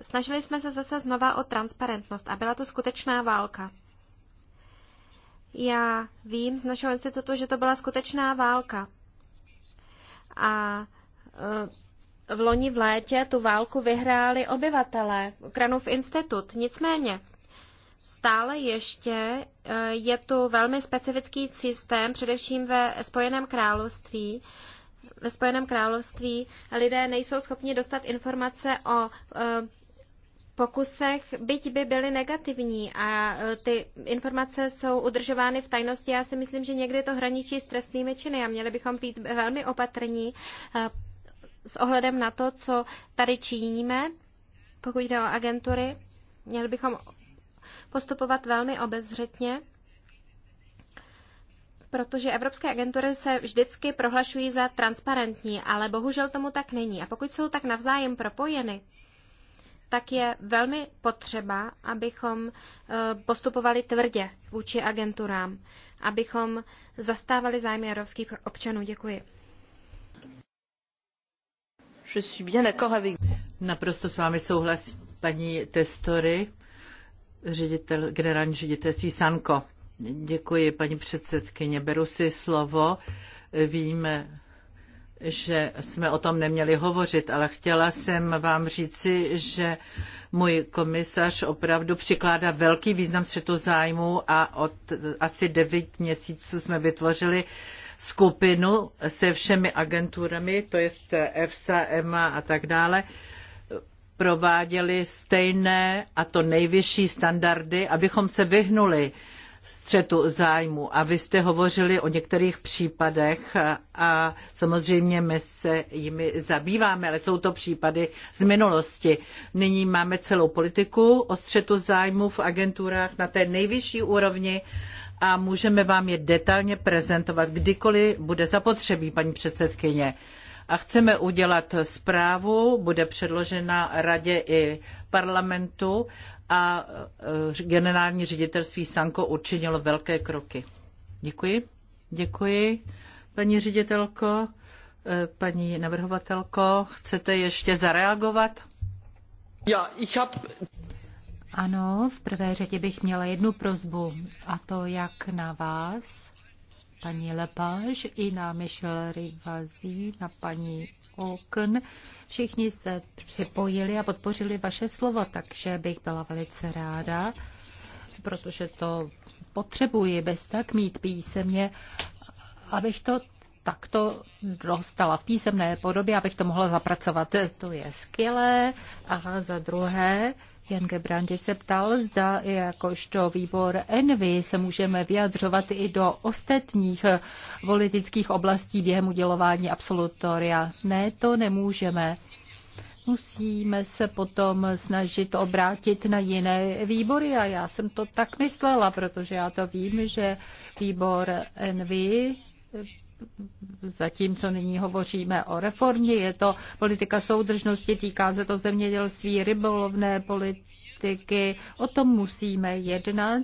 [SPEAKER 1] Snažili jsme se zase znova o transparentnost a byla to skutečná válka. Já vím z našeho institutu, že to byla skutečná válka. A e, v loni v létě tu válku vyhráli obyvatelé, Kranův institut. Nicméně, Stále ještě e, je tu velmi specifický systém, především ve Spojeném království. Ve Spojeném království lidé nejsou schopni dostat informace o e, pokusech, byť by byly negativní a e, ty informace jsou udržovány v tajnosti. Já si myslím, že někdy to hraničí s trestnými činy a měli bychom být velmi opatrní e, s ohledem na to, co tady činíme, pokud jde o agentury. Měli bychom postupovat velmi obezřetně, protože evropské agentury se vždycky prohlašují za transparentní, ale bohužel tomu tak není. A pokud jsou tak navzájem propojeny, tak je velmi potřeba, abychom eh, postupovali tvrdě vůči agenturám, abychom zastávali zájmy evropských občanů. Děkuji.
[SPEAKER 3] Je suis bien avec...
[SPEAKER 2] Naprosto s vámi souhlasím, paní Testory, ředitel, generální ředitelství Sanko. Děkuji, paní předsedkyně. Beru si slovo. Víme, že jsme o tom neměli hovořit, ale chtěla jsem vám říci, že můj komisař opravdu přikládá velký význam střetu zájmu a od asi devět měsíců jsme vytvořili skupinu se všemi agenturami, to je EFSA, EMA a tak dále, prováděli stejné a to nejvyšší standardy, abychom se vyhnuli uh, střetu zájmu. A vy jste hovořili o některých případech a samozřejmě my se jimi zabýváme, ale jsou to případy z minulosti. Nyní máme celou politiku o střetu zájmu v agenturách na té nejvyšší úrovni a můžeme vám je detailně prezentovat, kdykoliv bude zapotřebí, paní předsedkyně a chceme udělat zprávu, bude předložena radě i parlamentu a generální ředitelství Sanko učinilo velké kroky. Děkuji. Děkuji, paní ředitelko, e, paní navrhovatelko. Chcete ještě zareagovat?
[SPEAKER 3] Já, ich hab... Ano, v prvé řadě bych měla jednu prozbu, a to jak na vás, paní Lepage, i na Michel Rivazí, na paní Auken. Všichni se připojili a podpořili vaše slova, takže bych byla velice ráda, protože to potřebuji bez tak mít písemně, abych to takto dostala v písemné podobě, abych to mohla zapracovat. To je skvělé. A za druhé, Jan Gebrandi se ptal, zda jakožto výbor Envy se můžeme vyjadřovat i do ostatních politických oblastí během udělování absolutoria. Ne, to nemůžeme. Musíme se potom snažit obrátit na jiné výbory a já jsem to tak myslela, protože já to vím, že výbor Envy Zatímco nyní hovoříme o reformě, je to politika soudržnosti, týká se to zemědělství, rybolovné politiky. O tom musíme jednat,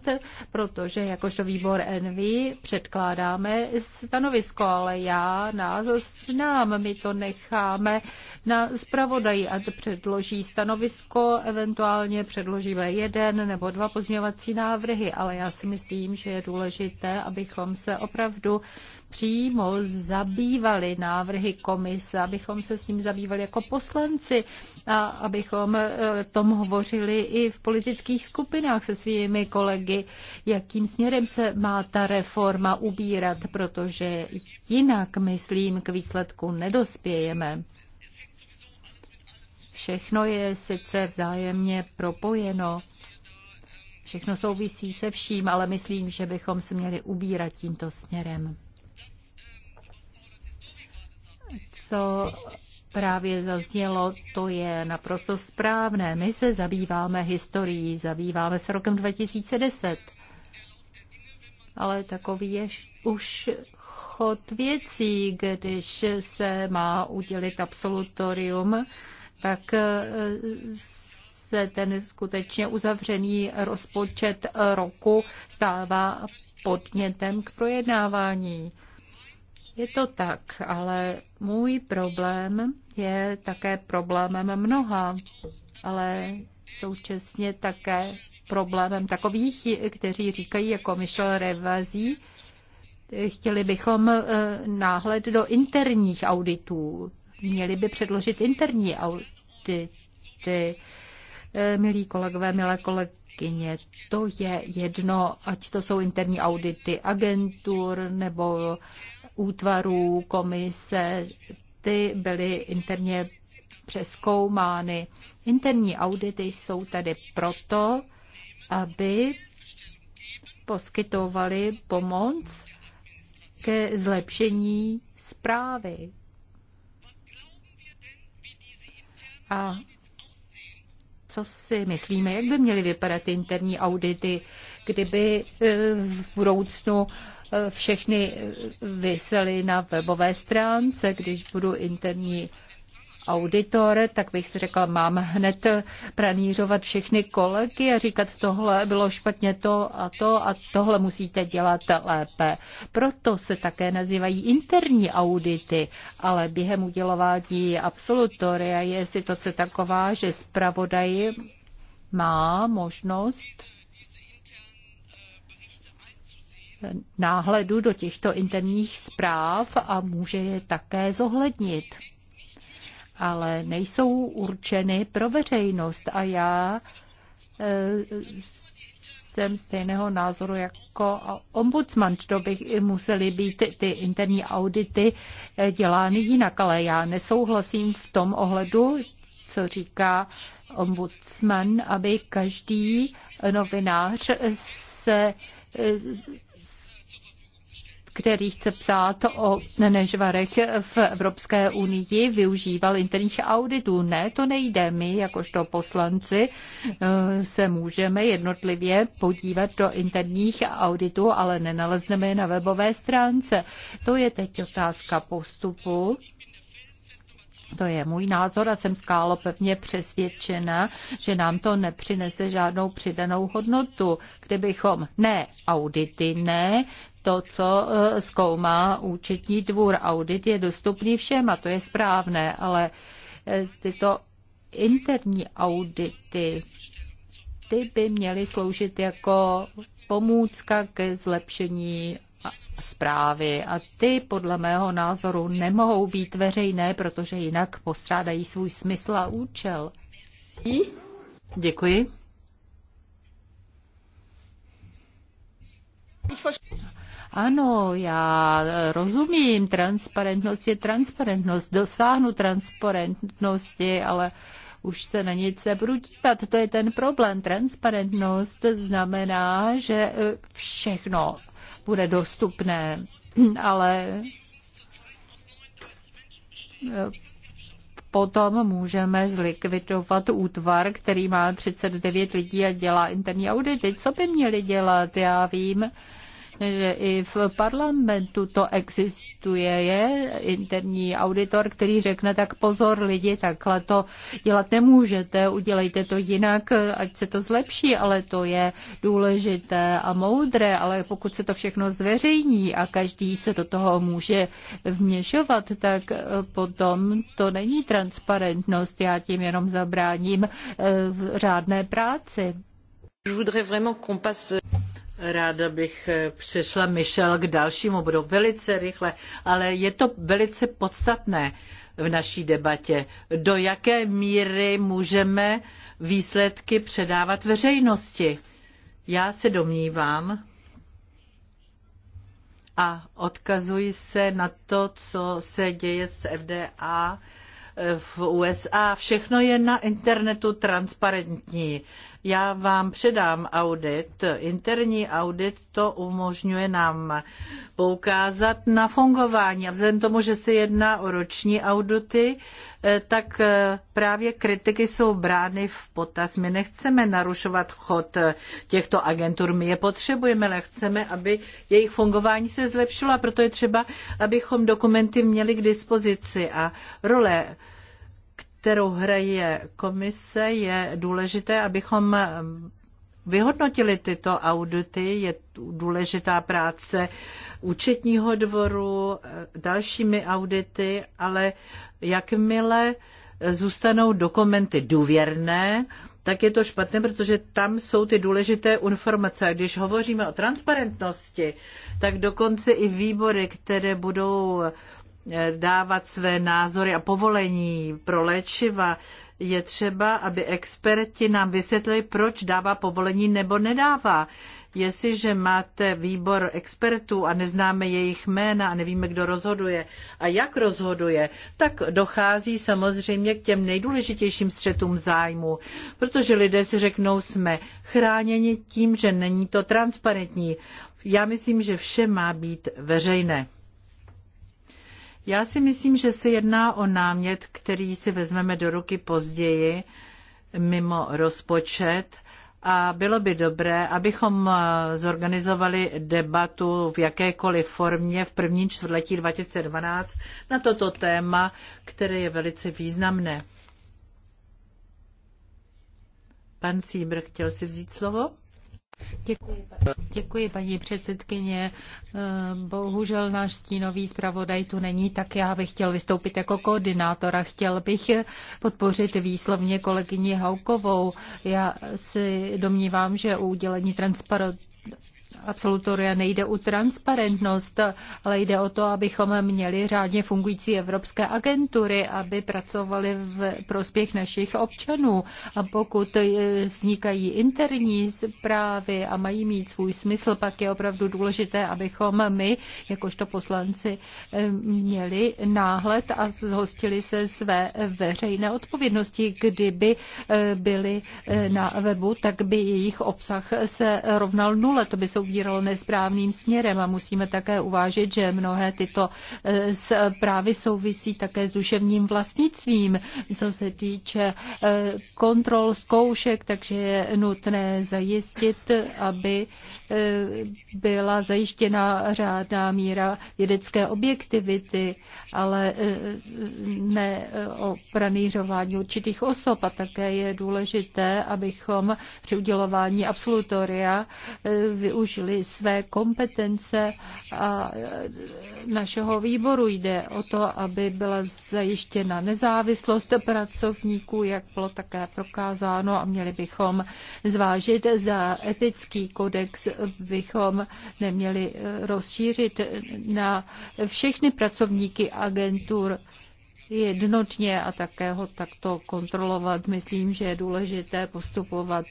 [SPEAKER 3] protože jakožto výbor NV předkládáme stanovisko, ale já nás znám, my to necháme na zpravodají a předloží stanovisko, eventuálně předložíme jeden nebo dva pozměňovací návrhy, ale já si myslím, že je důležité, abychom se opravdu přímo zabývali návrhy komise, abychom se s ním zabývali jako poslanci a abychom e, tom hovořili i v politických skupinách se svými kolegy, jakým směrem se má ta reforma ubírat, protože jinak, myslím, k výsledku nedospějeme. Všechno je sice vzájemně propojeno, všechno souvisí se vším, ale myslím, že bychom se měli ubírat tímto směrem. co právě zaznělo, to je naprosto správné. My se zabýváme historií, zabýváme se rokem 2010. Ale takový je už chod věcí, když se má udělit absolutorium, tak eh, se ten skutečně uzavřený rozpočet roku stává podnětem k projednávání. Je to tak, ale můj problém je také problémem mnoha, ale současně také problémem takových, kteří říkají jako Michel Revazí, chtěli bychom eh, náhled do interních auditů. Měli by předložit interní audity. Eh, milí kolegové, milé kolegyně, to je jedno, ať to jsou interní audity agentur nebo útvarů komise, ty byly interně přeskoumány. Interní audity jsou tady proto, aby poskytovali pomoc ke zlepšení zprávy. A co si myslíme, jak by měly vypadat interní audity, kdyby eh, v budoucnu všechny vysely na webové stránce. Když budu interní auditor, tak bych si řekla, mám hned pranířovat všechny kolegy a říkat, tohle bylo špatně to a to a tohle musíte dělat lépe. Proto se také nazývají interní audity, ale během udělování absolutoria je situace taková, že zpravodaj má možnost náhledu do těchto interních zpráv a může je také zohlednit. Ale nejsou určeny pro veřejnost a já e, jsem stejného názoru jako ombudsman, to i museli být ty interní audity e, dělány jinak, ale já nesouhlasím v tom ohledu, co říká ombudsman, aby každý novinář se e, který chce psát o nežvarech v Evropské unii, využíval interních auditů. Ne, to nejde. My, jakožto poslanci, eh, se můžeme jednotlivě podívat do interních auditů, ale nenalezneme je na webové stránce. To je teď otázka postupu. To je můj názor a jsem skálo pevně přesvědčena, že nám to nepřinese žádnou přidanou hodnotu. Kdybychom ne audity, ne to, co e, zkoumá účetní dvůr. Audit je dostupný všem a to je správné, ale e, tyto interní audity, ty by měly sloužit jako pomůcka ke zlepšení zprávy a ty podle mého názoru nemohou být veřejné, protože jinak postrádají svůj smysl a účel. Děkuji. Ano, já rozumím, transparentnost je transparentnost, dosáhnu transparentnosti, ale už se na nic nebudu dívat. To je ten problém. Transparentnost znamená, že e, všechno bude dostupné, ale e, potom můžeme zlikvidovat útvar, který má 39 lidí a dělá interní audity. Co by měli dělat? Já vím, že i v parlamentu to existuje. Je interní auditor, který řekne, tak pozor lidi, takhle to dělat nemůžete, udělejte to jinak, ať se to zlepší, ale to je důležité a moudré, ale pokud se to všechno zveřejní a každý se do toho může vměšovat, tak eh, potom to není transparentnost. Já tím jenom zabráním eh, v řádné práci.
[SPEAKER 2] Ráda bych eh, přešla Michel k dalšímu, budu velice rychle, ale je to velice podstatné v naší debatě. Do jaké míry můžeme výsledky předávat veřejnosti? Já se domnívám a odkazuji se na to, co se děje s FDA eh, v USA. Všechno je na internetu transparentní. Já vám předám audit. Interní audit to umožňuje nám poukázat na fungování. A vzhledem tomu, že se jedná o roční audity, eh, tak eh, právě kritiky jsou brány v potaz. My nechceme narušovat chod eh, těchto agentur, my je potřebujeme, ale chceme, aby jejich fungování se zlepšilo a proto je třeba, abychom dokumenty měli k dispozici a role kterou hraje komise, je důležité, abychom um, vyhodnotili tyto audity. Je důležitá práce účetního dvoru, eh, dalšími audity, ale jakmile eh, zůstanou dokumenty důvěrné, tak je to špatné, protože tam jsou ty důležité informace. A když hovoříme o transparentnosti, tak dokonce i výbory, které budou eh, Eh, dávat své názory a povolení pro léčiva, je třeba, aby experti nám vysvětlili, proč dává povolení nebo nedává. Jestliže máte výbor expertů a neznáme jejich jména a nevíme, kdo rozhoduje a jak rozhoduje, tak dochází samozřejmě k těm nejdůležitějším střetům zájmu, protože lidé si řeknou, jsme chráněni tím, že není to transparentní. Já myslím, že vše má být veřejné. Já si myslím, že se jedná o námět, který si vezmeme do ruky později mimo rozpočet a bylo by dobré, abychom eh, zorganizovali debatu v jakékoliv formě v prvním čtvrtletí 2012 na toto téma, které je velice významné. Pan Sýbr chtěl si vzít slovo?
[SPEAKER 3] Děkuji, děkuji, paní předsedkyně. Bohužel náš stínový zpravodaj tu není, tak já bych chtěl vystoupit jako koordinátor a chtěl bych podpořit výslovně kolegyni Haukovou. Já si domnívám, že u udělení transparentnosti absolutoria nejde o transparentnost, ale jde o to, abychom měli řádně fungující evropské agentury, aby pracovali v prospěch našich občanů. A pokud vznikají interní zprávy a mají mít svůj smysl, pak je opravdu důležité, abychom my, jakožto poslanci, měli náhled a zhostili se své veřejné odpovědnosti. Kdyby eh, byly eh, na webu, tak by jejich obsah se rovnal nule. To by soudní ubíralo nesprávným směrem a musíme také uvážit, že mnohé tyto zprávy eh, souvisí také s duševním vlastnictvím, co se týče eh, kontrol, zkoušek, takže je nutné zajistit, aby eh, byla zajištěna řádná míra vědecké objektivity, ale ne o pranýřování určitých osob a také je důležité, abychom při udělování absolutoria využili využili své kompetence a e, našeho výboru. Jde o to, aby byla zajištěna nezávislost pracovníků, jak bylo také prokázáno a měli bychom zvážit, zda etický kodex bychom neměli e, rozšířit na všechny pracovníky agentur jednotně a také ho takto kontrolovat. Myslím, že je důležité postupovat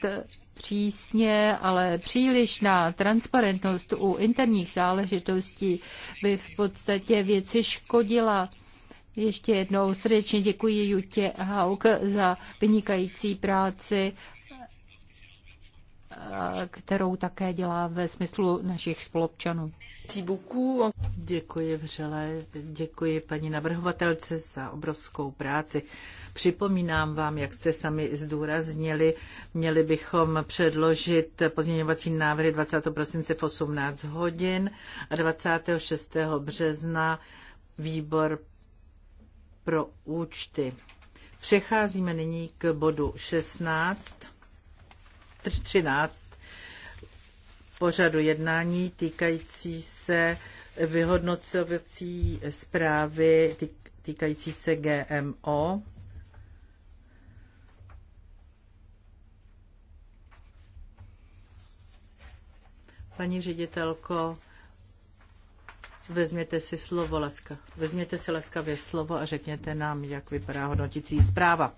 [SPEAKER 3] přísně, ale přílišná transparentnost u interních záležitostí by v podstatě věci škodila. Ještě jednou srdečně děkuji Jutě Hauk za vynikající práci kterou také dělá ve smyslu našich spolupčanů.
[SPEAKER 2] Děkuji vřele, děkuji paní navrhovatelce za obrovskou práci. Připomínám vám, jak jste sami zdůraznili, měli bychom předložit pozměňovací návrhy 20. prosince v 18 hodin a 26. března výbor pro účty. Přecházíme nyní k bodu 16 13 pořadu jednání týkající se vyhodnocovací zprávy týkající se GMO. Paní ředitelko, vezměte si slovo laska. Vezměte si laskavě slovo a řekněte nám, jak vypadá hodnotící zpráva.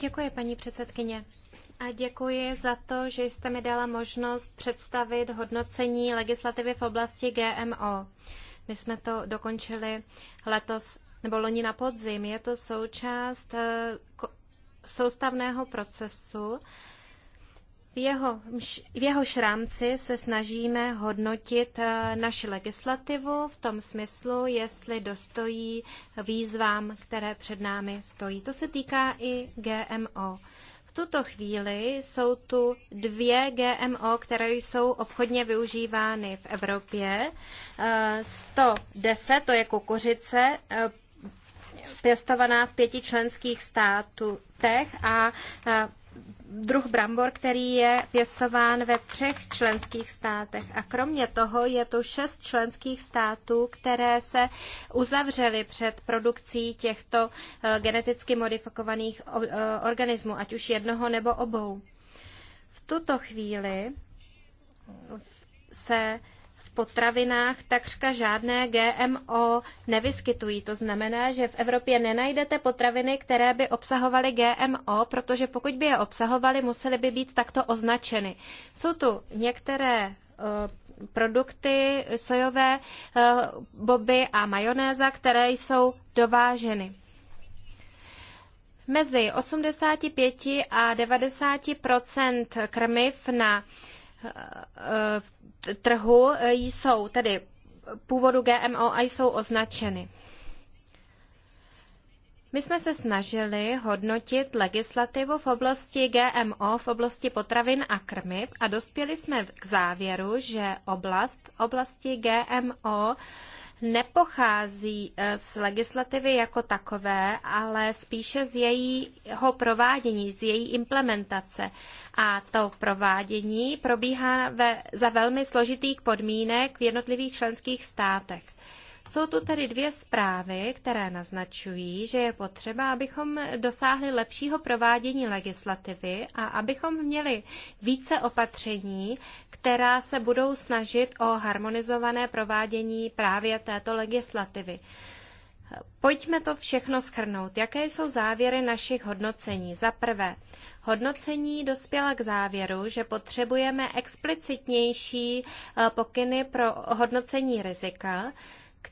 [SPEAKER 1] Děkuji, paní předsedkyně a děkuji za to, že jste mi dala možnost představit hodnocení legislativy v oblasti GMO. My jsme to dokončili letos nebo loni na podzim. Je to součást eh, soustavného procesu. V jeho, v jehož rámci se snažíme hodnotit eh, naši legislativu v tom smyslu, jestli dostojí výzvám, které před námi stojí. To se týká i GMO tuto chvíli jsou tu dvě GMO, které jsou obchodně využívány v Evropě. 110, eh, to je kukuřice, eh, pěstovaná v pěti členských státech a eh, druh brambor, který je pěstován ve třech členských státech. A kromě toho je tu šest členských států, které se uzavřely před produkcí těchto eh, geneticky modifikovaných eh, organismů, ať už jednoho nebo obou. V tuto chvíli se potravinách takřka žádné GMO nevyskytují. To znamená, že v Evropě nenajdete potraviny, které by obsahovaly GMO, protože pokud by je obsahovaly, musely by být takto označeny. Jsou tu některé eh, produkty sojové eh, boby a majonéza, které jsou dováženy. Mezi 85 a 90 krmiv na trhu eh, jsou tedy původu GMO a jsou označeny. My jsme se snažili hodnotit legislativu v oblasti GMO, v oblasti potravin a krmiv a dospěli jsme k závěru, že oblast oblasti GMO nepochází eh, z legislativy jako takové, ale spíše z jejího provádění, z její implementace. A to provádění probíhá ve, za velmi složitých podmínek v jednotlivých členských státech. Jsou tu tedy dvě zprávy, které naznačují, že je potřeba, abychom dosáhli lepšího provádění legislativy a abychom měli více opatření, která se budou snažit o harmonizované provádění právě této legislativy. Pojďme to všechno schrnout. Jaké jsou závěry našich hodnocení? Za prvé, hodnocení dospěla k závěru, že potřebujeme explicitnější eh, pokyny pro hodnocení rizika,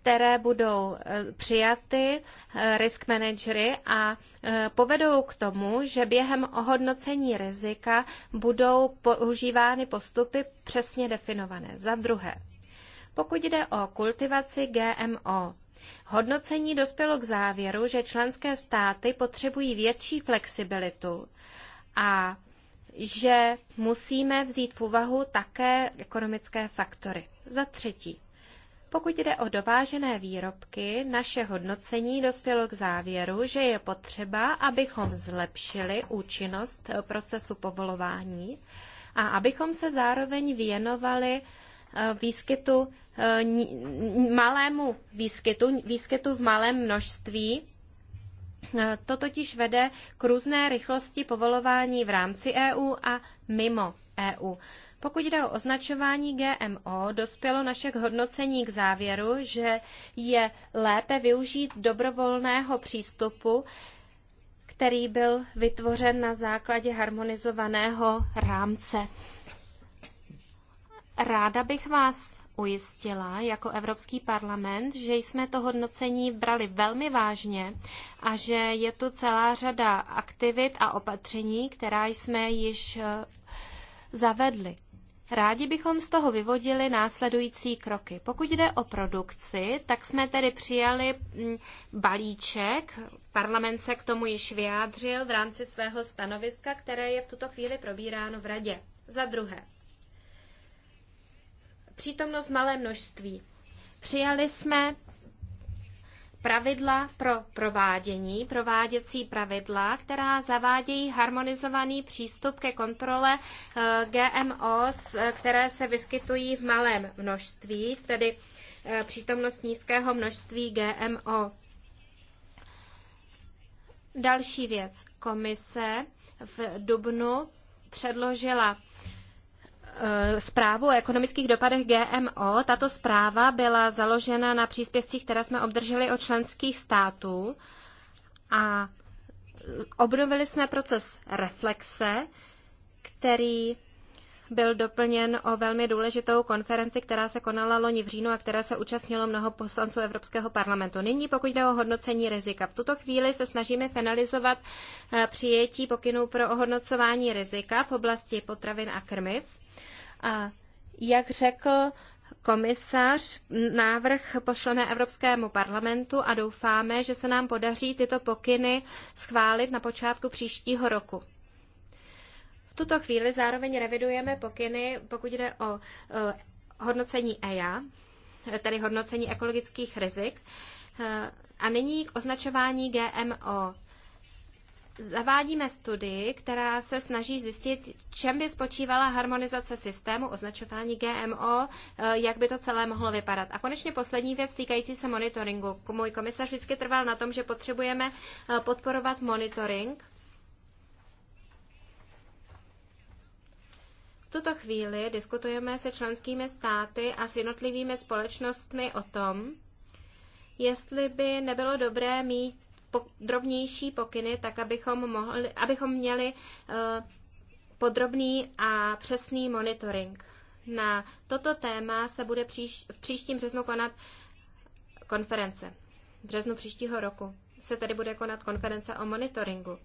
[SPEAKER 1] které budou eh, přijaty eh, risk managery a eh, povedou k tomu, že během ohodnocení rizika budou používány postupy přesně definované. Za druhé, pokud jde o kultivaci GMO, hodnocení dospělo k závěru, že členské státy potřebují větší flexibilitu a že musíme vzít v úvahu také ekonomické faktory. Za třetí, pokud jde o dovážené výrobky, naše hodnocení dospělo k závěru, že je potřeba, abychom zlepšili účinnost procesu povolování a abychom se zároveň věnovali eh, výskytu, eh, malému výskytu, výskytu v malém množství. Eh, to totiž vede k různé rychlosti povolování v rámci EU a mimo EU. Pokud jde o označování GMO, dospělo naše hodnocení k závěru, že je lépe využít dobrovolného přístupu, který byl vytvořen na základě harmonizovaného rámce. Ráda bych vás ujistila jako Evropský parlament, že jsme to hodnocení brali velmi vážně a že je tu celá řada aktivit a opatření, která jsme již eh, zavedli. Rádi bychom z toho vyvodili následující kroky. Pokud jde o produkci, tak jsme tedy přijali mm, balíček, parlament se k tomu již vyjádřil v rámci svého stanoviska, které je v tuto chvíli probíráno v radě. Za druhé, přítomnost malé množství. Přijali jsme pravidla pro provádění, prováděcí pravidla, která zavádějí harmonizovaný přístup ke kontrole eh, GMO, eh, které se vyskytují v malém množství, tedy eh, přítomnost nízkého množství GMO. Další věc. Komise v Dubnu předložila Eh, zprávu o ekonomických dopadech GMO. Tato zpráva byla založena na příspěvcích, které jsme obdrželi od členských států a obnovili jsme proces reflexe, který byl doplněn o velmi důležitou konferenci, která se konala loni v říjnu a které se účastnilo mnoho poslanců Evropského parlamentu. Nyní, pokud jde o hodnocení rizika, v tuto chvíli se snažíme finalizovat eh, přijetí pokynů pro ohodnocování rizika v oblasti potravin a krmiv. A jak řekl komisař, návrh pošleme Evropskému parlamentu a doufáme, že se nám podaří tyto pokyny schválit na počátku příštího roku. V tuto chvíli zároveň revidujeme pokyny, pokud jde o e, hodnocení EIA, tedy hodnocení ekologických rizik. E, a nyní k označování GMO. Zavádíme studii, která se snaží zjistit, čem by spočívala harmonizace systému označování GMO, e, jak by to celé mohlo vypadat. A konečně poslední věc týkající se monitoringu. Můj komisař vždycky trval na tom, že potřebujeme podporovat monitoring tuto chvíli diskutujeme se členskými státy a s jednotlivými společnostmi o tom, jestli by nebylo dobré mít drobnější pokyny, tak abychom, mohli, abychom měli eh, podrobný a přesný monitoring. Na toto téma se bude příš, v příštím březnu konat konference. V březnu příštího roku se tady bude konat konference o monitoringu.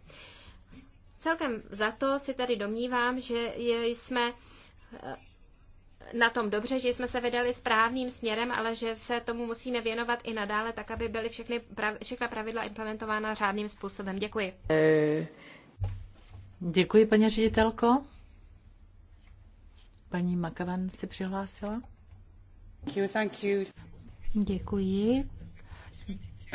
[SPEAKER 1] Celkem za to si tady domnívám, že jsme eh, na tom dobře, že jsme se vydali správným směrem, ale že se tomu musíme věnovat i nadále, tak aby byly všechny, všechna pravidla implementována řádným způsobem. Děkuji.
[SPEAKER 3] Eh,
[SPEAKER 2] děkuji, paní ředitelko. Paní Makavan se
[SPEAKER 3] přihlásila. thank you. Děkuji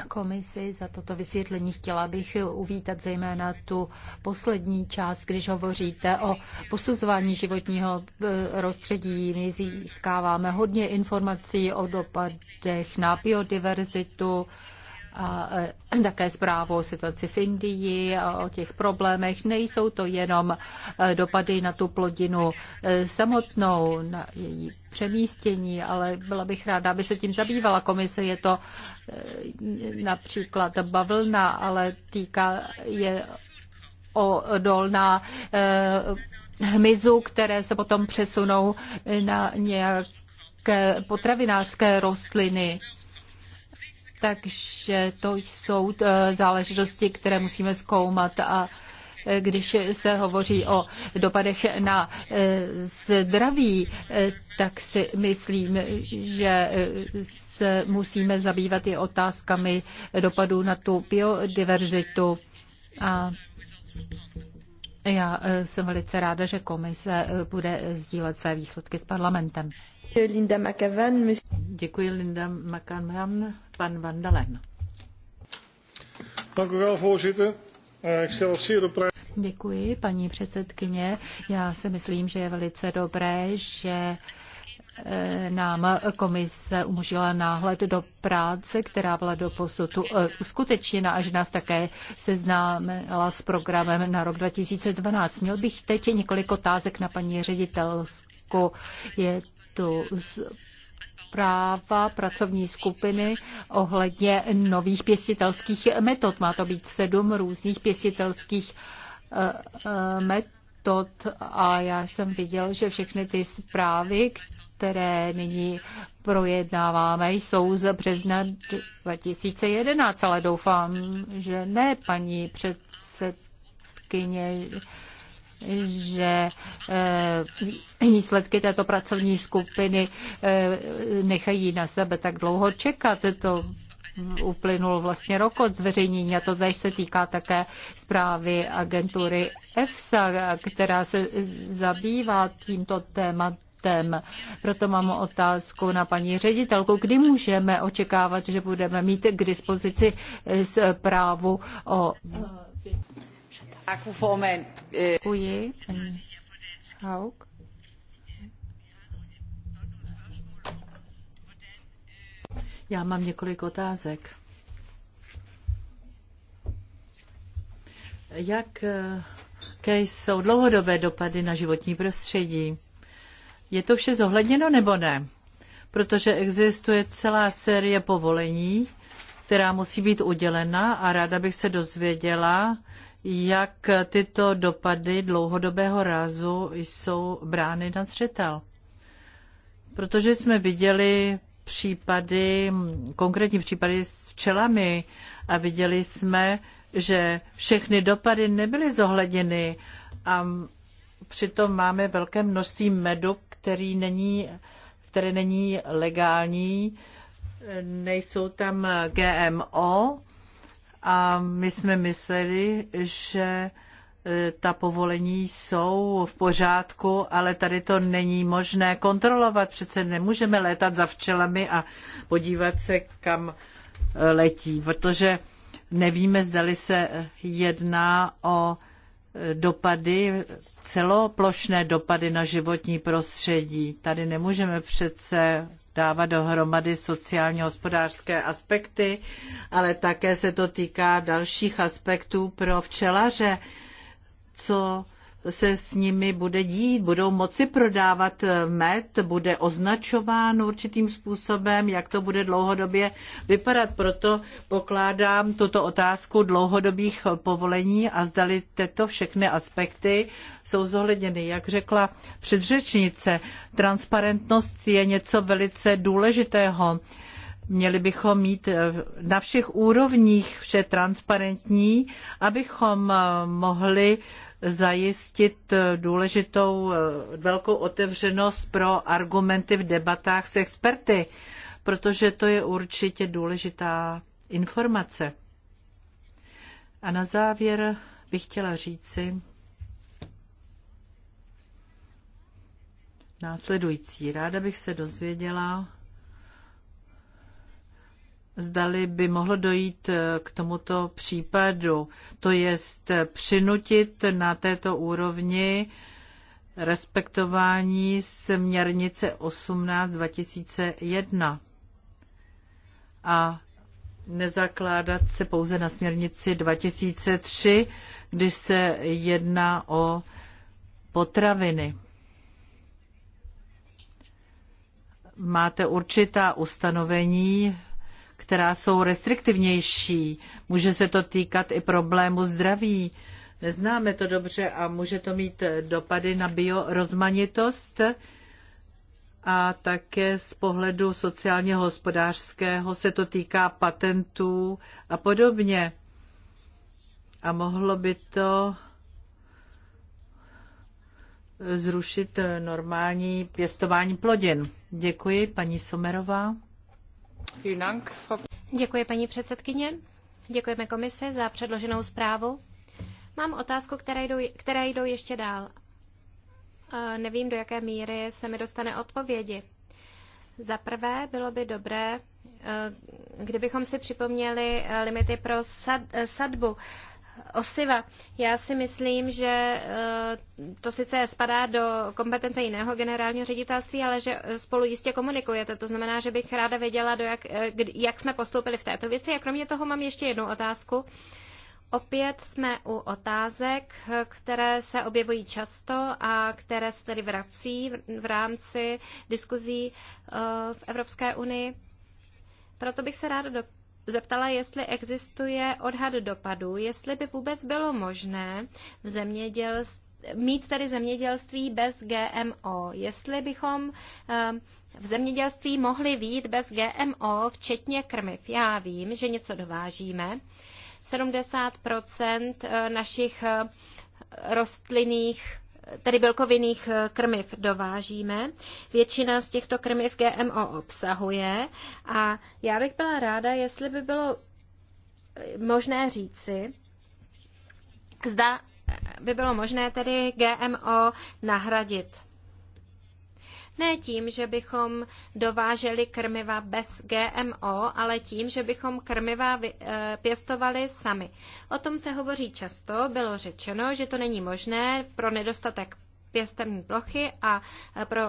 [SPEAKER 3] komisi za toto vysvětlení. Chtěla bych uvítat zejména tu poslední část, když hovoříte o posuzování životního eh, prostředí. My získáváme hodně informací o dopadech na biodiverzitu, a eh, také zprávu o situaci v Indii a o těch problémech. Nejsou to jenom eh, dopady na tu plodinu eh, samotnou, na její přemístění, ale byla bych ráda, aby se tím zabývala komise. Je to například bavlna, ale týká je odolná hmyzu, které se potom přesunou na nějaké potravinářské rostliny. Takže to jsou eh, záležitosti, které musíme zkoumat a eh, když se hovoří o dopadech na eh, zdraví, tak si myslím, že se musíme zabývat i otázkami dopadů na tu biodiverzitu. A já jsem velice ráda, že komise bude sdílet své výsledky s parlamentem. Děkuji, voorzitter. Eh, ik stel het zeer op prijs. Děkuji, paní předsedkyně. Já si myslím, že je velice dobré, že eh, nám komise umožnila náhled do práce, která byla do posudu uskutečněna eh, a že nás také seznámila s programem na rok 2012. Měl bych teď několik otázek na paní ředitelku. Je tu práva pracovní skupiny ohledně nových pěstitelských metod. Má to být sedm různých pěstitelských eh, eh, metod a já jsem viděl, že všechny ty zprávy, které nyní projednáváme, jsou z března 2011, ale doufám, že ne, paní předsedkyně, že eh, výsledky této pracovní skupiny eh, nechají na sebe tak dlouho čekat. To uplynul vlastně rok od zveřejnění a to tež se týká také zprávy agentury EFSA, která se zabývá tímto tématem. Proto mám otázku na paní ředitelku, kdy můžeme očekávat, že budeme mít k dispozici zprávu o
[SPEAKER 2] Eh,
[SPEAKER 3] Děkuji, paní Haug.
[SPEAKER 2] Já mám několik otázek. Jak eh, jaké jsou dlouhodobé dopady na životní prostředí? Je to vše zohledněno nebo ne? Protože existuje celá série povolení, která musí být udělena a ráda bych se dozvěděla, jak tyto dopady dlouhodobého rázu jsou brány na zřetel. Protože jsme viděli případy, konkrétní případy s včelami a viděli jsme, že všechny dopady nebyly zohledněny a přitom máme velké množství medu, který není, který není legální, nejsou tam GMO, a my jsme mysleli, že e, ta povolení jsou v pořádku, ale tady to není možné kontrolovat. Přece nemůžeme létat za včelami a podívat se, kam e, letí, protože nevíme, zdali se jedná o e, dopady, celoplošné dopady na životní prostředí. Tady nemůžeme přece dávat dohromady sociálně hospodářské aspekty, ale také se to týká dalších aspektů pro včelaře, co se s nimi bude dít. Budou moci prodávat eh, med, bude označován určitým způsobem, jak to bude dlouhodobě vypadat. Proto pokládám tuto otázku dlouhodobých povolení a zdali tyto všechny aspekty jsou zohledněny. Jak řekla předřečnice, transparentnost je něco velice důležitého. Měli bychom mít eh, na všech úrovních vše transparentní, abychom eh, mohli zajistit eh, důležitou eh, velkou otevřenost pro argumenty v debatách s experty, protože to je určitě důležitá informace. A na závěr bych chtěla říci následující. Ráda bych se dozvěděla, zdali by mohlo dojít eh, k tomuto případu, to jest eh, přinutit na této úrovni respektování směrnice 18 2001 a nezakládat se pouze na směrnici 2003, kdy se jedná o potraviny. Máte určitá ustanovení která jsou restriktivnější. Může se to týkat i problému zdraví. Neznáme to dobře a může to mít dopady na biorozmanitost a také z pohledu sociálně hospodářského se to týká patentů a podobně. A mohlo by to zrušit normální pěstování plodin. Děkuji, paní Somerová.
[SPEAKER 1] Děkuji paní předsedkyně. Děkujeme komisi za předloženou zprávu. Mám otázku, které jdou, které jdou ještě dál. Nevím, do jaké míry se mi dostane odpovědi. Za prvé bylo by dobré, eh, kdybychom si připomněli eh, limity pro sad, eh, sadbu osiva. Já si myslím, že eh, to sice spadá do kompetence jiného generálního ředitelství, ale že eh, spolu jistě komunikujete. To znamená, že bych ráda věděla, do jak, eh, jak jsme postoupili v této věci. A kromě toho mám ještě jednu otázku. Opět jsme u otázek, které se objevují často a které se tedy vrací v rámci diskuzí v Evropské unii. Proto bych se ráda zeptala, jestli existuje odhad dopadů, jestli by vůbec bylo možné v zemědělství mít tady zemědělství bez GMO, jestli bychom eh, v zemědělství mohli výjít bez GMO, včetně krmiv. Já vím, že něco dovážíme. 70 eh, našich eh, rostlinných tedy bylkovinných eh, krmiv dovážíme. Většina z těchto krmiv GMO obsahuje a já bych byla ráda, jestli by bylo eh, možné říci, zda eh, by bylo možné tedy GMO nahradit ne tím, že bychom dováželi krmiva bez GMO, ale tím, že bychom krmiva eh, pěstovali sami. O tom se hovoří často, bylo řečeno, že to není možné pro nedostatek pěstemní plochy a eh, pro,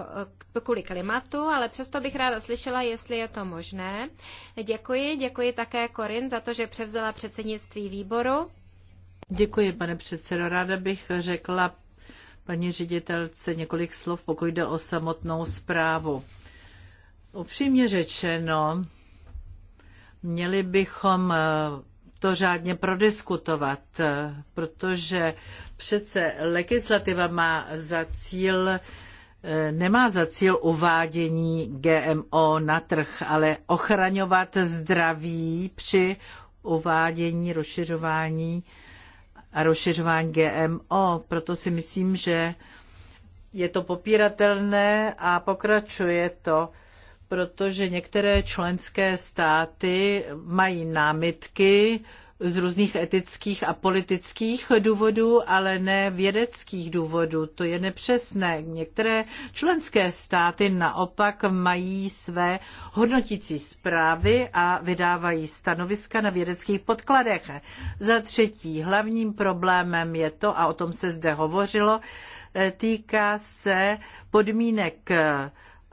[SPEAKER 1] eh, kvůli klimatu, ale přesto bych ráda slyšela, jestli je to možné. Děkuji, děkuji také Korin za to, že převzala předsednictví výboru.
[SPEAKER 2] Děkuji, pane předsedo. Ráda bych řekla paní ředitelce několik slov, pokud jde o samotnou zprávu. Upřímně řečeno, měli bychom eh, to řádně prodiskutovat, eh, protože přece legislativa má za cíl eh, nemá za cíl uvádění GMO na trh, ale ochraňovat zdraví při uvádění, rozšiřování a rozšiřování GMO. Proto si myslím, že je to popíratelné a pokračuje to, protože některé členské státy mají námitky, z různých etických a politických důvodů, ale ne vědeckých důvodů. To je nepřesné. Některé členské státy naopak mají své hodnotící zprávy a vydávají stanoviska na vědeckých podkladech. Za třetí, hlavním problémem je to, a o tom se zde hovořilo, e, týká se podmínek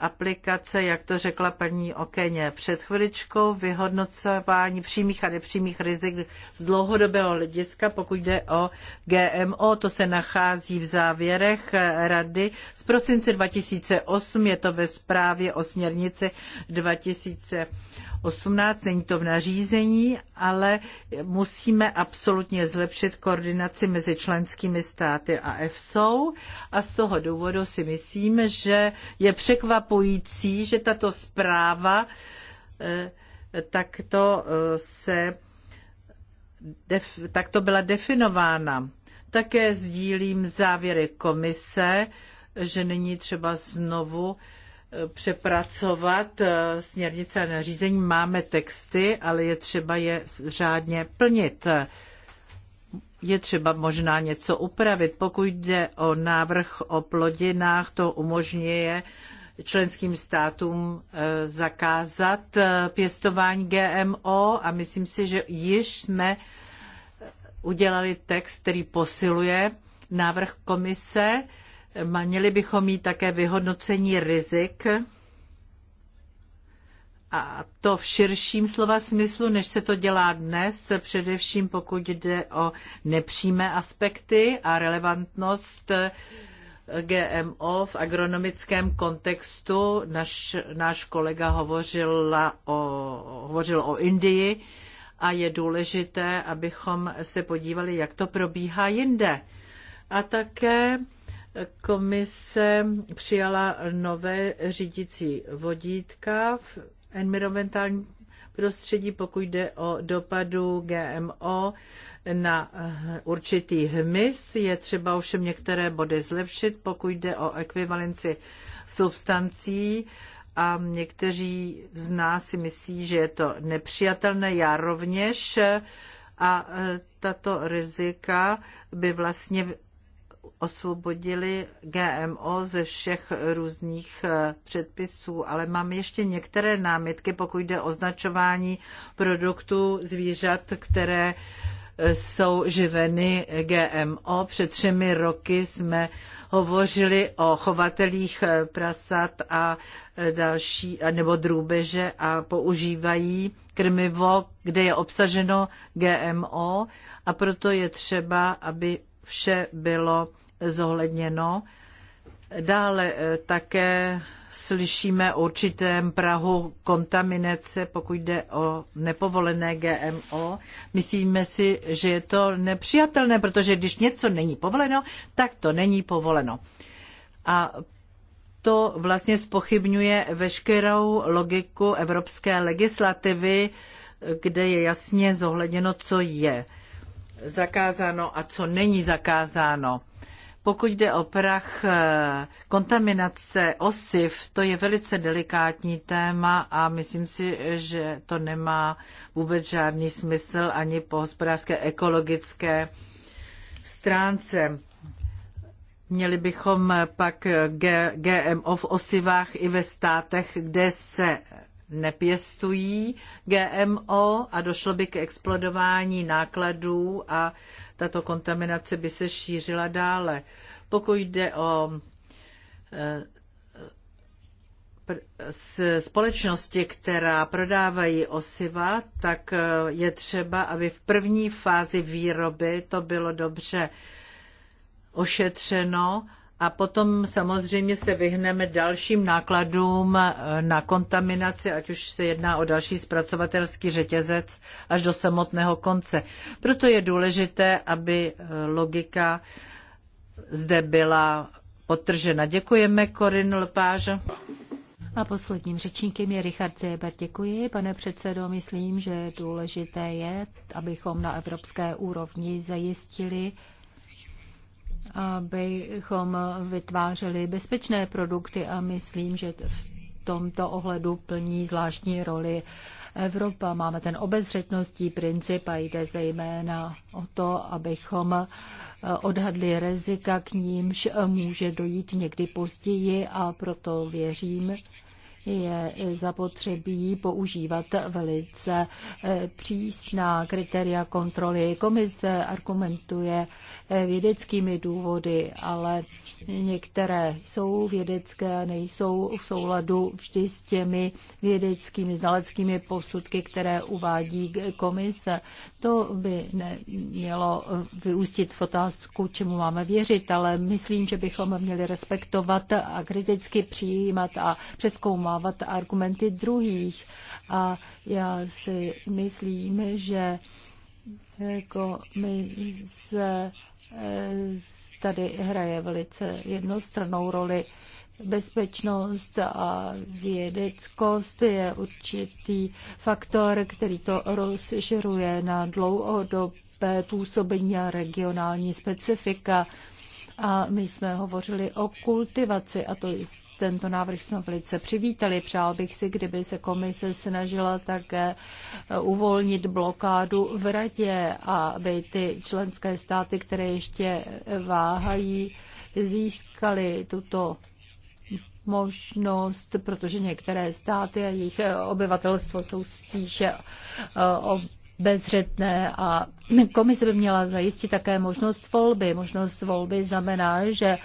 [SPEAKER 2] aplikace, jak to řekla paní Okeně před chviličkou, vyhodnocování přímých a nepřímých rizik z dlouhodobého hlediska, pokud jde o GMO, to se nachází v závěrech rady z prosince 2008, je to ve zprávě o směrnici 2000 18, není to v nařízení, ale musíme absolutně zlepšit koordinaci mezi členskými státy a EFSOU a z toho důvodu si myslím, že je překvapující, že tato zpráva eh, takto eh, se def, takto byla definována. Také sdílím závěry komise, že není třeba znovu přepracovat eh, směrnice a nařízení. Máme texty, ale je třeba je řádně plnit. Je třeba možná něco upravit. Pokud jde o návrh o plodinách, to umožňuje členským státům eh, zakázat eh, pěstování GMO a myslím si, že již jsme udělali text, který posiluje návrh komise Měli bychom mít také vyhodnocení rizik a to v širším slova smyslu, než se to dělá dnes, především pokud jde o nepřímé aspekty a relevantnost GMO v agronomickém kontextu. Naš, náš kolega hovořila o, hovořil o Indii a je důležité, abychom se podívali, jak to probíhá jinde. A také Komise přijala nové řídící vodítka v environmentálním prostředí, pokud jde o dopadu GMO na určitý hmyz. Je třeba ovšem některé body zlepšit, pokud jde o ekvivalenci substancí a někteří z nás si myslí, že je to nepřijatelné, já rovněž. A tato rizika by vlastně osvobodili GMO ze všech různých eh, předpisů, ale mám ještě některé námitky, pokud jde o označování produktů zvířat, které eh, jsou živeny GMO. Před třemi roky jsme hovořili o chovatelích eh, prasat a další, nebo drůbeže a používají krmivo, kde je obsaženo GMO a proto je třeba, aby vše bylo zohledněno. Dále eh, také slyšíme o určitém prahu kontaminace, pokud jde o nepovolené GMO. Myslíme si, že je to nepřijatelné, protože když něco není povoleno, tak to není povoleno. A to vlastně spochybňuje veškerou logiku evropské legislativy, kde je jasně zohledněno, co je zakázáno a co není zakázáno. Pokud jde o prach eh, kontaminace osiv, to je velice delikátní téma a myslím si, že to nemá vůbec žádný smysl ani po hospodářské ekologické stránce. Měli bychom pak GMO v osivách i ve státech, kde se nepěstují GMO a došlo by k explodování nákladů a tato kontaminace by se šířila dále. Pokud jde o eh, společnosti, která prodávají osiva, tak eh, je třeba, aby v první fázi výroby to bylo dobře ošetřeno a potom samozřejmě se vyhneme dalším nákladům eh, na kontaminaci, ať už se jedná o další zpracovatelský řetězec až do samotného konce. Proto je důležité, aby eh, logika zde byla potržena. Děkujeme, Korin Lpáž.
[SPEAKER 3] A posledním řečníkem je Richard Zéber. Děkuji, pane předsedo. Myslím, že důležité je, abychom na evropské úrovni zajistili abychom vytvářeli bezpečné produkty a myslím, že v tomto ohledu plní zvláštní roli Evropa. Máme ten obezřetnostní princip a jde zejména o to, abychom eh, odhadli rizika, k nímž eh, může dojít někdy později a proto věřím, je zapotřebí používat velice eh, přísná kritéria kontroly. Komise argumentuje Eh, vědeckými důvody, ale některé jsou vědecké a nejsou v souladu vždy s těmi vědeckými znaleckými posudky, které uvádí komise. To by nemělo eh, vyústit v otázku, čemu máme věřit, ale myslím, že bychom měli respektovat a kriticky přijímat a přeskoumávat argumenty druhých. A já si myslím, že jako eh, my se Eh, tady hraje velice jednostrannou roli. Bezpečnost a vědeckost je určitý faktor, který to rozšiřuje na dlouhodobé působení a regionální specifika. A my jsme hovořili o kultivaci, a to tento návrh jsme velice přivítali. Přál bych si, kdyby se komise snažila také eh, uvolnit blokádu v radě, aby ty členské státy, které ještě váhají, získaly tuto možnost, protože některé státy a jejich eh, obyvatelstvo jsou spíše eh, bezřetné a komise by měla zajistit také možnost volby. Možnost volby znamená, že e,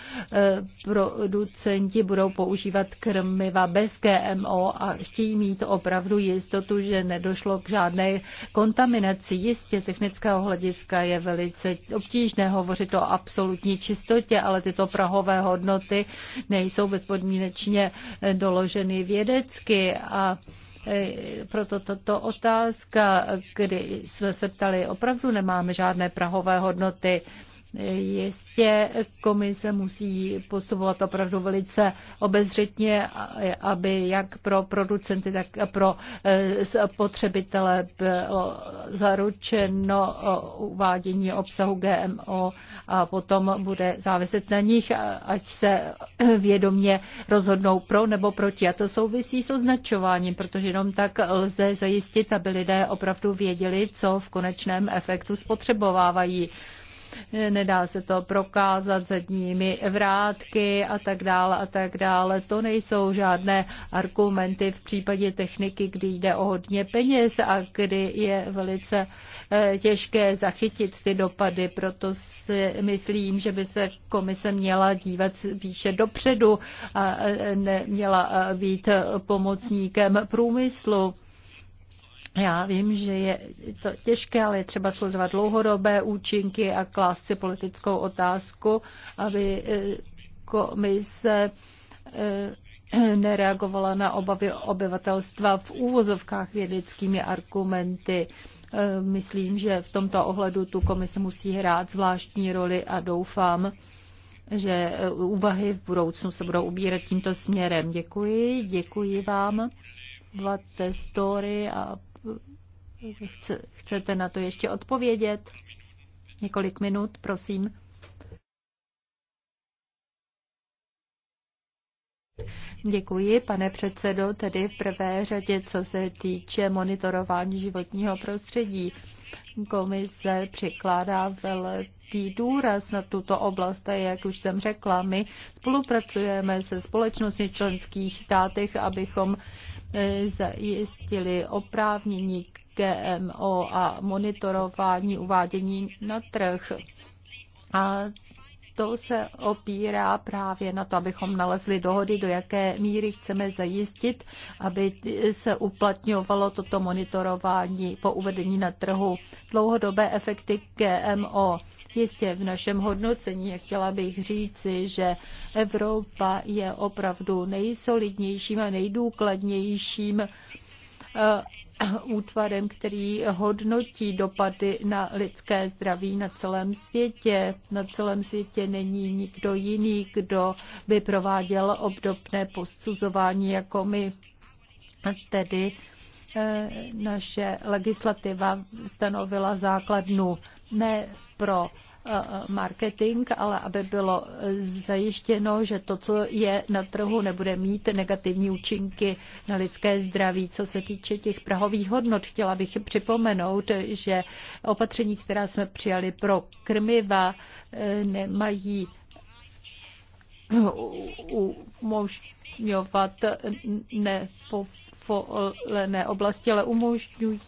[SPEAKER 3] producenti budou používat krmiva bez GMO a chtějí mít opravdu jistotu, že nedošlo k žádné kontaminaci. Jistě z technického hlediska je velice obtížné hovořit o absolutní čistotě, ale tyto prahové hodnoty nejsou bezpodmínečně doloženy vědecky a proto tato otázka, kdy jsme se ptali, opravdu nemáme žádné prahové hodnoty, Jistě komise musí postupovat opravdu velice obezřetně, aby jak pro producenty, tak pro eh, spotřebitele bylo zaručeno uvádění obsahu GMO a potom bude záviset na nich, ať se vědomě rozhodnou pro nebo proti. A to souvisí s označováním, protože jenom tak lze zajistit, aby lidé opravdu věděli, co v konečném efektu spotřebovávají nedá se to prokázat zadními vrátky a tak dále a tak dále. To nejsou žádné argumenty v případě techniky, kdy jde o hodně peněz a kdy je velice eh, těžké zachytit ty dopady, proto si myslím, že by se komise měla dívat výše dopředu a eh, neměla eh, být pomocníkem průmyslu. Já vím, že je to těžké, ale je třeba sledovat dlouhodobé účinky a klást si politickou otázku, aby eh, komise eh, nereagovala na obavy obyvatelstva v úvozovkách vědeckými argumenty. Eh, myslím, že v tomto ohledu tu komise musí hrát zvláštní roli a doufám, že úvahy v budoucnu se budou ubírat tímto směrem. Děkuji, děkuji vám. story a Chcete na to ještě odpovědět? Několik minut, prosím. Děkuji, pane předsedo, tedy v prvé řadě, co se týče monitorování životního prostředí. Komise přikládá velký důraz na tuto oblast a jak už jsem řekla, my spolupracujeme se společností členských státech, abychom eh, zajistili oprávnění GMO a monitorování uvádění na trh. A to se opírá právě na to, abychom nalezli dohody, do jaké míry chceme zajistit, aby se uplatňovalo toto monitorování po uvedení na trhu dlouhodobé efekty GMO. Jistě v našem hodnocení chtěla bych říci, že Evropa je opravdu nejsolidnějším a nejdůkladnějším eh, útvarem, který hodnotí dopady na lidské zdraví na celém světě. Na celém světě není nikdo jiný, kdo by prováděl obdobné posuzování jako my. Tedy eh, naše legislativa stanovila základnu ne pro Eh, marketing, ale aby bylo zajištěno, že to, co je na trhu, nebude mít negativní účinky na lidské zdraví. Co se týče těch prahových hodnot, chtěla bych připomenout, že opatření, která jsme přijali pro krmiva, eh, nemají umožňovat nepovolené oblasti, ale umožňují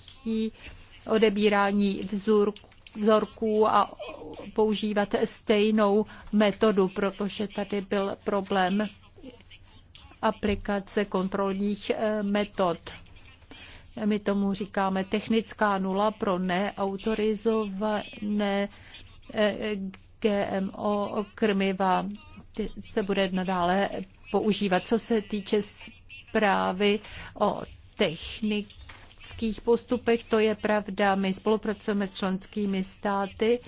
[SPEAKER 3] odebírání vzorků vzorků a používat stejnou metodu, protože tady byl problém aplikace kontrolních eh, metod. My tomu říkáme technická nula pro neautorizované eh, GMO krmiva. Ty se bude nadále používat. Co se týče zprávy o technik technických postupech, to je pravda. My spolupracujeme s členskými státy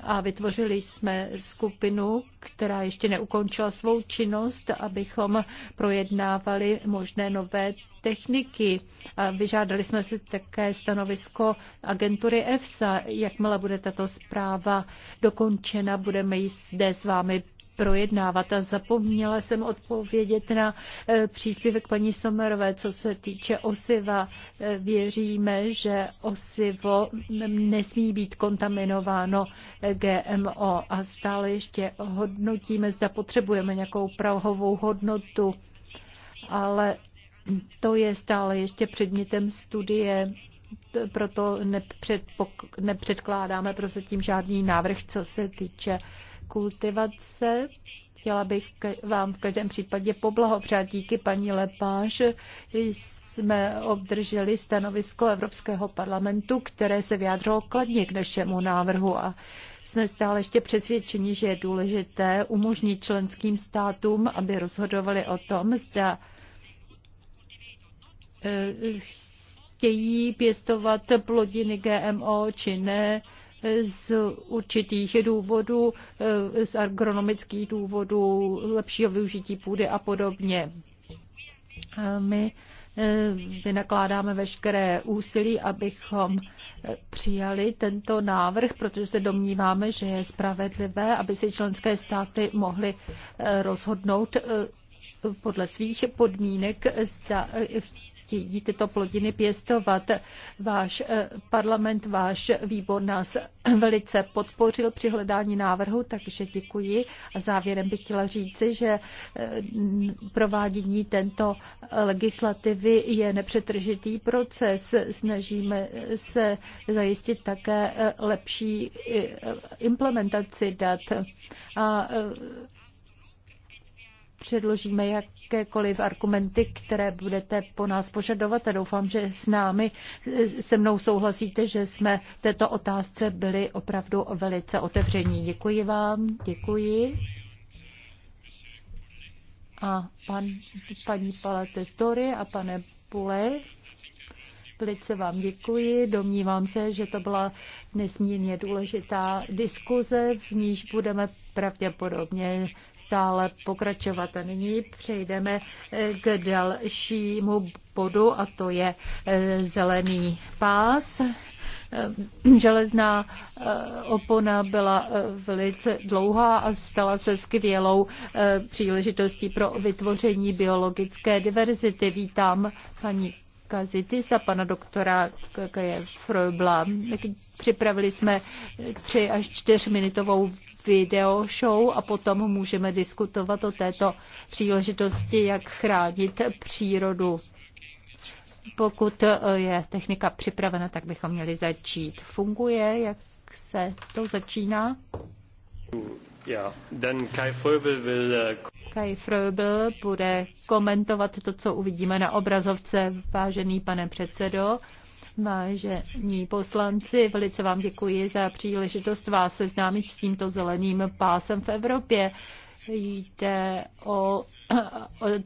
[SPEAKER 3] a vytvořili jsme skupinu, která ještě neukončila svou činnost, abychom projednávali možné nové techniky. A vyžádali jsme si také stanovisko agentury EFSA. Jakmile bude tato zpráva dokončena, budeme ji zde s vámi projednávat. A zapomněla jsem odpovědět na eh, příspěvek paní Somerové, co se týče osiva. Eh, věříme, že osivo nesmí být kontaminováno eh, GMO a stále ještě hodnotíme, zda potřebujeme nějakou prahovou hodnotu, ale to je stále ještě předmětem studie proto nepředpok- nepředkládáme prozatím žádný návrh, co se týče kultivace. Chtěla bych vám v každém případě poblahopřát díky paní Lepáš. Jsme obdrželi stanovisko Evropského parlamentu, které se vyjádřilo kladně k našemu návrhu a jsme stále ještě přesvědčeni, že je důležité umožnit členským státům, aby rozhodovali o tom, zda eh, chtějí pěstovat plodiny GMO či ne, z určitých důvodů, z agronomických důvodů, lepšího využití půdy a podobně. My eh, vynakládáme veškeré úsilí, abychom eh, přijali tento návrh, protože se domníváme, že je spravedlivé, aby si členské státy mohly eh, rozhodnout podle svých podmínek, zda chtějí tyto plodiny pěstovat. Váš eh, parlament, váš výbor nás velice podpořil při hledání návrhu, takže děkuji. A závěrem bych chtěla říci, že eh, provádění tento legislativy je nepřetržitý proces. Snažíme se zajistit také eh, lepší implementaci dat. A předložíme jakékoliv argumenty, které budete po nás požadovat a doufám, že s námi, se mnou souhlasíte, že jsme této otázce byli opravdu velice otevření. Děkuji vám, děkuji. A pan, paní Palatestory a pane Pule. Velice vám děkuji. Domnívám se, že to byla nesmírně důležitá diskuze, v níž budeme pravděpodobně stále pokračovat. A nyní přejdeme eh, k dalšímu bodu, a to je eh, zelený pás. Eh, železná opona byla velice dlouhá a stala se skvělou příležitostí pro vytvoření biologické diverzity. Vítám paní Kazidis a pana doktora Kaje Freubla. Připravili jsme tři až čtyřminutovou video show a potom můžeme diskutovat o této příležitosti, jak chránit přírodu. Pokud je technika připravena, tak bychom měli začít. Funguje, jak se to začíná? Äh, Kai Fröbel bude komentovat to, co uvidíme na obrazovce. Vážený pane předsedo, Vážení poslanci, velice vám děkuji za příležitost vás seznámit s tímto zeleným pásem v Evropě. Jde o,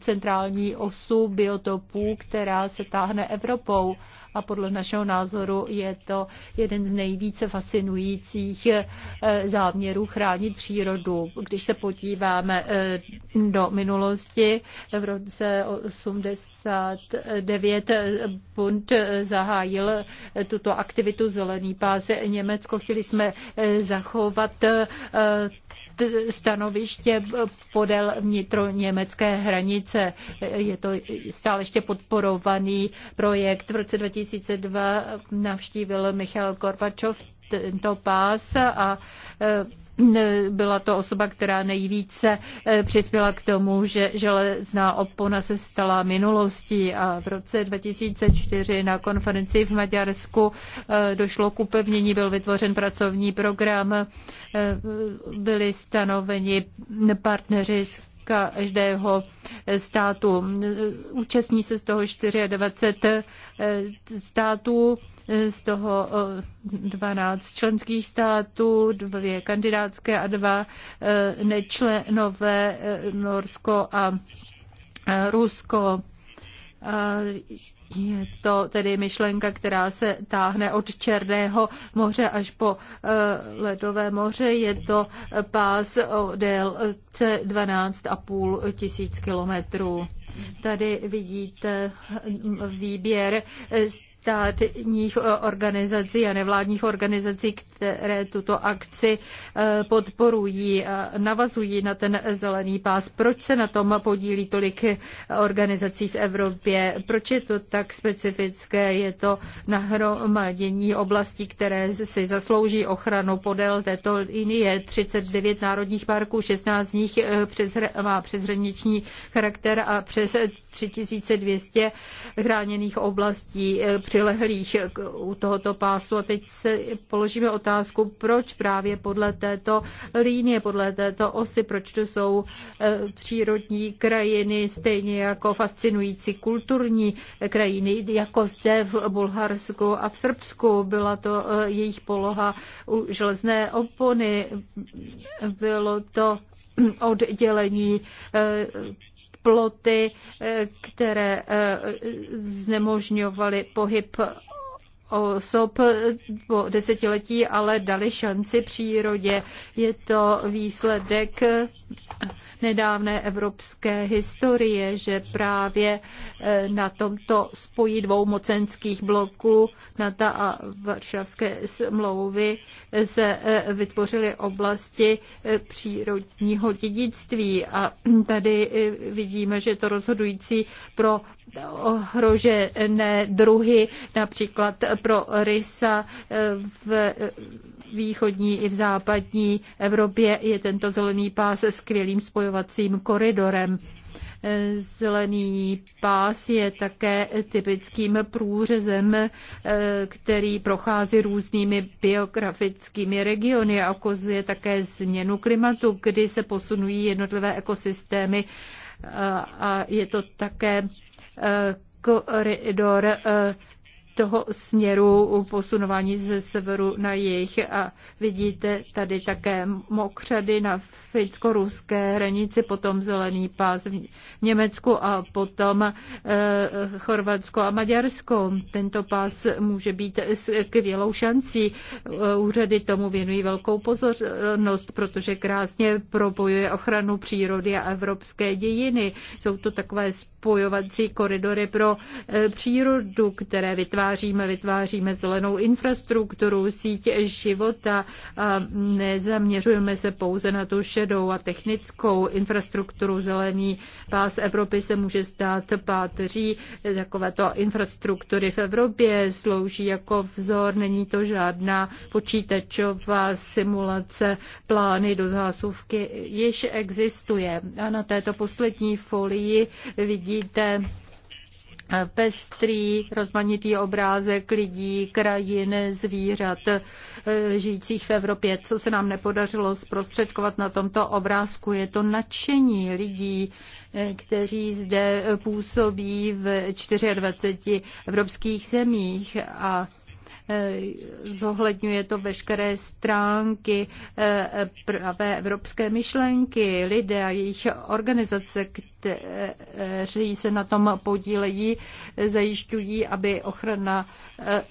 [SPEAKER 3] centrální osu biotopů, která se táhne Evropou a podle našeho názoru je to jeden z nejvíce fascinujících eh, záměrů chránit přírodu. Když se podíváme eh, do minulosti, v roce 89 eh, Bund zahájil tuto aktivitu Zelený pás Německo. Chtěli jsme zachovat stanoviště podél vnitroněmecké hranice. Je to stále ještě podporovaný projekt. V roce 2002 navštívil Michal Gorbačov tento pás a byla to osoba, která nejvíce eh, přispěla k tomu, že železná opona se stala minulostí a v roce 2004 na konferenci v Maďarsku eh, došlo k upevnění, byl vytvořen pracovní program, eh, byli stanoveni partneři z každého státu. Účastní se z toho 24 států z toho 12 členských států, dvě kandidátské a dva e, nečlenové e, Norsko a e, Rusko. Je to tedy myšlenka, která se táhne od Černého moře až po Ledové moře. Je to pás o délce 12,5 tisíc kilometrů. Tady vidíte výběr z nestátních eh, organizací a nevládních organizací, které tuto akci eh, podporují, navazují na ten zelený pás. Proč se na tom podílí tolik eh, organizací v Evropě? Proč je to tak specifické? Je to nahromadění oblastí, které si zaslouží ochranu podél této linie. 39 národních parků, 16 z nich přes, má přeshraniční charakter a přes 3200 chráněných oblastí eh, přilehlých u tohoto pásu. A teď se položíme otázku, proč právě podle této línie, podle této osy, proč to jsou eh, přírodní krajiny, stejně jako fascinující kulturní krajiny, jako zde v Bulharsku a v Srbsku. Byla to eh, jejich poloha u železné opony, bylo to oddělení ploty, eh, které eh, znemožňovaly pohyb osob po desetiletí, ale dali šanci přírodě. Je to výsledek nedávné evropské historie, že právě eh, na tomto spoji dvou mocenských bloků NATO a Varšavské smlouvy se eh, vytvořily oblasti eh, přírodního dědictví a tady vidíme, že je to rozhodující pro ohrožené druhy, například pro rysa eh, v východní i v západní Evropě je tento zelený pás skvělým spojovacím koridorem. Zelený pás je také typickým průřezem, eh, který prochází různými biografickými regiony a okozuje také změnu klimatu, kdy se posunují jednotlivé ekosystémy eh, a je to také koridor eh, toho směru posunování ze severu na jih a vidíte tady také mokřady na finsko-ruské hranici, potom zelený pás v Německu a potom eh, Chorvatsko a Maďarsko. Tento pás může být skvělou šancí. Eh, úřady tomu věnují velkou pozornost, protože krásně propojuje ochranu přírody a evropské dějiny. Jsou to takové spojovací koridory pro e, přírodu, které vytváříme. Vytváříme zelenou infrastrukturu, síť života. A nezaměřujeme se pouze na tu šedou a technickou infrastrukturu. Zelený pás Evropy se může stát páteří takovéto infrastruktury v Evropě. Slouží jako vzor, není to žádná počítačová simulace plány do zásuvky. Již existuje. A na této poslední folii vidíme, vidíte pestrý, rozmanitý obrázek lidí, krajin, zvířat eh, žijících v Evropě. Co se nám nepodařilo zprostředkovat na tomto obrázku, je to nadšení lidí, eh, kteří zde působí v 24 evropských zemích a Eh, zohledňuje to veškeré stránky eh, pravé evropské myšlenky, lidé a jejich organizace, kteří se na tom podílejí, zajišťují, aby ochrana eh,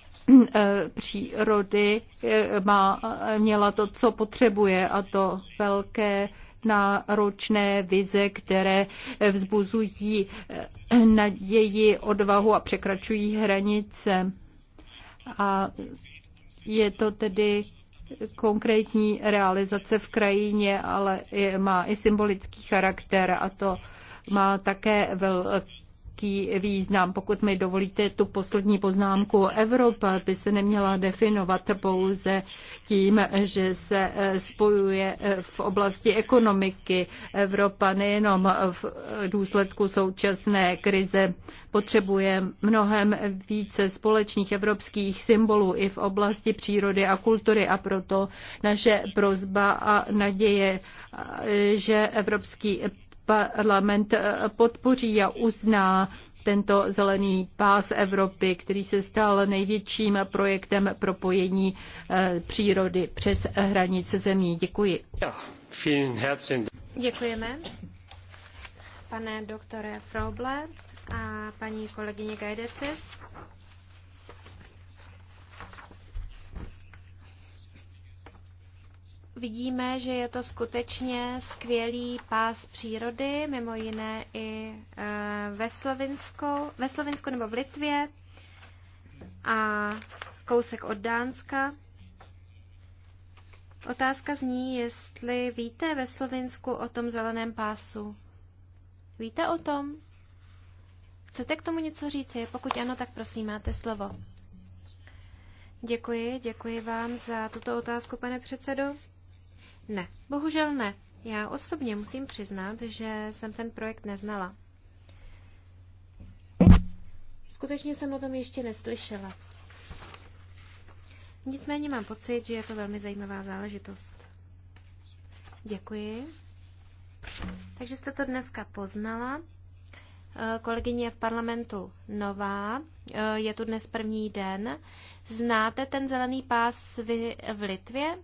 [SPEAKER 3] přírody má, měla to, co potřebuje, a to velké náročné vize, které vzbuzují naději, odvahu a překračují hranice a je to tedy konkrétní realizace v krajině, ale má i symbolický charakter a to má také velký velký význam. Pokud mi dovolíte tu poslední poznámku, Evropa by se neměla definovat pouze tím, že se eh, spojuje eh, v oblasti ekonomiky. Evropa nejenom v důsledku současné krize potřebuje mnohem více společných evropských symbolů i v oblasti přírody a kultury a proto naše prozba a naděje, eh, že Evropský parlament eh, podpoří a uzná tento zelený pás Evropy, který se stal největším projektem propojení eh, přírody přes hranice zemí. Děkuji.
[SPEAKER 1] Děkujeme. Pane doktore Froble a paní kolegyně Gajdecis. vidíme, že je to skutečně skvělý pás přírody, mimo jiné i e, ve Slovensku, ve Slovensku nebo v Litvě a kousek od Dánska. Otázka zní, jestli víte ve Slovensku o tom zeleném pásu. Víte o tom? Chcete k tomu něco říci? Pokud ano, tak prosím, máte slovo. Děkuji, děkuji vám za tuto otázku, pane předsedo. Ne, bohužel ne. Já osobně musím přiznat, že jsem ten projekt neznala. Skutečně jsem o tom ještě neslyšela. Nicméně mám pocit, že je to velmi zajímavá záležitost. Děkuji. Takže jste to dneska poznala. Eh, kolegyně v parlamentu nová, eh, je tu dnes první den. Znáte ten zelený pás v Litvě?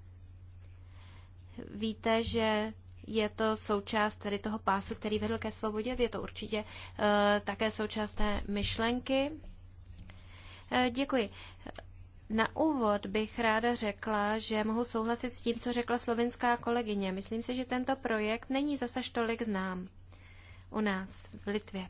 [SPEAKER 1] Víte, že je to součást tedy toho pásu, který vedl ke svobodě, je to určitě uh, také součást té myšlenky. Uh, děkuji. Na úvod bych ráda řekla, že mohu souhlasit s tím, co řekla slovinská kolegyně. Myslím si, že tento projekt není zase tolik znám u nás v Litvě.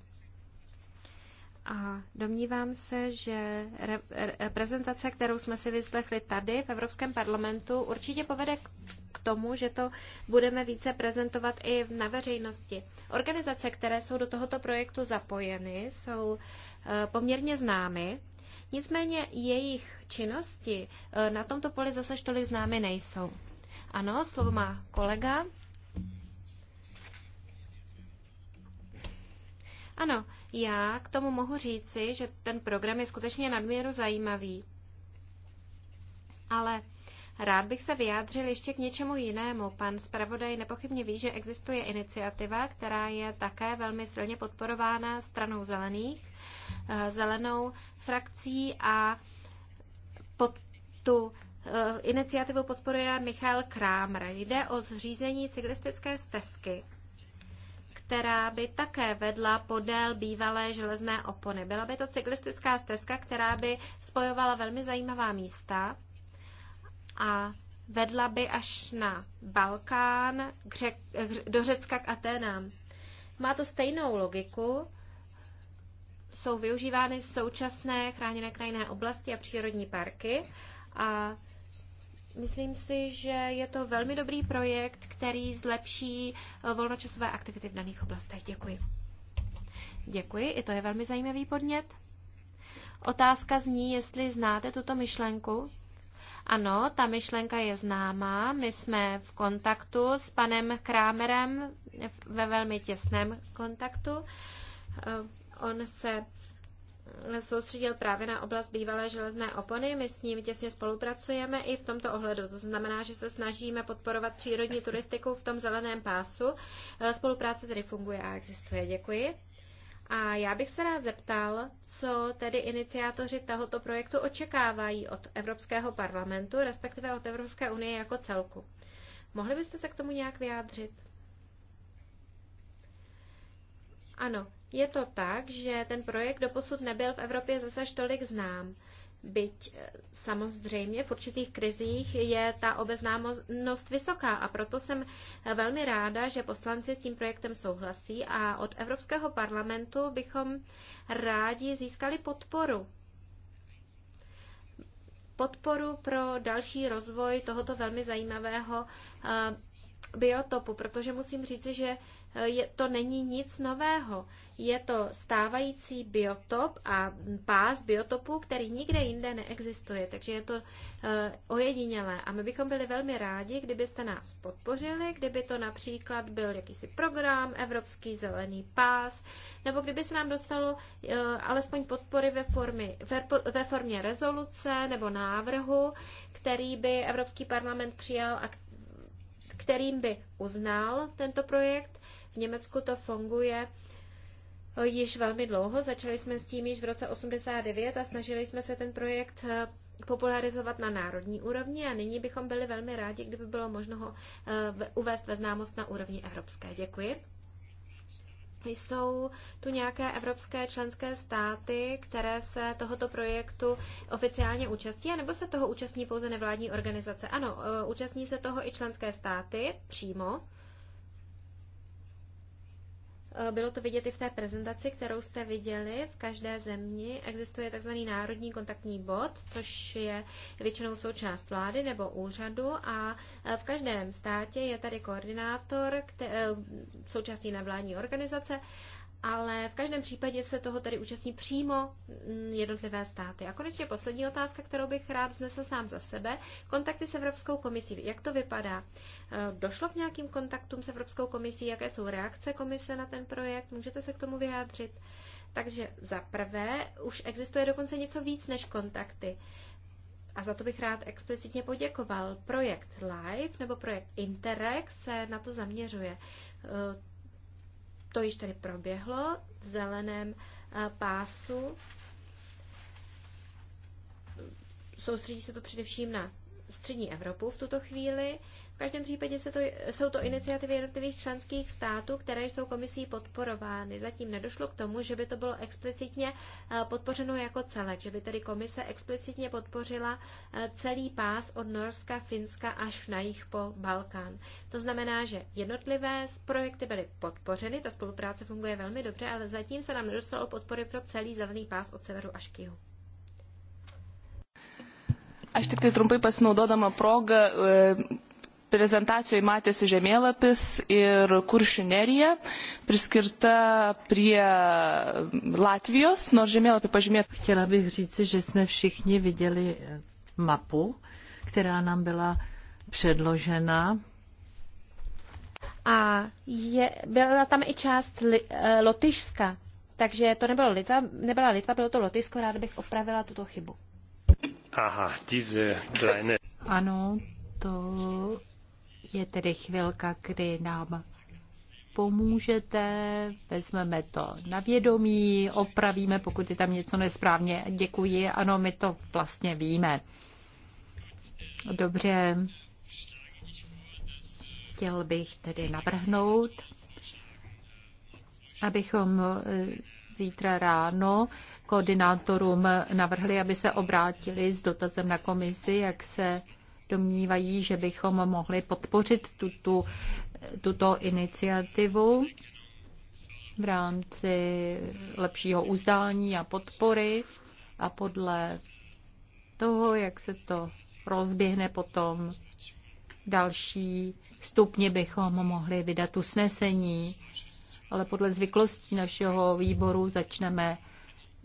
[SPEAKER 1] A domnívám se, že re, re, prezentace, kterou jsme si vyslechli tady v Evropském parlamentu, určitě povede k, k tomu, že to budeme více prezentovat i na veřejnosti. Organizace, které jsou do tohoto projektu zapojeny, jsou e, poměrně známy. Nicméně jejich činnosti e, na tomto poli zase tolik známy nejsou. Ano, slovo má kolega. Ano, já k tomu mohu říci, že ten program je skutečně nadměru zajímavý. Ale rád bych se vyjádřil ještě k něčemu jinému. Pan zpravodaj nepochybně ví, že existuje iniciativa, která je také velmi silně podporována stranou zelených, eh, zelenou frakcí a pod tu eh, iniciativu podporuje Michal Krámer. Jde o zřízení cyklistické stezky která by také vedla podél bývalé železné opony. Byla by to cyklistická stezka, která by spojovala velmi zajímavá místa a vedla by až na Balkán, k řek, do Řecka k Aténám. Má to stejnou logiku, jsou využívány současné chráněné krajinné oblasti a přírodní parky a Myslím si, že je to velmi dobrý projekt, který zlepší eh, volnočasové aktivity v daných oblastech. Děkuji. Děkuji, i to je velmi zajímavý podnět. Otázka zní, jestli znáte tuto myšlenku. Ano, ta myšlenka je známá. My jsme v kontaktu s panem Krámerem ve velmi těsném kontaktu. Eh, on se soustředil právě na oblast bývalé železné opony. My s ním těsně spolupracujeme i v tomto ohledu. To znamená, že se snažíme podporovat přírodní turistiku v tom zeleném pásu. Eh, spolupráce tedy funguje a existuje. Děkuji. A já bych se rád zeptal, co tedy iniciátoři tohoto projektu očekávají od Evropského parlamentu, respektive od Evropské unie jako celku. Mohli byste se k tomu nějak vyjádřit? Ano, je to tak, že ten projekt doposud nebyl v Evropě zase tolik znám. Byť eh, samozřejmě v určitých krizích je ta obeznámost vysoká a proto jsem eh, velmi ráda, že poslanci s tím projektem souhlasí a od Evropského parlamentu bychom rádi získali podporu. Podporu pro další rozvoj tohoto velmi zajímavého eh, biotopu, protože musím říci, že je, to není nic nového. Je to stávající biotop a pás biotopu, který nikde jinde neexistuje, takže je to uh, ojedinělé. A my bychom byli velmi rádi, kdybyste nás podpořili, kdyby to například byl jakýsi program, Evropský zelený pás, nebo kdyby se nám dostalo uh, alespoň podpory ve, formy, ve, ve formě rezoluce nebo návrhu, který by Evropský parlament přijal a kterým by uznal tento projekt v Německu to funguje eh, již velmi dlouho. Začali jsme s tím již v roce 89 a snažili jsme se ten projekt eh, popularizovat na národní úrovni a nyní bychom byli velmi rádi, kdyby bylo možno ho eh, uvést ve známost na úrovni evropské. Děkuji. Jsou tu nějaké evropské členské státy, které se tohoto projektu oficiálně účastní, nebo se toho účastní pouze nevládní organizace? Ano, účastní se toho i členské státy přímo. Eh, bylo to vidět i v té prezentaci, kterou jste viděli. V každé zemi existuje tzv. národní kontaktní bod, což je většinou součást vlády nebo úřadu a eh, v každém státě je tady koordinátor, eh, součástí nevládní organizace ale v každém případě se toho tedy účastní přímo jednotlivé státy. A konečně poslední otázka, kterou bych rád vznesl sám za sebe. Kontakty s Evropskou komisí. Jak to vypadá? Eh, došlo k nějakým kontaktům s Evropskou komisí? Jaké jsou reakce komise na ten projekt? Můžete se k tomu vyjádřit? Takže za prvé už existuje dokonce něco víc než kontakty. A za to bych rád explicitně poděkoval. Projekt LIFE nebo projekt Interreg se na to zaměřuje eh, to již tady proběhlo v zeleném pásu. Soustředí se to především na střední Evropu v tuto chvíli. V každém případě se to, jsou to iniciativy jednotlivých členských států, které jsou komisí podporovány. Zatím nedošlo k tomu, že by to bylo explicitně eh, podpořeno jako celek, že by tedy komise explicitně podpořila eh, celý pás od Norska, Finska až na jich po Balkán. To znamená, že jednotlivé projekty byly podpořeny, ta spolupráce funguje velmi dobře, ale zatím se nám nedostalo podpory pro celý zelený pás od severu až k jihu. Aš tik tai trumpai pasinaudodama progą eh, prezentacijoje matėsi žemėlapis ir kuršių nerija priskirta prie Latvijos, nors žemėlapį
[SPEAKER 2] pažymėta. Chtěla bych říci, že jsme všichni viděli eh, mapu, která nám byla předložena.
[SPEAKER 1] A je, byla tam i část li, e, Lotyšska, takže to nebylo Litva, nebyla Litva, bylo to Lotyšsko, rád bych opravila tuto chybu. Aha, diese kleine... Ano,
[SPEAKER 3] to je tedy chvilka, kdy nám pomůžete, vezmeme to na vědomí, opravíme, pokud je tam něco nesprávně. Děkuji, ano, my to vlastně víme. Dobře, chtěl bych tedy navrhnout, abychom eh, zítra ráno koordinátorům navrhli, aby se obrátili s dotazem na komisi, jak se domnívají, že bychom mohli podpořit tuto, tuto iniciativu v rámci lepšího uzdání a podpory a podle toho, jak se to rozběhne potom další stupně bychom mohli vydat usnesení, ale podle zvyklostí našeho výboru začneme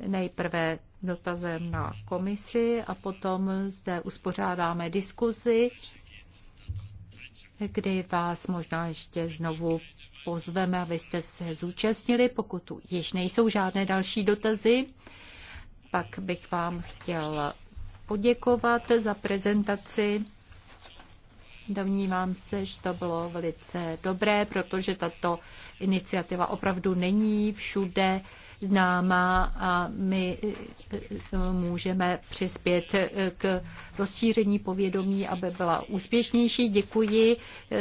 [SPEAKER 3] nejprve dotazem na komisi a potom zde uspořádáme diskuzi, kdy vás možná ještě znovu pozveme, abyste se zúčastnili, pokud tu již nejsou žádné další dotazy. Pak bych vám chtěl poděkovat za prezentaci. Domnívám se, že to bylo velice dobré, protože tato iniciativa opravdu není všude známá a my e, e, můžeme přispět k rozšíření povědomí, aby byla úspěšnější. Děkuji.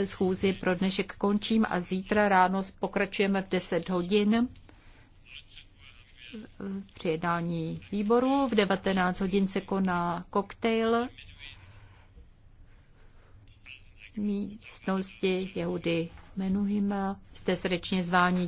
[SPEAKER 3] Schůzi pro dnešek končím a zítra ráno pokračujeme v 10 hodin při jednání výboru. V 19 hodin se koná koktejl místnosti Jehudy Menuhima. Jste srdečně zváni.